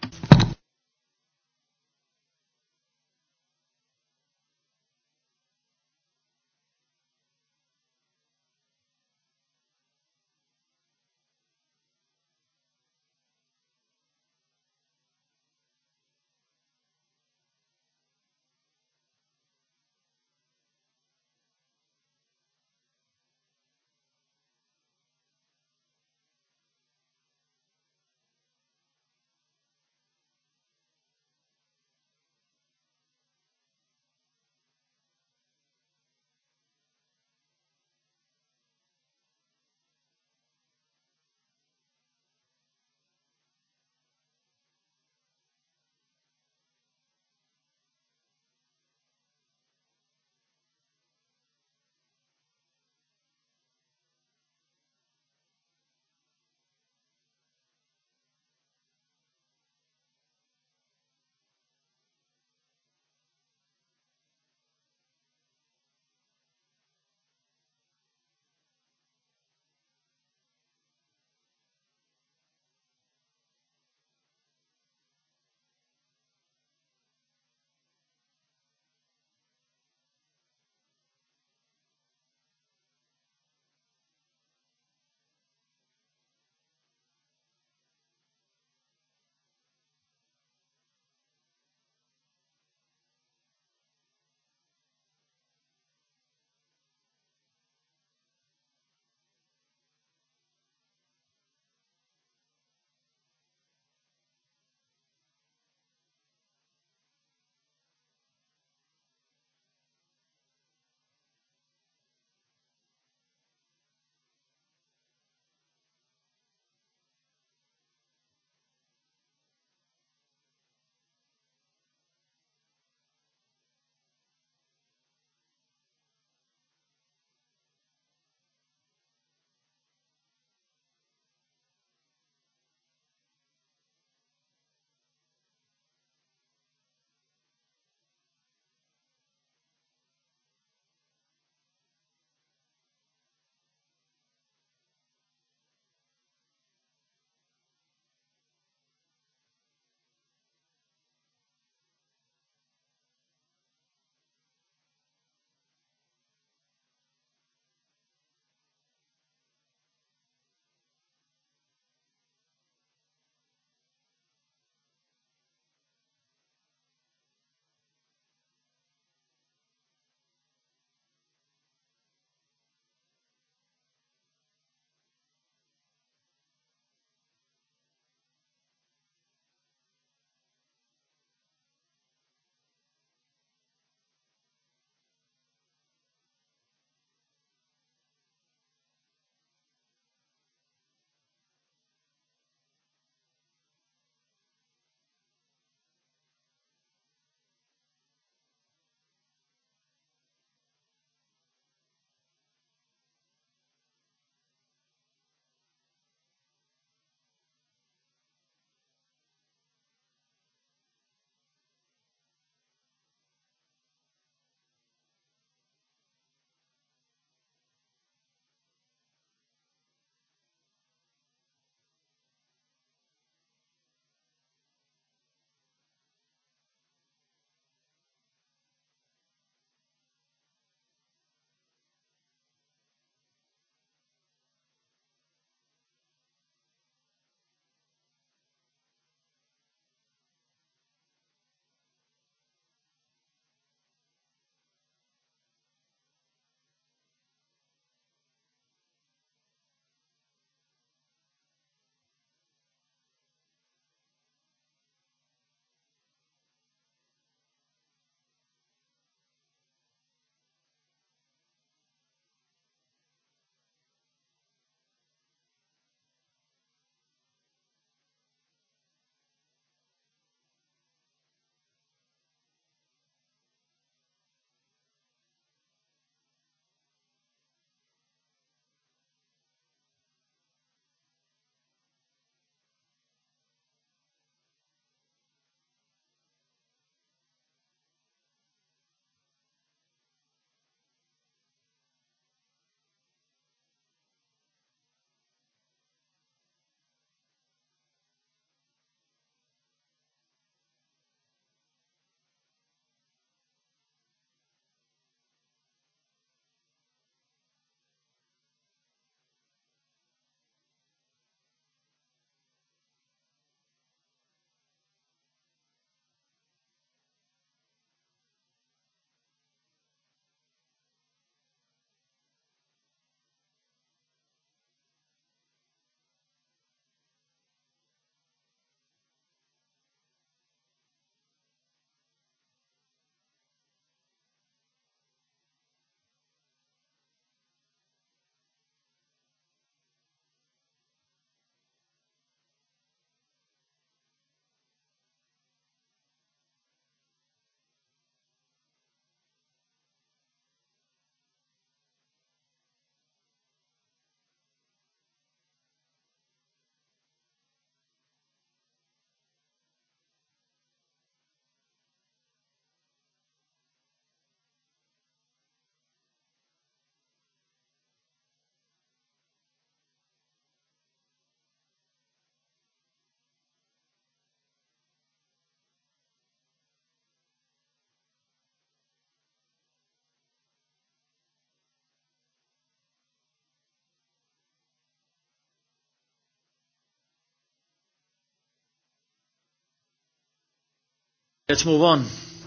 Let's move on.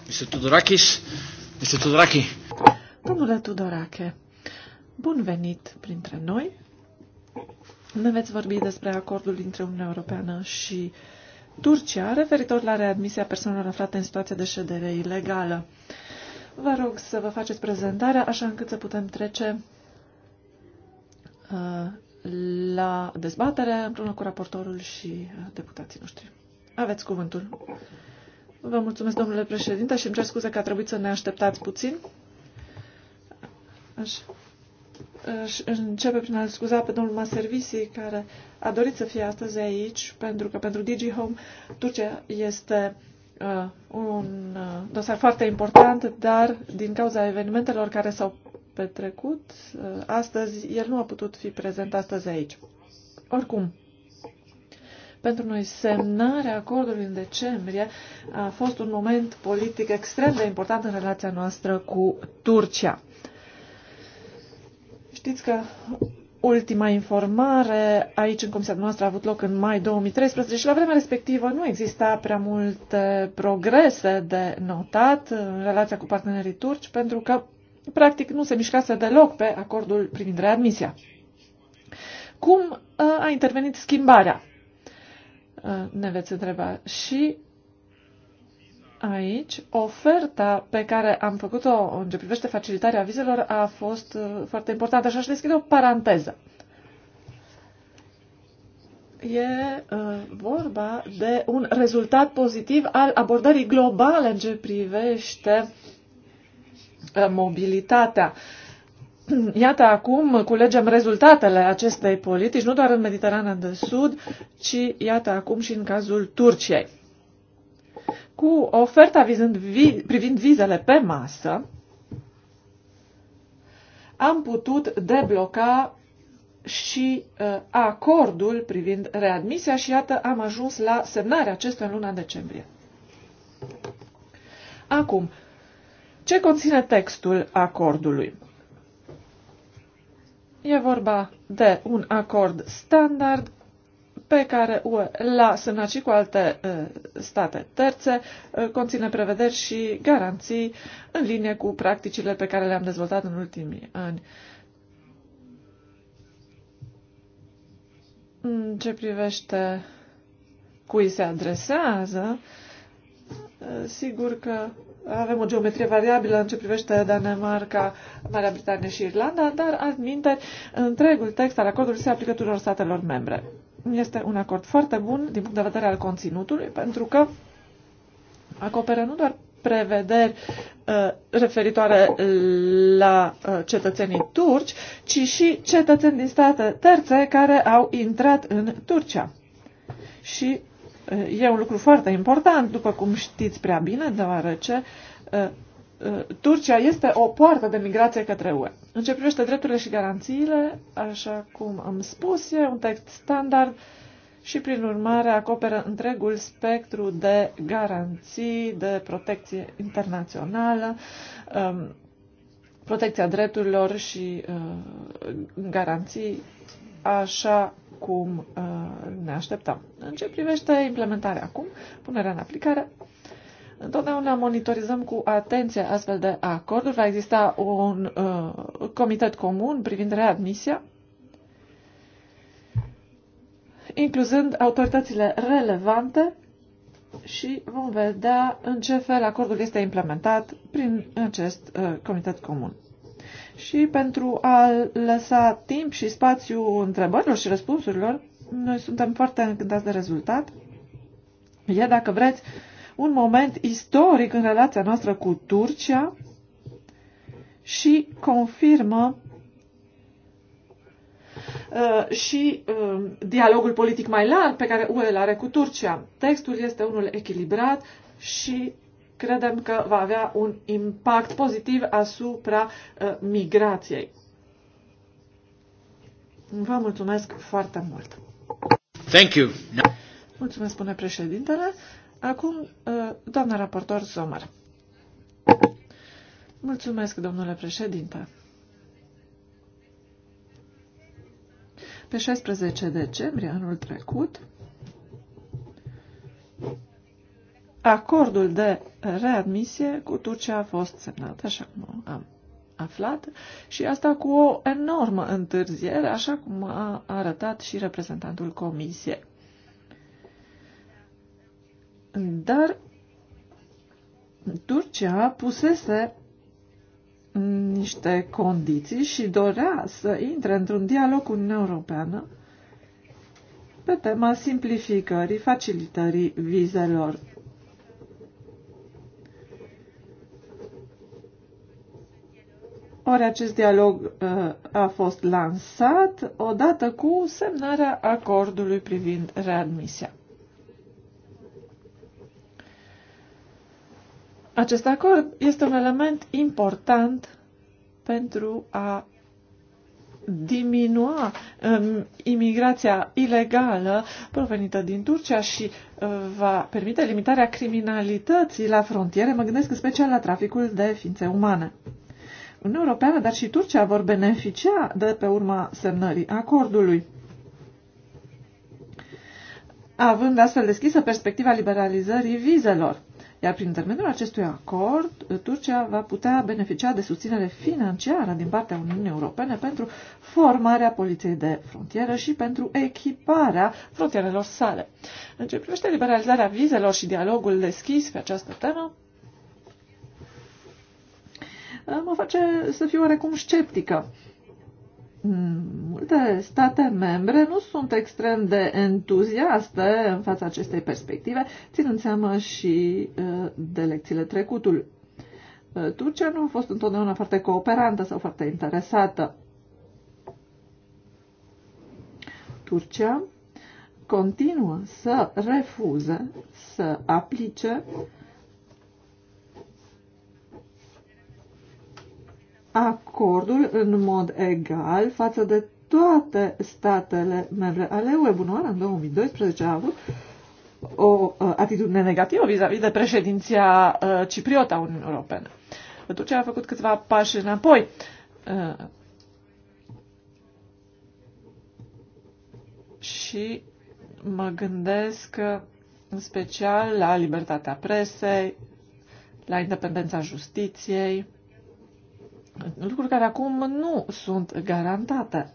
Mr. Tudorakis. Mr. Tudoraki. Domnule Tudorache, bun venit printre noi. Ne veți vorbi despre acordul dintre Uniunea Europeană și Turcia referitor la readmisia persoanelor aflate în situație de ședere ilegală. Vă rog să vă faceți prezentarea așa încât să putem trece uh, la dezbatere împreună cu raportorul și uh, deputații noștri. Aveți cuvântul. Vă mulțumesc, domnule președinte, și îmi cer scuze că a trebuit să ne așteptați puțin. Aș, aș începe prin a-l scuza pe domnul Maservisi, care a dorit să fie astăzi aici, pentru că pentru Digi Home Turcia este uh, un uh, dosar foarte important, dar din cauza evenimentelor care s-au petrecut uh, astăzi, el nu a putut fi prezent astăzi aici. Oricum, pentru noi, semnarea acordului în decembrie a fost un moment politic extrem de important în relația noastră cu Turcia. Știți că ultima informare aici în comisia noastră a avut loc în mai 2013 și la vremea respectivă nu exista prea multe progrese de notat în relația cu partenerii turci pentru că practic nu se mișcase deloc pe acordul privind readmisia. Cum uh, a intervenit schimbarea Uh, ne veți întreba. Și aici, oferta pe care am făcut-o în ce privește facilitarea vizelor a fost uh, foarte importantă și aș deschide o paranteză. E uh, vorba de un rezultat pozitiv al abordării globale în ce privește uh, mobilitatea. Uh, Iată, acum culegem rezultatele acestei politici, nu doar în Mediterana de Sud, ci iată acum și în cazul Turciei. Cu oferta vizând vi, privind vizele pe masă, am putut debloca și uh, acordul privind readmisia și iată am ajuns la semnarea acestuia în luna decembrie. Acum, ce conține textul acordului? E vorba de un acord standard pe care UE l-a semnat și cu alte state terțe, conține prevederi și garanții în linie cu practicile pe care le-am dezvoltat în ultimii ani. În ce privește cui se adresează, sigur că avem o geometrie variabilă în ce privește Danemarca, Marea Britanie și Irlanda, dar adminte întregul text al acordului se aplică tuturor statelor membre. Este un acord foarte bun din punct de vedere al conținutului, pentru că acoperă nu doar prevederi uh, referitoare la uh, cetățenii turci, ci și cetățeni din state terțe care au intrat în Turcia. Și E un lucru foarte important, după cum știți prea bine, deoarece Turcia este o poartă de migrație către UE. În ce privește drepturile și garanțiile, așa cum am spus, e un text standard și, prin urmare, acoperă întregul spectru de garanții, de protecție internațională, protecția drepturilor și garanții, așa cum uh, ne așteptăm. În ce privește implementarea acum, punerea în aplicare, Întotdeauna monitorizăm cu atenție astfel de acorduri. Va exista un uh, comitet comun privind readmisia, incluzând autoritățile relevante și vom vedea în ce fel acordul este implementat prin acest uh, comitet comun și pentru a lăsa timp și spațiu întrebărilor și răspunsurilor, noi suntem foarte încântați de rezultat. E, dacă vreți, un moment istoric în relația noastră cu Turcia și confirmă uh, și uh, dialogul politic mai larg pe care UE îl are cu Turcia. Textul este unul echilibrat și credem că va avea un impact pozitiv asupra uh, migrației. Vă mulțumesc foarte mult! Thank you. Mulțumesc, spune președintele. Acum, uh, doamna raportor Sommer. Mulțumesc, domnule președinte. Pe 16 decembrie anul trecut, Acordul de readmisie cu Turcia a fost semnat, așa cum am aflat, și asta cu o enormă întârziere, așa cum a arătat și reprezentantul Comisiei. Dar Turcia pusese niște condiții și dorea să intre într-un dialog cu Uniunea Europeană pe tema simplificării, facilitării vizelor Ori acest dialog uh, a fost lansat odată cu semnarea acordului privind readmisia. Acest acord este un element important pentru a diminua um, imigrația ilegală provenită din Turcia și uh, va permite limitarea criminalității la frontiere. Mă gândesc în special la traficul de ființe umane. Uniunea Europeană, dar și Turcia vor beneficia de pe urma semnării acordului. Având astfel deschisă perspectiva liberalizării vizelor, iar prin intermediul acestui acord, Turcia va putea beneficia de susținere financiară din partea Uniunii Europene pentru formarea poliției de frontieră și pentru echiparea frontierelor sale. În ce privește liberalizarea vizelor și dialogul deschis pe această temă, mă face să fiu oarecum sceptică. Mm, Multe state membre nu sunt extrem de entuziaste în fața acestei perspective, ținând seama și uh, de lecțiile trecutului. Uh, Turcia nu a fost întotdeauna foarte cooperantă sau foarte interesată. Turcia continuă să refuze să aplice acordul în mod egal față de toate statele membre ale UE. Bunoară în 2012 a avut o uh, atitudine negativă vis-a-vis -vis de președinția uh, cipriota a Uniunii Europene. Turcia a făcut câțiva pași înapoi. Uh, și mă gândesc în special la libertatea presei, la independența justiției, lucruri care acum nu sunt garantate.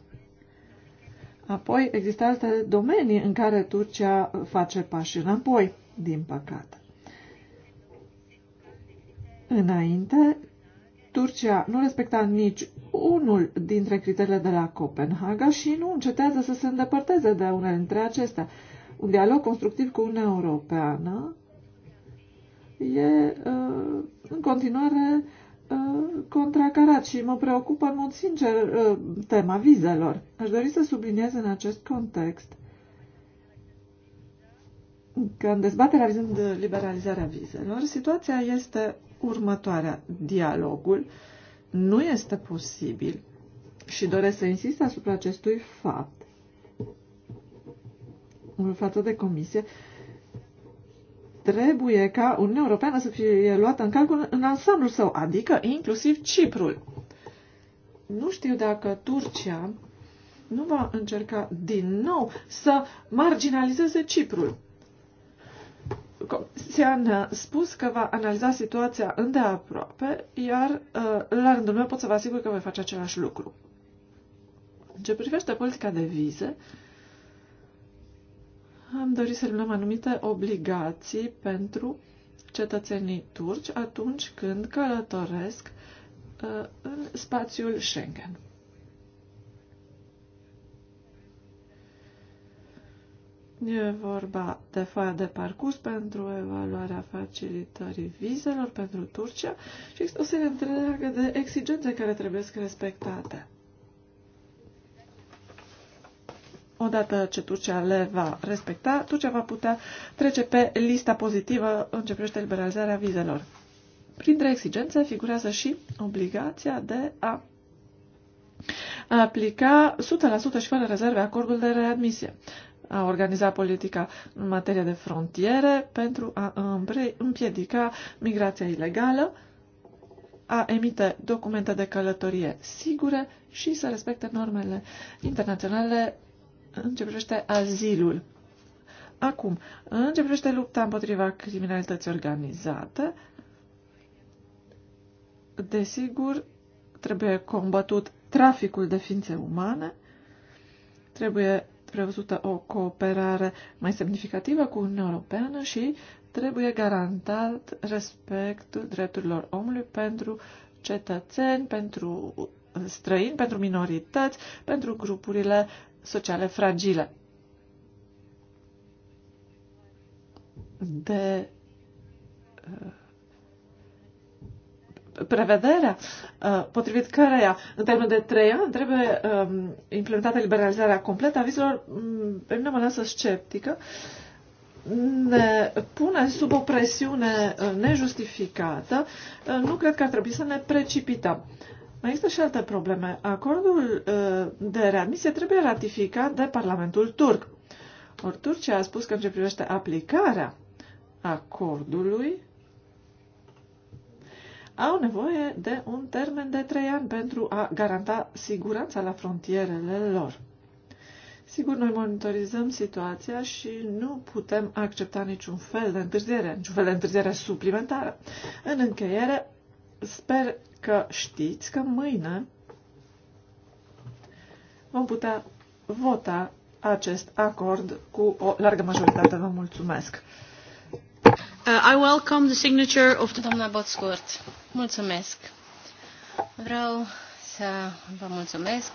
Apoi există alte domenii în care Turcia face pași înapoi, din păcate. Înainte, Turcia nu respecta nici unul dintre criteriile de la Copenhaga și nu încetează să se îndepărteze de unele dintre acestea. Un dialog constructiv cu Uniunea Europeană e uh, în continuare Uh, contracarat și mă preocupă în mod sincer uh, tema vizelor. Aș dori să subliniez în acest context că în dezbaterea vizând liberalizarea vizelor, situația este următoarea. Dialogul nu este posibil și doresc să insist asupra acestui fapt față de comisie, trebuie ca Uniunea Europeană să fie luată în calcul în ansamblul său, adică inclusiv Ciprul. Nu știu dacă Turcia nu va încerca din nou să marginalizeze Ciprul. Comisia ne-a spus că va analiza situația îndeaproape, iar uh, la rândul meu pot să vă asigur că voi face același lucru. În ce privește politica de vize, uh, am dorit să luăm anumite obligații pentru cetățenii turci atunci când călătoresc uh, în spațiul Schengen. E vorba de foaia de parcurs pentru evaluarea facilitării vizelor pentru Turcia și există o serie întreagă de exigențe care trebuie respectate. Odată ce Turcia le va respecta, Turcia va putea trece pe lista pozitivă în ce privește liberalizarea vizelor. Printre exigențe figurează și obligația de a aplica 100% și fără rezerve acordul de readmisie, a organiza politica în materie de frontiere pentru a împiedica migrația ilegală, a emite documente de călătorie sigure și să respecte normele internaționale în ce privește azilul. Acum, în ce privește lupta împotriva criminalității organizate, desigur, trebuie combătut traficul de ființe umane, trebuie prevăzută o cooperare mai semnificativă cu Uniunea Europeană și trebuie garantat respectul drepturilor omului pentru cetățeni, pentru străini, pentru minorități, pentru grupurile sociale fragile. De uh, prevederea uh, potrivit căreia, în termen de trei ani, trebuie um, implementată liberalizarea completă a vizelor, mm, pe mine mă lasă sceptică, ne pune sub o presiune uh, nejustificată, nu cred că ar trebui să ne precipităm. Mai există și alte probleme. Acordul uh, de readmisie trebuie ratificat de Parlamentul turc. Ori Turcia a spus că în ce privește aplicarea acordului, au nevoie de un termen de trei ani pentru a garanta siguranța la frontierele lor. Sigur, noi monitorizăm situația și nu putem accepta niciun fel de întârziere, niciun fel de întârziere suplimentară. În încheiere, sper că știți că mâine vom putea vota acest acord cu o largă majoritate. Vă mulțumesc. Uh, I welcome the signature of the... Doamna Botscourt. mulțumesc. Vreau să vă mulțumesc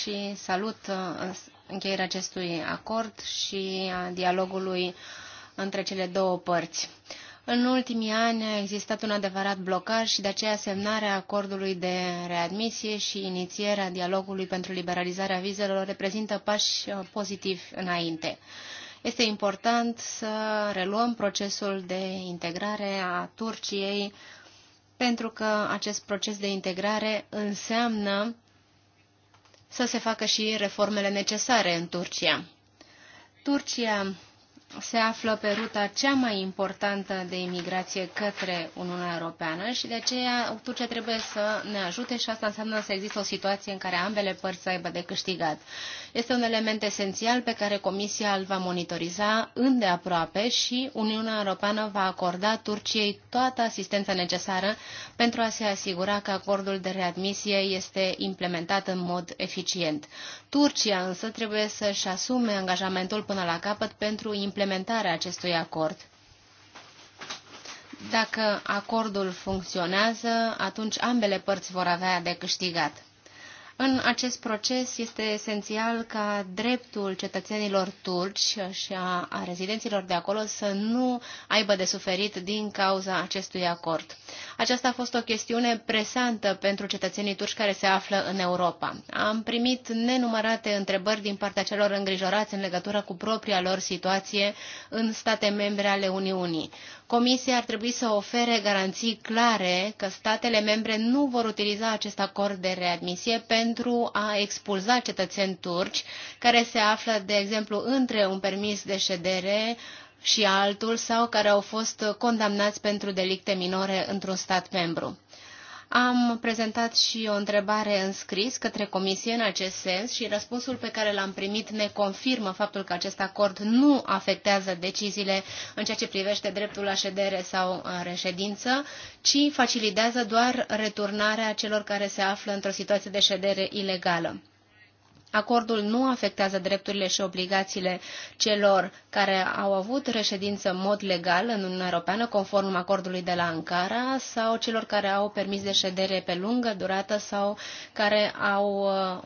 și salut uh, încheierea acestui acord și a dialogului între cele două părți. În ultimii ani a existat un adevărat blocaj și de aceea semnarea acordului de readmisie și inițierea dialogului pentru liberalizarea vizelor reprezintă pași uh, pozitivi înainte. Este important să reluăm procesul de integrare a Turciei pentru că acest proces de integrare înseamnă să se facă și reformele necesare în Turcia. Turcia se află pe ruta cea mai importantă de imigrație către Uniunea Europeană și de aceea Turcia trebuie să ne ajute și asta înseamnă să există o situație în care ambele părți să aibă de câștigat. Este un element esențial pe care Comisia îl va monitoriza îndeaproape și Uniunea Europeană va acorda Turciei toată asistența necesară pentru a se asigura că acordul de readmisie este implementat în mod eficient. Turcia însă trebuie să-și asume angajamentul până la capăt pentru implementarea implementarea acestui acord. Dacă acordul funcționează, atunci ambele părți vor avea de câștigat. În acest proces este esențial ca dreptul cetățenilor turci și a, a rezidenților de acolo să nu aibă de suferit din cauza acestui acord. Aceasta a fost o chestiune presantă pentru cetățenii turci care se află în Europa. Am primit nenumărate întrebări din partea celor îngrijorați în legătură cu propria lor situație în state membre ale Uniunii. Comisia ar trebui să ofere garanții clare că statele membre nu vor utiliza acest acord de readmisie pentru pentru a expulza cetățeni turci care se află, de exemplu, între un permis de ședere și altul sau care au fost condamnați pentru delicte minore într-un stat membru. Am prezentat și o întrebare în scris către Comisie în acest sens și răspunsul pe care l-am primit ne confirmă faptul că acest acord nu afectează deciziile în ceea ce privește dreptul la ședere sau uh, reședință, ci facilitează doar returnarea celor care se află într-o situație de ședere ilegală. Acordul nu afectează drepturile și obligațiile celor care au avut reședință în mod legal în Uniunea Europeană, conform acordului de la Ankara, sau celor care au permis de ședere pe lungă durată sau care au uh,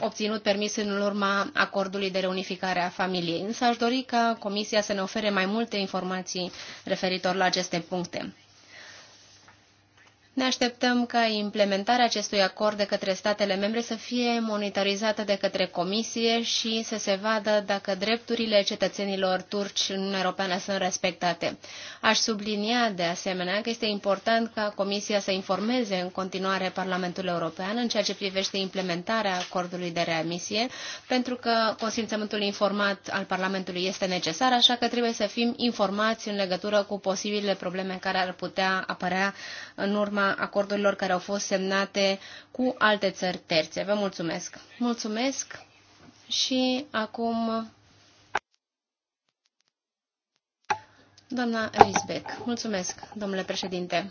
obținut permis în urma acordului de reunificare a familiei. Însă aș dori ca Comisia să ne ofere mai multe informații referitor la aceste puncte. Ne așteptăm ca implementarea acestui acord de către statele membre să fie monitorizată de către Comisie și să se vadă dacă drepturile cetățenilor turci în Uniunea Europeană sunt respectate. Aș sublinia de asemenea că este important ca Comisia să informeze în continuare Parlamentul European în ceea ce privește implementarea acordului de readmisie, pentru că consimțământul informat al Parlamentului este necesar, așa că trebuie să fim informați în legătură cu posibile probleme care ar putea apărea în urma acordurilor care au fost semnate cu alte țări terțe. Vă mulțumesc! Mulțumesc și acum doamna Risbeck. Mulțumesc, domnule președinte!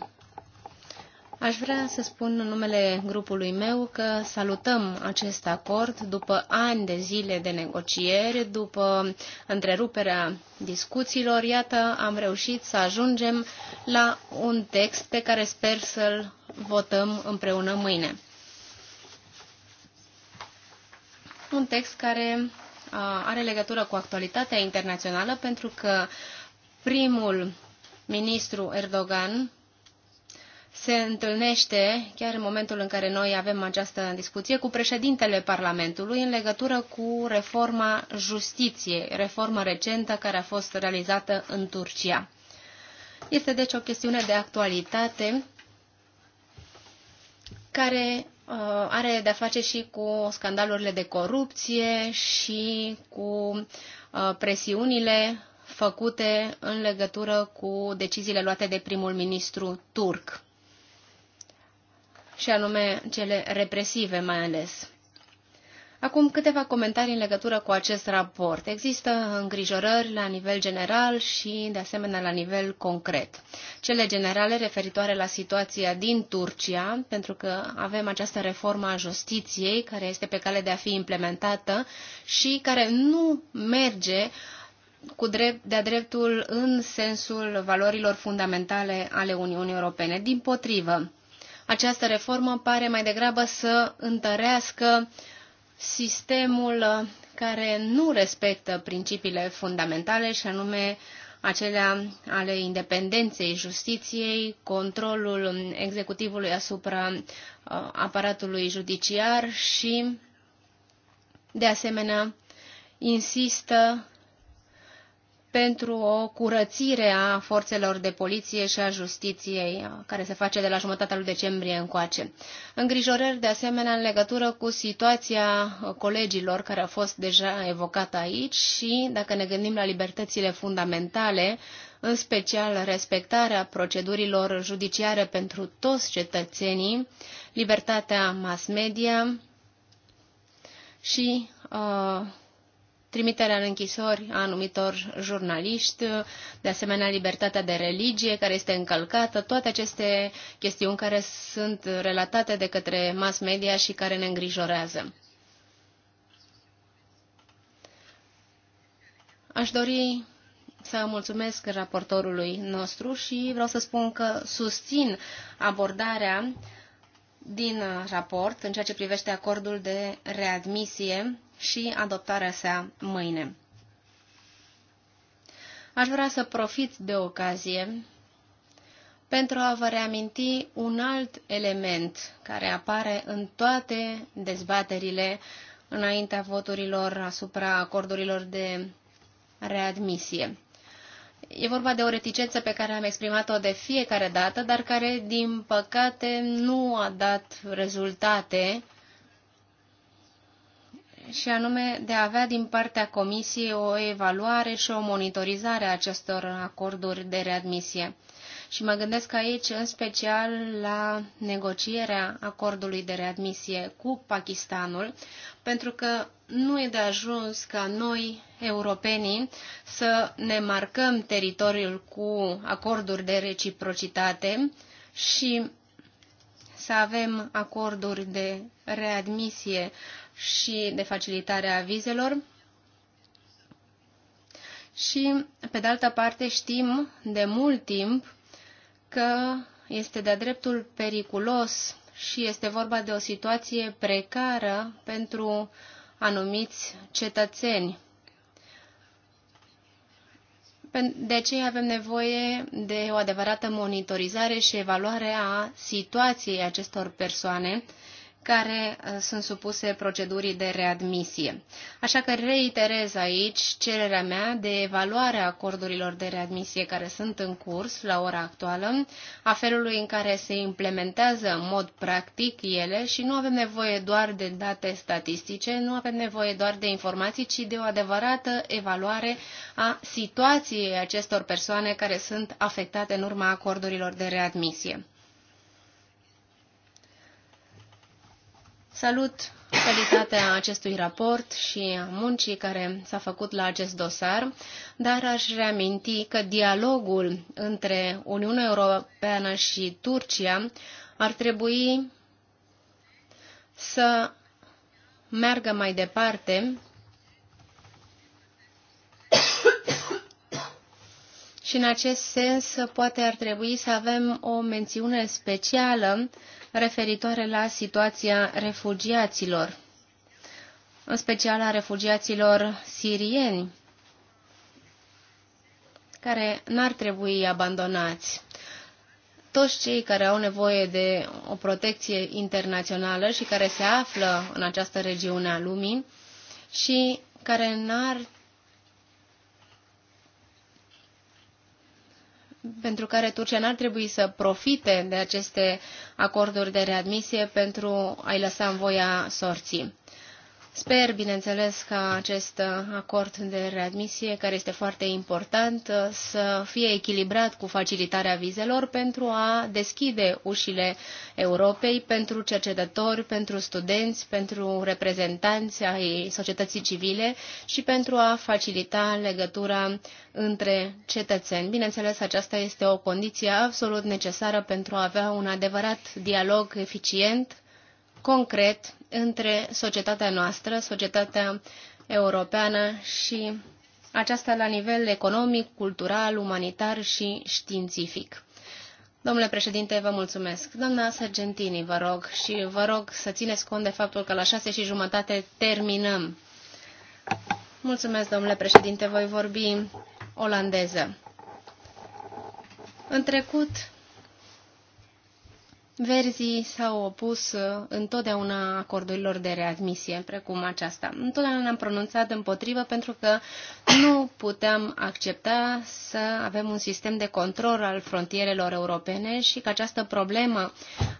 Aș vrea să spun în numele grupului meu că salutăm acest acord după ani de zile de negocieri, după întreruperea discuțiilor. Iată, am reușit să ajungem la un text pe care sper să-l votăm împreună mâine. Un text care are legătură cu actualitatea internațională pentru că primul ministru Erdogan se întâlnește, chiar în momentul în care noi avem această discuție, cu președintele Parlamentului în legătură cu reforma justiției, reforma recentă care a fost realizată în Turcia. Este deci o chestiune de actualitate care uh, are de-a face și cu scandalurile de corupție și cu uh, presiunile făcute în legătură cu deciziile luate de primul ministru turc și anume cele represive mai ales. Acum câteva comentarii în legătură cu acest raport. Există îngrijorări la nivel general și, de asemenea, la nivel concret. Cele generale referitoare la situația din Turcia, pentru că avem această reformă a justiției care este pe cale de a fi implementată și care nu merge cu drept, de-a dreptul în sensul valorilor fundamentale ale Uniunii Europene. Din potrivă, această reformă pare mai degrabă să întărească sistemul care nu respectă principiile fundamentale și anume acelea ale independenței justiției, controlul executivului asupra uh, aparatului judiciar și, de asemenea, insistă pentru o curățire a forțelor de poliție și a justiției, care se face de la jumătatea lui decembrie încoace. Îngrijorări de asemenea în legătură cu situația colegilor care a fost deja evocată aici și, dacă ne gândim la libertățile fundamentale, în special respectarea procedurilor judiciare pentru toți cetățenii, libertatea mass media și uh, trimiterea în închisori a anumitor jurnaliști, de asemenea libertatea de religie care este încălcată, toate aceste chestiuni care sunt relatate de către mass media și care ne îngrijorează. Aș dori să mulțumesc raportorului nostru și vreau să spun că susțin abordarea din raport în ceea ce privește acordul de readmisie și adoptarea sa mâine. Aș vrea să profit de ocazie pentru a vă reaminti un alt element care apare în toate dezbaterile înaintea voturilor asupra acordurilor de readmisie. E vorba de o reticență pe care am exprimat-o de fiecare dată, dar care, din păcate, nu a dat rezultate și anume de a avea din partea Comisiei o evaluare și o monitorizare a acestor acorduri de readmisie. Și mă gândesc aici în special la negocierea acordului de readmisie cu Pakistanul, pentru că nu e de ajuns ca noi, europenii, să ne marcăm teritoriul cu acorduri de reciprocitate și să avem acorduri de readmisie și de facilitare a vizelor. Și, pe de altă parte, știm de mult timp că este de-a dreptul periculos și este vorba de o situație precară pentru anumiți cetățeni. De aceea avem nevoie de o adevărată monitorizare și evaluare a situației acestor persoane care uh, sunt supuse procedurii de readmisie. Așa că reiterez aici cererea mea de evaluare a acordurilor de readmisie care sunt în curs la ora actuală, a felului în care se implementează în mod practic ele și nu avem nevoie doar de date statistice, nu avem nevoie doar de informații, ci de o adevărată evaluare a situației acestor persoane care sunt afectate în urma acordurilor de readmisie. Salut calitatea acestui raport și muncii care s-a făcut la acest dosar, dar aș reaminti că dialogul între Uniunea Europeană și Turcia ar trebui să meargă mai departe și în acest sens poate ar trebui să avem o mențiune specială referitoare la situația refugiaților, în special a refugiaților sirieni, care n-ar trebui abandonați. Toți cei care au nevoie de o protecție internațională și care se află în această regiune a lumii și care n-ar pentru care Turcia n-ar trebui să profite de aceste acorduri de readmisie pentru a-i lăsa în voia sorții. Sper, bineînțeles, ca acest uh, acord de readmisie, care este foarte important, uh, să fie echilibrat cu facilitarea vizelor pentru a deschide ușile Europei pentru cercetători, pentru studenți, pentru reprezentanți ai societății civile și pentru a facilita legătura între cetățeni. Bineînțeles, aceasta este o condiție absolut necesară pentru a avea un adevărat dialog eficient concret între societatea noastră, societatea europeană și aceasta la nivel economic, cultural, umanitar și științific. Domnule președinte, vă mulțumesc. Doamna Sargentini, vă rog, și vă rog să țineți cont de faptul că la șase și jumătate terminăm. Mulțumesc, domnule președinte, voi vorbi olandeză. În trecut, Verzii s-au opus uh, întotdeauna acordurilor de readmisie, precum aceasta. Întotdeauna ne-am pronunțat împotrivă pentru că nu puteam accepta să avem un sistem de control al frontierelor europene și că această problemă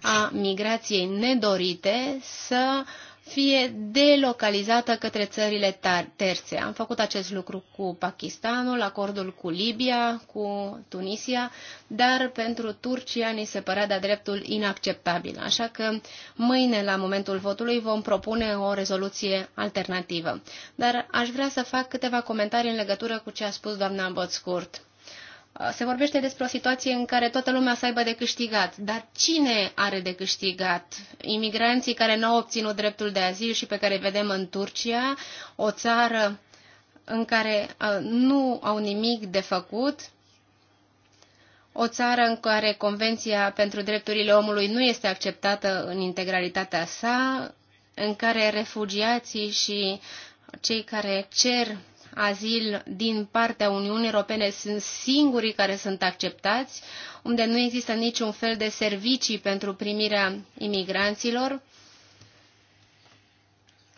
a migrației nedorite să fie delocalizată către țările terțe. Am făcut acest lucru cu Pakistanul, acordul cu Libia, cu Tunisia, dar pentru Turcia ni se părea de-a dreptul inacceptabil. Așa că mâine, la momentul votului, vom propune o rezoluție alternativă. Dar aș vrea să fac câteva comentarii în legătură cu ce a spus doamna Botscurt. Se vorbește despre o situație în care toată lumea să aibă de câștigat. Dar cine are de câștigat? Imigranții care nu au obținut dreptul de azil și pe care îi vedem în Turcia, o țară în care uh, nu au nimic de făcut, o țară în care Convenția pentru Drepturile Omului nu este acceptată în integralitatea sa, în care refugiații și cei care cer azil din partea Uniunii Europene sunt singurii care sunt acceptați, unde nu există niciun fel de servicii pentru primirea imigranților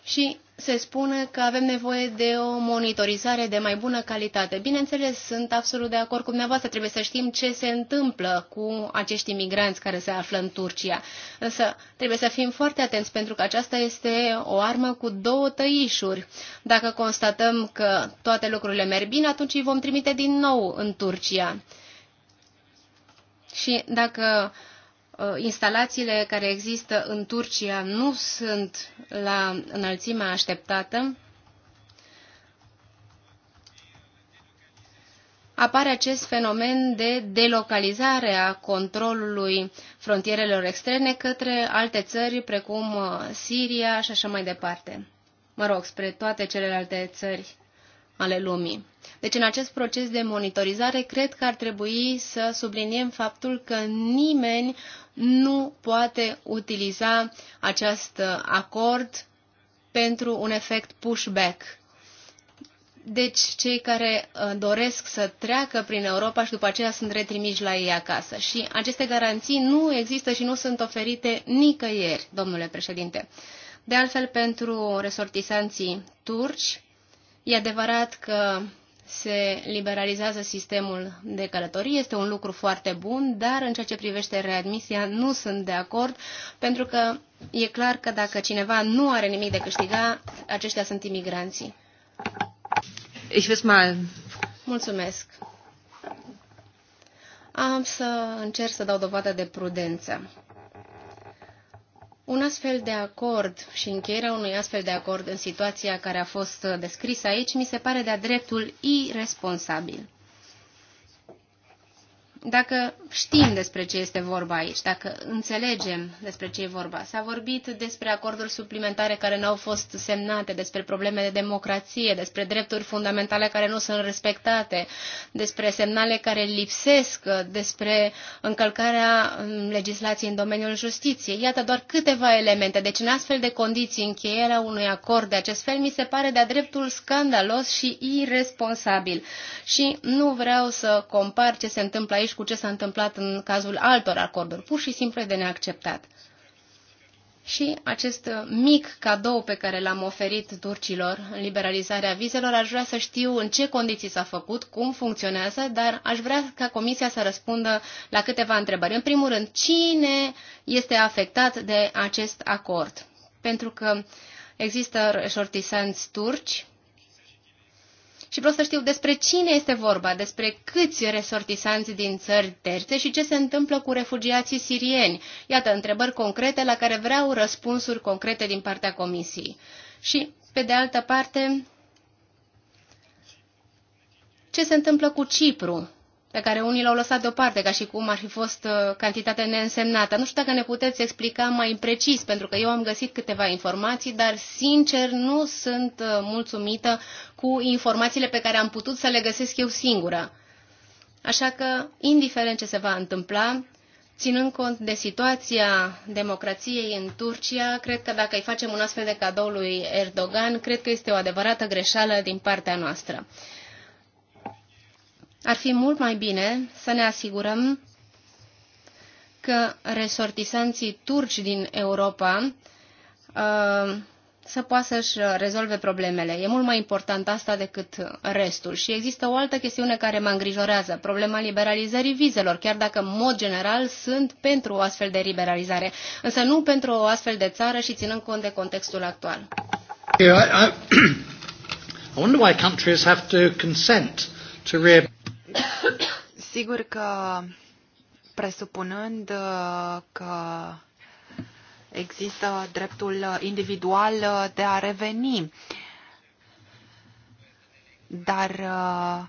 și se spune că avem nevoie de o monitorizare de mai bună calitate. Bineînțeles, sunt absolut de acord cu dumneavoastră. Trebuie să știm ce se întâmplă cu acești imigranți care se află în Turcia. Însă trebuie să fim foarte atenți pentru că aceasta este o armă cu două tăișuri. Dacă constatăm că toate lucrurile merg bine, atunci îi vom trimite din nou în Turcia. Și dacă Uh, instalațiile care există în Turcia nu sunt la înălțimea așteptată, apare acest fenomen de delocalizare a controlului frontierelor externe către alte țări, precum uh, Siria și așa mai departe. Mă rog, spre toate celelalte țări ale lumii. Deci în acest proces de monitorizare cred că ar trebui să subliniem faptul că nimeni nu poate utiliza acest acord pentru un efect pushback. Deci cei care uh, doresc să treacă prin Europa și după aceea sunt retrimiși la ei acasă. Și aceste garanții nu există și nu sunt oferite nicăieri, domnule președinte. De altfel, pentru resortisanții turci, E adevărat că se liberalizează sistemul de călătorie, este un lucru foarte bun, dar în ceea ce privește readmisia nu sunt de acord, pentru că e clar că dacă cineva nu are nimic de câștiga, aceștia sunt imigranții. Ich weiß mal. Mulțumesc. Am să încerc să dau dovadă de prudență. Un astfel de acord și încheierea unui astfel de acord în situația care a fost descrisă aici mi se pare de-a dreptul irresponsabil dacă știm despre ce este vorba aici, dacă înțelegem despre ce e vorba. S-a vorbit despre acorduri suplimentare care nu au fost semnate, despre probleme de democrație, despre drepturi fundamentale care nu sunt respectate, despre semnale care lipsesc, despre încălcarea mm, legislației în domeniul justiției. Iată doar câteva elemente. Deci, în astfel de condiții, încheierea unui acord de acest fel mi se pare de-a dreptul scandalos și irresponsabil. Și nu vreau să compar ce se întâmplă aici și cu ce s-a întâmplat în cazul altor acorduri. Pur și simplu e de neacceptat. Și acest uh, mic cadou pe care l-am oferit turcilor în liberalizarea vizelor, aș vrea să știu în ce condiții s-a făcut, cum funcționează, dar aș vrea ca Comisia să răspundă la câteva întrebări. În primul rând, cine este afectat de acest acord? Pentru că există șortisanți turci și vreau să știu despre cine este vorba, despre câți resortisanți din țări terțe și ce se întâmplă cu refugiații sirieni. Iată, întrebări concrete la care vreau răspunsuri concrete din partea Comisiei. Și, pe de altă parte, ce se întâmplă cu Cipru? pe care unii l-au lăsat deoparte, ca și cum ar fi fost uh, cantitate neînsemnată. Nu știu dacă ne puteți explica mai precis, pentru că eu am găsit câteva informații, dar sincer nu sunt uh, mulțumită cu informațiile pe care am putut să le găsesc eu singură. Așa că, indiferent ce se va întâmpla, ținând cont de situația democrației în Turcia, cred că dacă îi facem un astfel de cadou lui Erdogan, cred că este o adevărată greșeală din partea noastră. Ar fi mult mai bine să ne asigurăm că resortisanții turci din Europa uh, să poată să-și rezolve problemele. E mult mai important asta decât restul. Și există o altă chestiune care mă îngrijorează, problema liberalizării vizelor, chiar dacă, în mod general, sunt pentru o astfel de liberalizare, însă nu pentru o astfel de țară și ținând cont de contextul actual. I, I, I wonder why countries have to consent to re- Sigur că presupunând uh, că există dreptul individual uh, de a reveni, dar uh,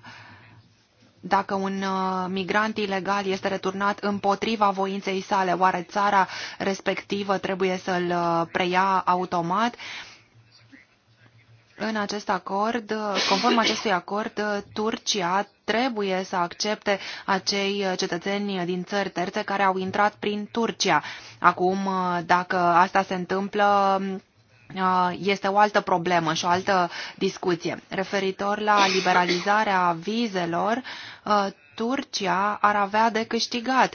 dacă un migrant ilegal este returnat împotriva voinței sale, oare țara respectivă trebuie să-l preia automat? Uh, în acest acord, conform acestui acord, Turcia trebuie să accepte acei cetățeni din țări terțe care au intrat prin Turcia. Acum, dacă asta se întâmplă, este o altă problemă și o altă discuție. Referitor la liberalizarea vizelor, Turcia ar avea de câștigat?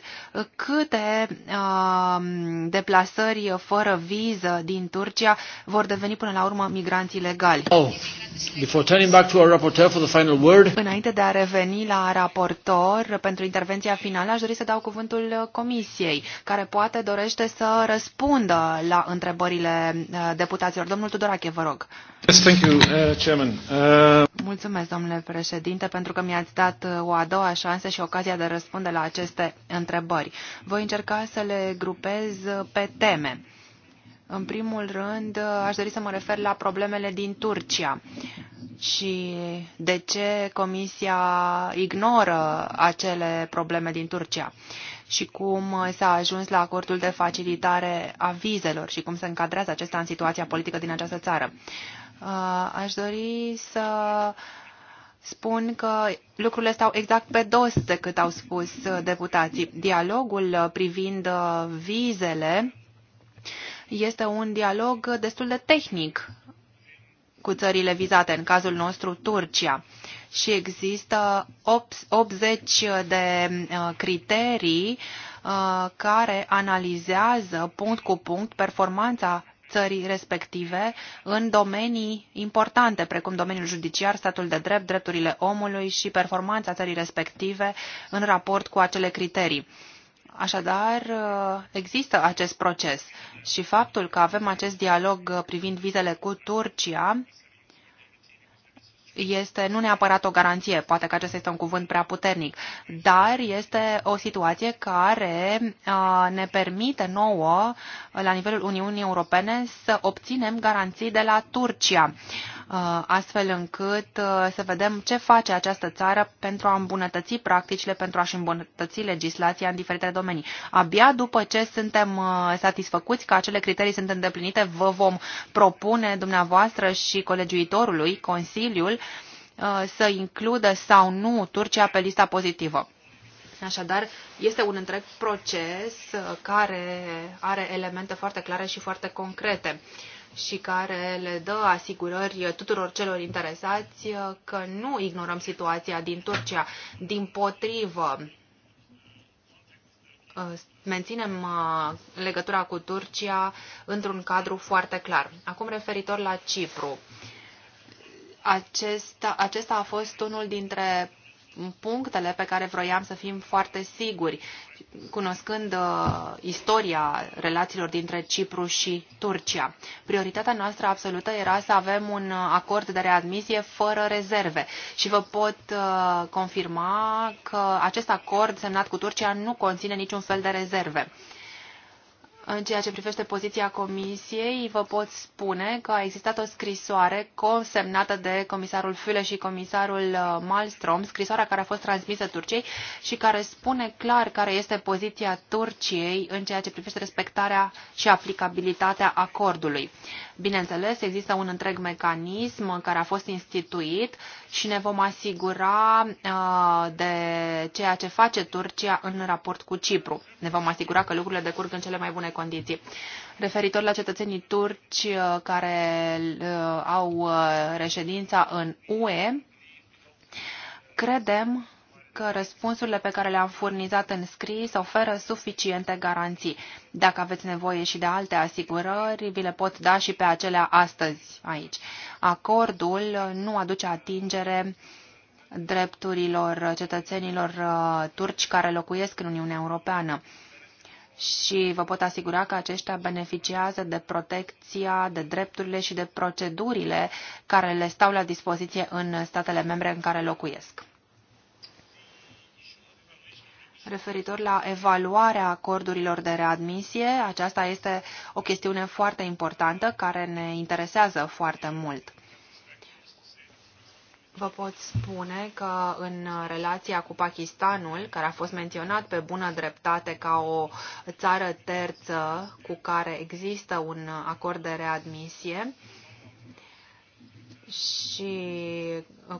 Câte uh, deplasări fără viză din Turcia vor deveni până la urmă migranți ilegali? Oh. back to our for the final word. Înainte de a reveni la raportor pentru intervenția finală, aș dori să dau cuvântul Comisiei, care poate dorește să răspundă la întrebările uh, deputaților. Domnul Tudorache, vă rog. Uh, uh, Mulțumesc, domnule președinte, pentru că mi-ați dat uh, o a doua șansă și ocazia de a răspunde la aceste întrebări. Voi încerca să le grupez pe teme. În primul rând, aș dori să mă refer la problemele din Turcia și de ce Comisia ignoră acele probleme din Turcia și cum s-a ajuns la acordul de facilitare a vizelor și cum se încadrează acesta în situația politică din această țară. Uh, aș dori să spun că lucrurile stau exact pe dos de cât au spus uh, deputații. Dialogul uh, privind vizele este un dialog destul de tehnic cu țările vizate, în cazul nostru Turcia. Și există 80 de criterii care analizează punct cu punct performanța țării respective în domenii importante, precum domeniul judiciar, statul de drept, drepturile omului și performanța țării respective în raport cu acele criterii. Așadar, există acest proces și faptul că avem acest dialog privind vizele cu Turcia este nu neapărat o garanție, poate că acesta este un cuvânt prea puternic, dar este o situație care ne permite nouă, la nivelul Uniunii Europene, să obținem garanții de la Turcia. Uh, astfel încât uh, să vedem ce face această țară pentru a îmbunătăți practicile, pentru a-și îmbunătăți legislația în diferite domenii. Abia după ce suntem uh, satisfăcuți că acele criterii sunt îndeplinite, vă vom propune dumneavoastră și colegiuitorului, Consiliul, să includă sau nu Turcia pe lista pozitivă. Așadar, este un întreg proces care are elemente foarte clare și foarte concrete. Uh, și care le dă asigurări tuturor celor interesați că nu ignorăm situația din Turcia. Din potrivă, uh, menținem uh, legătura cu Turcia într-un cadru foarte clar. Acum referitor la Cipru. Acesta, acesta a fost unul dintre punctele pe care vroiam să fim foarte siguri cunoscând uh, istoria relațiilor dintre Cipru și Turcia. Prioritatea noastră absolută era să avem un uh, acord de readmisie fără rezerve și vă pot uh, confirma că acest acord semnat cu Turcia nu conține niciun fel de rezerve. În ceea ce privește poziția Comisiei, vă pot spune că a existat o scrisoare consemnată de comisarul Füle și comisarul uh, Malmström, scrisoarea care a fost transmisă Turciei și care spune clar care este poziția Turciei în ceea ce privește respectarea și aplicabilitatea acordului. Bineînțeles, există un întreg mecanism care a fost instituit și ne vom asigura uh, de ceea ce face Turcia în raport cu Cipru. Ne vom asigura că lucrurile decurg în cele mai bune condiții. Referitor la cetățenii turci uh, care uh, au uh, reședința în UE, credem că răspunsurile pe care le-am furnizat în scris oferă suficiente garanții. Dacă aveți nevoie și de alte asigurări, vi le pot da și pe acelea astăzi aici. Acordul nu aduce atingere drepturilor cetățenilor turci care locuiesc în Uniunea Europeană și vă pot asigura că aceștia beneficiază de protecția, de drepturile și de procedurile care le stau la dispoziție în statele membre în care locuiesc. Referitor la evaluarea acordurilor de readmisie, aceasta este o chestiune foarte importantă care ne interesează foarte mult vă pot spune că în relația cu Pakistanul, care a fost menționat pe bună dreptate ca o țară terță cu care există un acord de readmisie și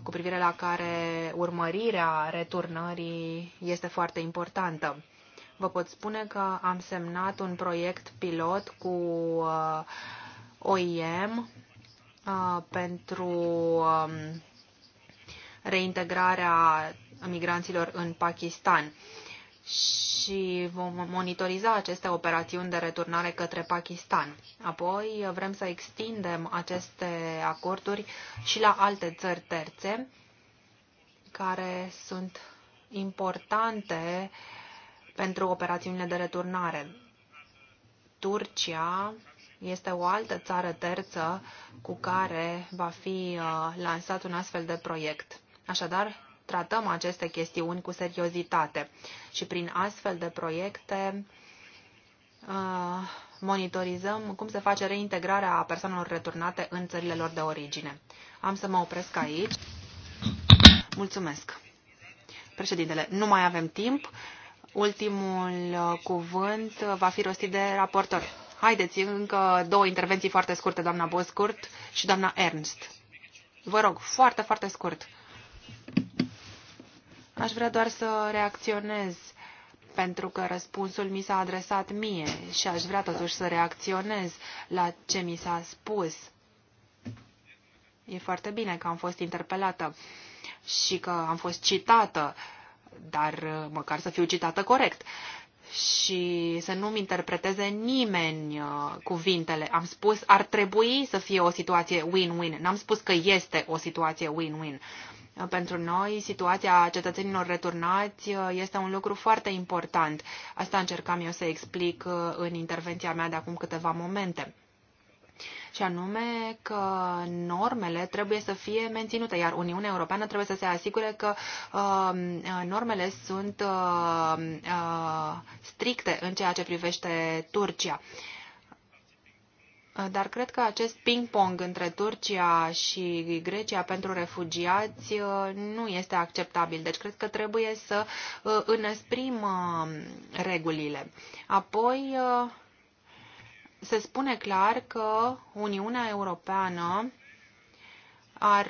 cu privire la care urmărirea returnării este foarte importantă. Vă pot spune că am semnat un proiect pilot cu uh, OIM uh, pentru um, reintegrarea migranților în Pakistan și vom monitoriza aceste operațiuni de returnare către Pakistan. Apoi vrem să extindem aceste acorduri și la alte țări terțe care sunt importante pentru operațiunile de returnare. Turcia este o altă țară terță cu care va fi uh, lansat un astfel de proiect. Așadar, tratăm aceste chestiuni cu seriozitate și prin astfel de proiecte uh, monitorizăm cum se face reintegrarea persoanelor returnate în țările lor de origine. Am să mă opresc aici. Mulțumesc. Președintele, nu mai avem timp. Ultimul uh, cuvânt uh, va fi rostit de raportor. Haideți, încă două intervenții foarte scurte, doamna Boscurt și doamna Ernst. Vă rog, foarte, foarte scurt. Aș vrea doar să reacționez pentru că răspunsul mi s-a adresat mie și aș vrea totuși să reacționez la ce mi s-a spus. E foarte bine că am fost interpelată și că am fost citată, dar uh, măcar să fiu citată corect și să nu-mi interpreteze nimeni uh, cuvintele. Am spus ar trebui să fie o situație win-win. N-am spus că este o situație win-win. Uh, -win pentru noi, situația cetățenilor returnați uh, este un lucru foarte important. Asta încercam eu să explic uh, în intervenția mea de acum câteva momente și anume că normele trebuie să fie menținute, iar Uniunea Europeană trebuie să se asigure că uh, normele sunt uh, uh, stricte în ceea ce privește Turcia. Uh, Uh, dar cred că acest ping-pong între Turcia și Grecia pentru refugiați uh, nu este acceptabil. Deci cred că trebuie să uh, înăsprim um, regulile. Apoi se spune clar că Uniunea Europeană ar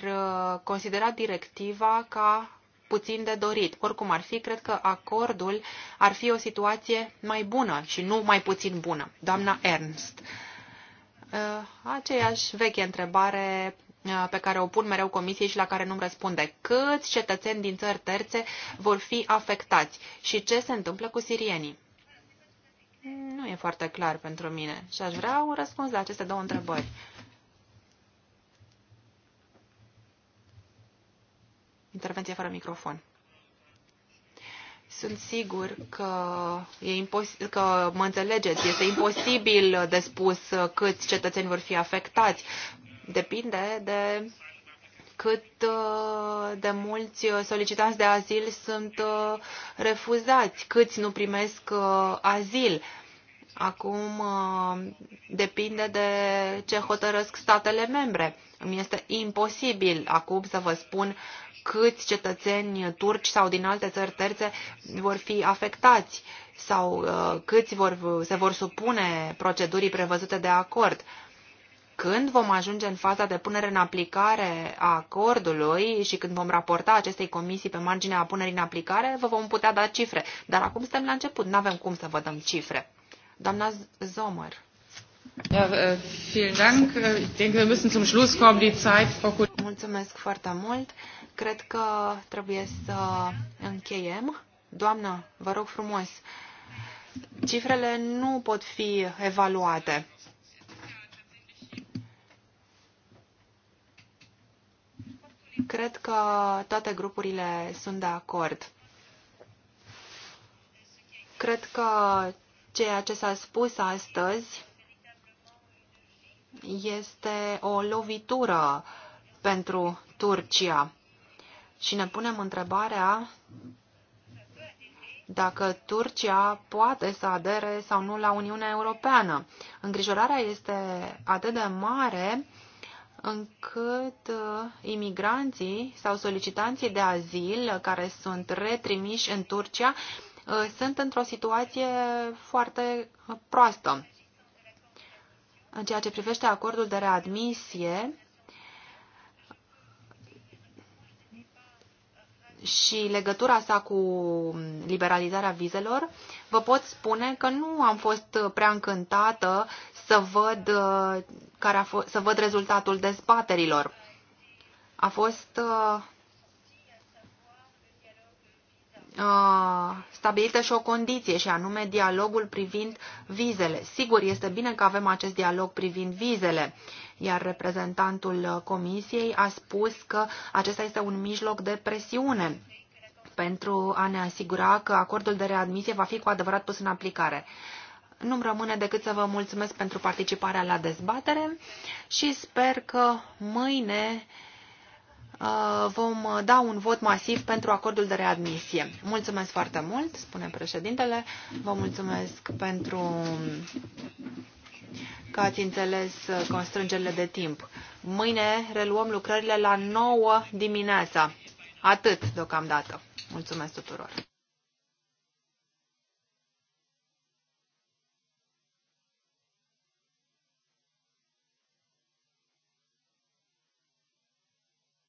considera directiva ca puțin de dorit. Oricum ar fi, cred că acordul ar fi o situație mai bună și nu mai puțin bună. Doamna Ernst. Uh, Uh, aceeași veche întrebare uh, pe care o pun mereu comisiei și la care nu-mi răspunde. Câți cetățeni din țări terțe vor fi afectați și ce se întâmplă cu sirienii? Nu e foarte clar pentru mine și aș vrea un răspuns la aceste două întrebări. Intervenție fără microfon. Sunt sigur că, e impos- că mă înțelegeți. Este imposibil de spus câți cetățeni vor fi afectați. Depinde de cât uh, de mulți solicitanți de azil sunt uh, refuzați, câți nu primesc uh, azil. Acum uh, depinde de ce hotărăsc statele membre. Îmi este imposibil acum să vă spun câți cetățeni turci sau din alte țări terțe vor fi afectați sau uh, câți vor, se vor supune procedurii prevăzute de acord. Când vom ajunge în faza de punere în aplicare a acordului și când vom raporta acestei comisii pe marginea punerii în aplicare, vă vom putea da cifre. Dar acum suntem la început, nu avem cum să vă dăm cifre. Doamna Zomer. Ja, äh, vielen Dank. Äh, ich denke, wir müssen zum Schluss kommen. Die Zeit, Frau Mulțumesc foarte mult. Cred că trebuie să încheiem. Doamnă, vă rog frumos, cifrele nu pot fi evaluate. Cred că toate grupurile sunt de acord. Cred că Ceea ce s-a spus astăzi este o lovitură pentru Turcia și ne punem întrebarea dacă Turcia poate să adere sau nu la Uniunea Europeană. Îngrijorarea este atât de mare încât uh, imigranții sau solicitanții de azil care sunt retrimiși în Turcia Uh, sunt într-o situație foarte proastă. În ceea ce privește acordul de readmisie și legătura sa cu liberalizarea vizelor, vă pot spune că nu am fost prea încântată să văd, uh, care a fost, să văd rezultatul dezbaterilor. A fost uh, stabilită și o condiție, și anume dialogul privind vizele. Sigur, este bine că avem acest dialog privind vizele, iar reprezentantul Comisiei a spus că acesta este un mijloc de presiune pentru a ne asigura că acordul de readmisie va fi cu adevărat pus în aplicare. Nu-mi rămâne decât să vă mulțumesc pentru participarea la dezbatere și sper că mâine Uh, vom uh, da un vot masiv pentru acordul de readmisie. Mulțumesc foarte mult, spune președintele. Vă mulțumesc pentru că ați înțeles uh, constrângerile de timp. Mâine reluăm lucrările la 9 dimineața. Atât deocamdată. Mulțumesc tuturor!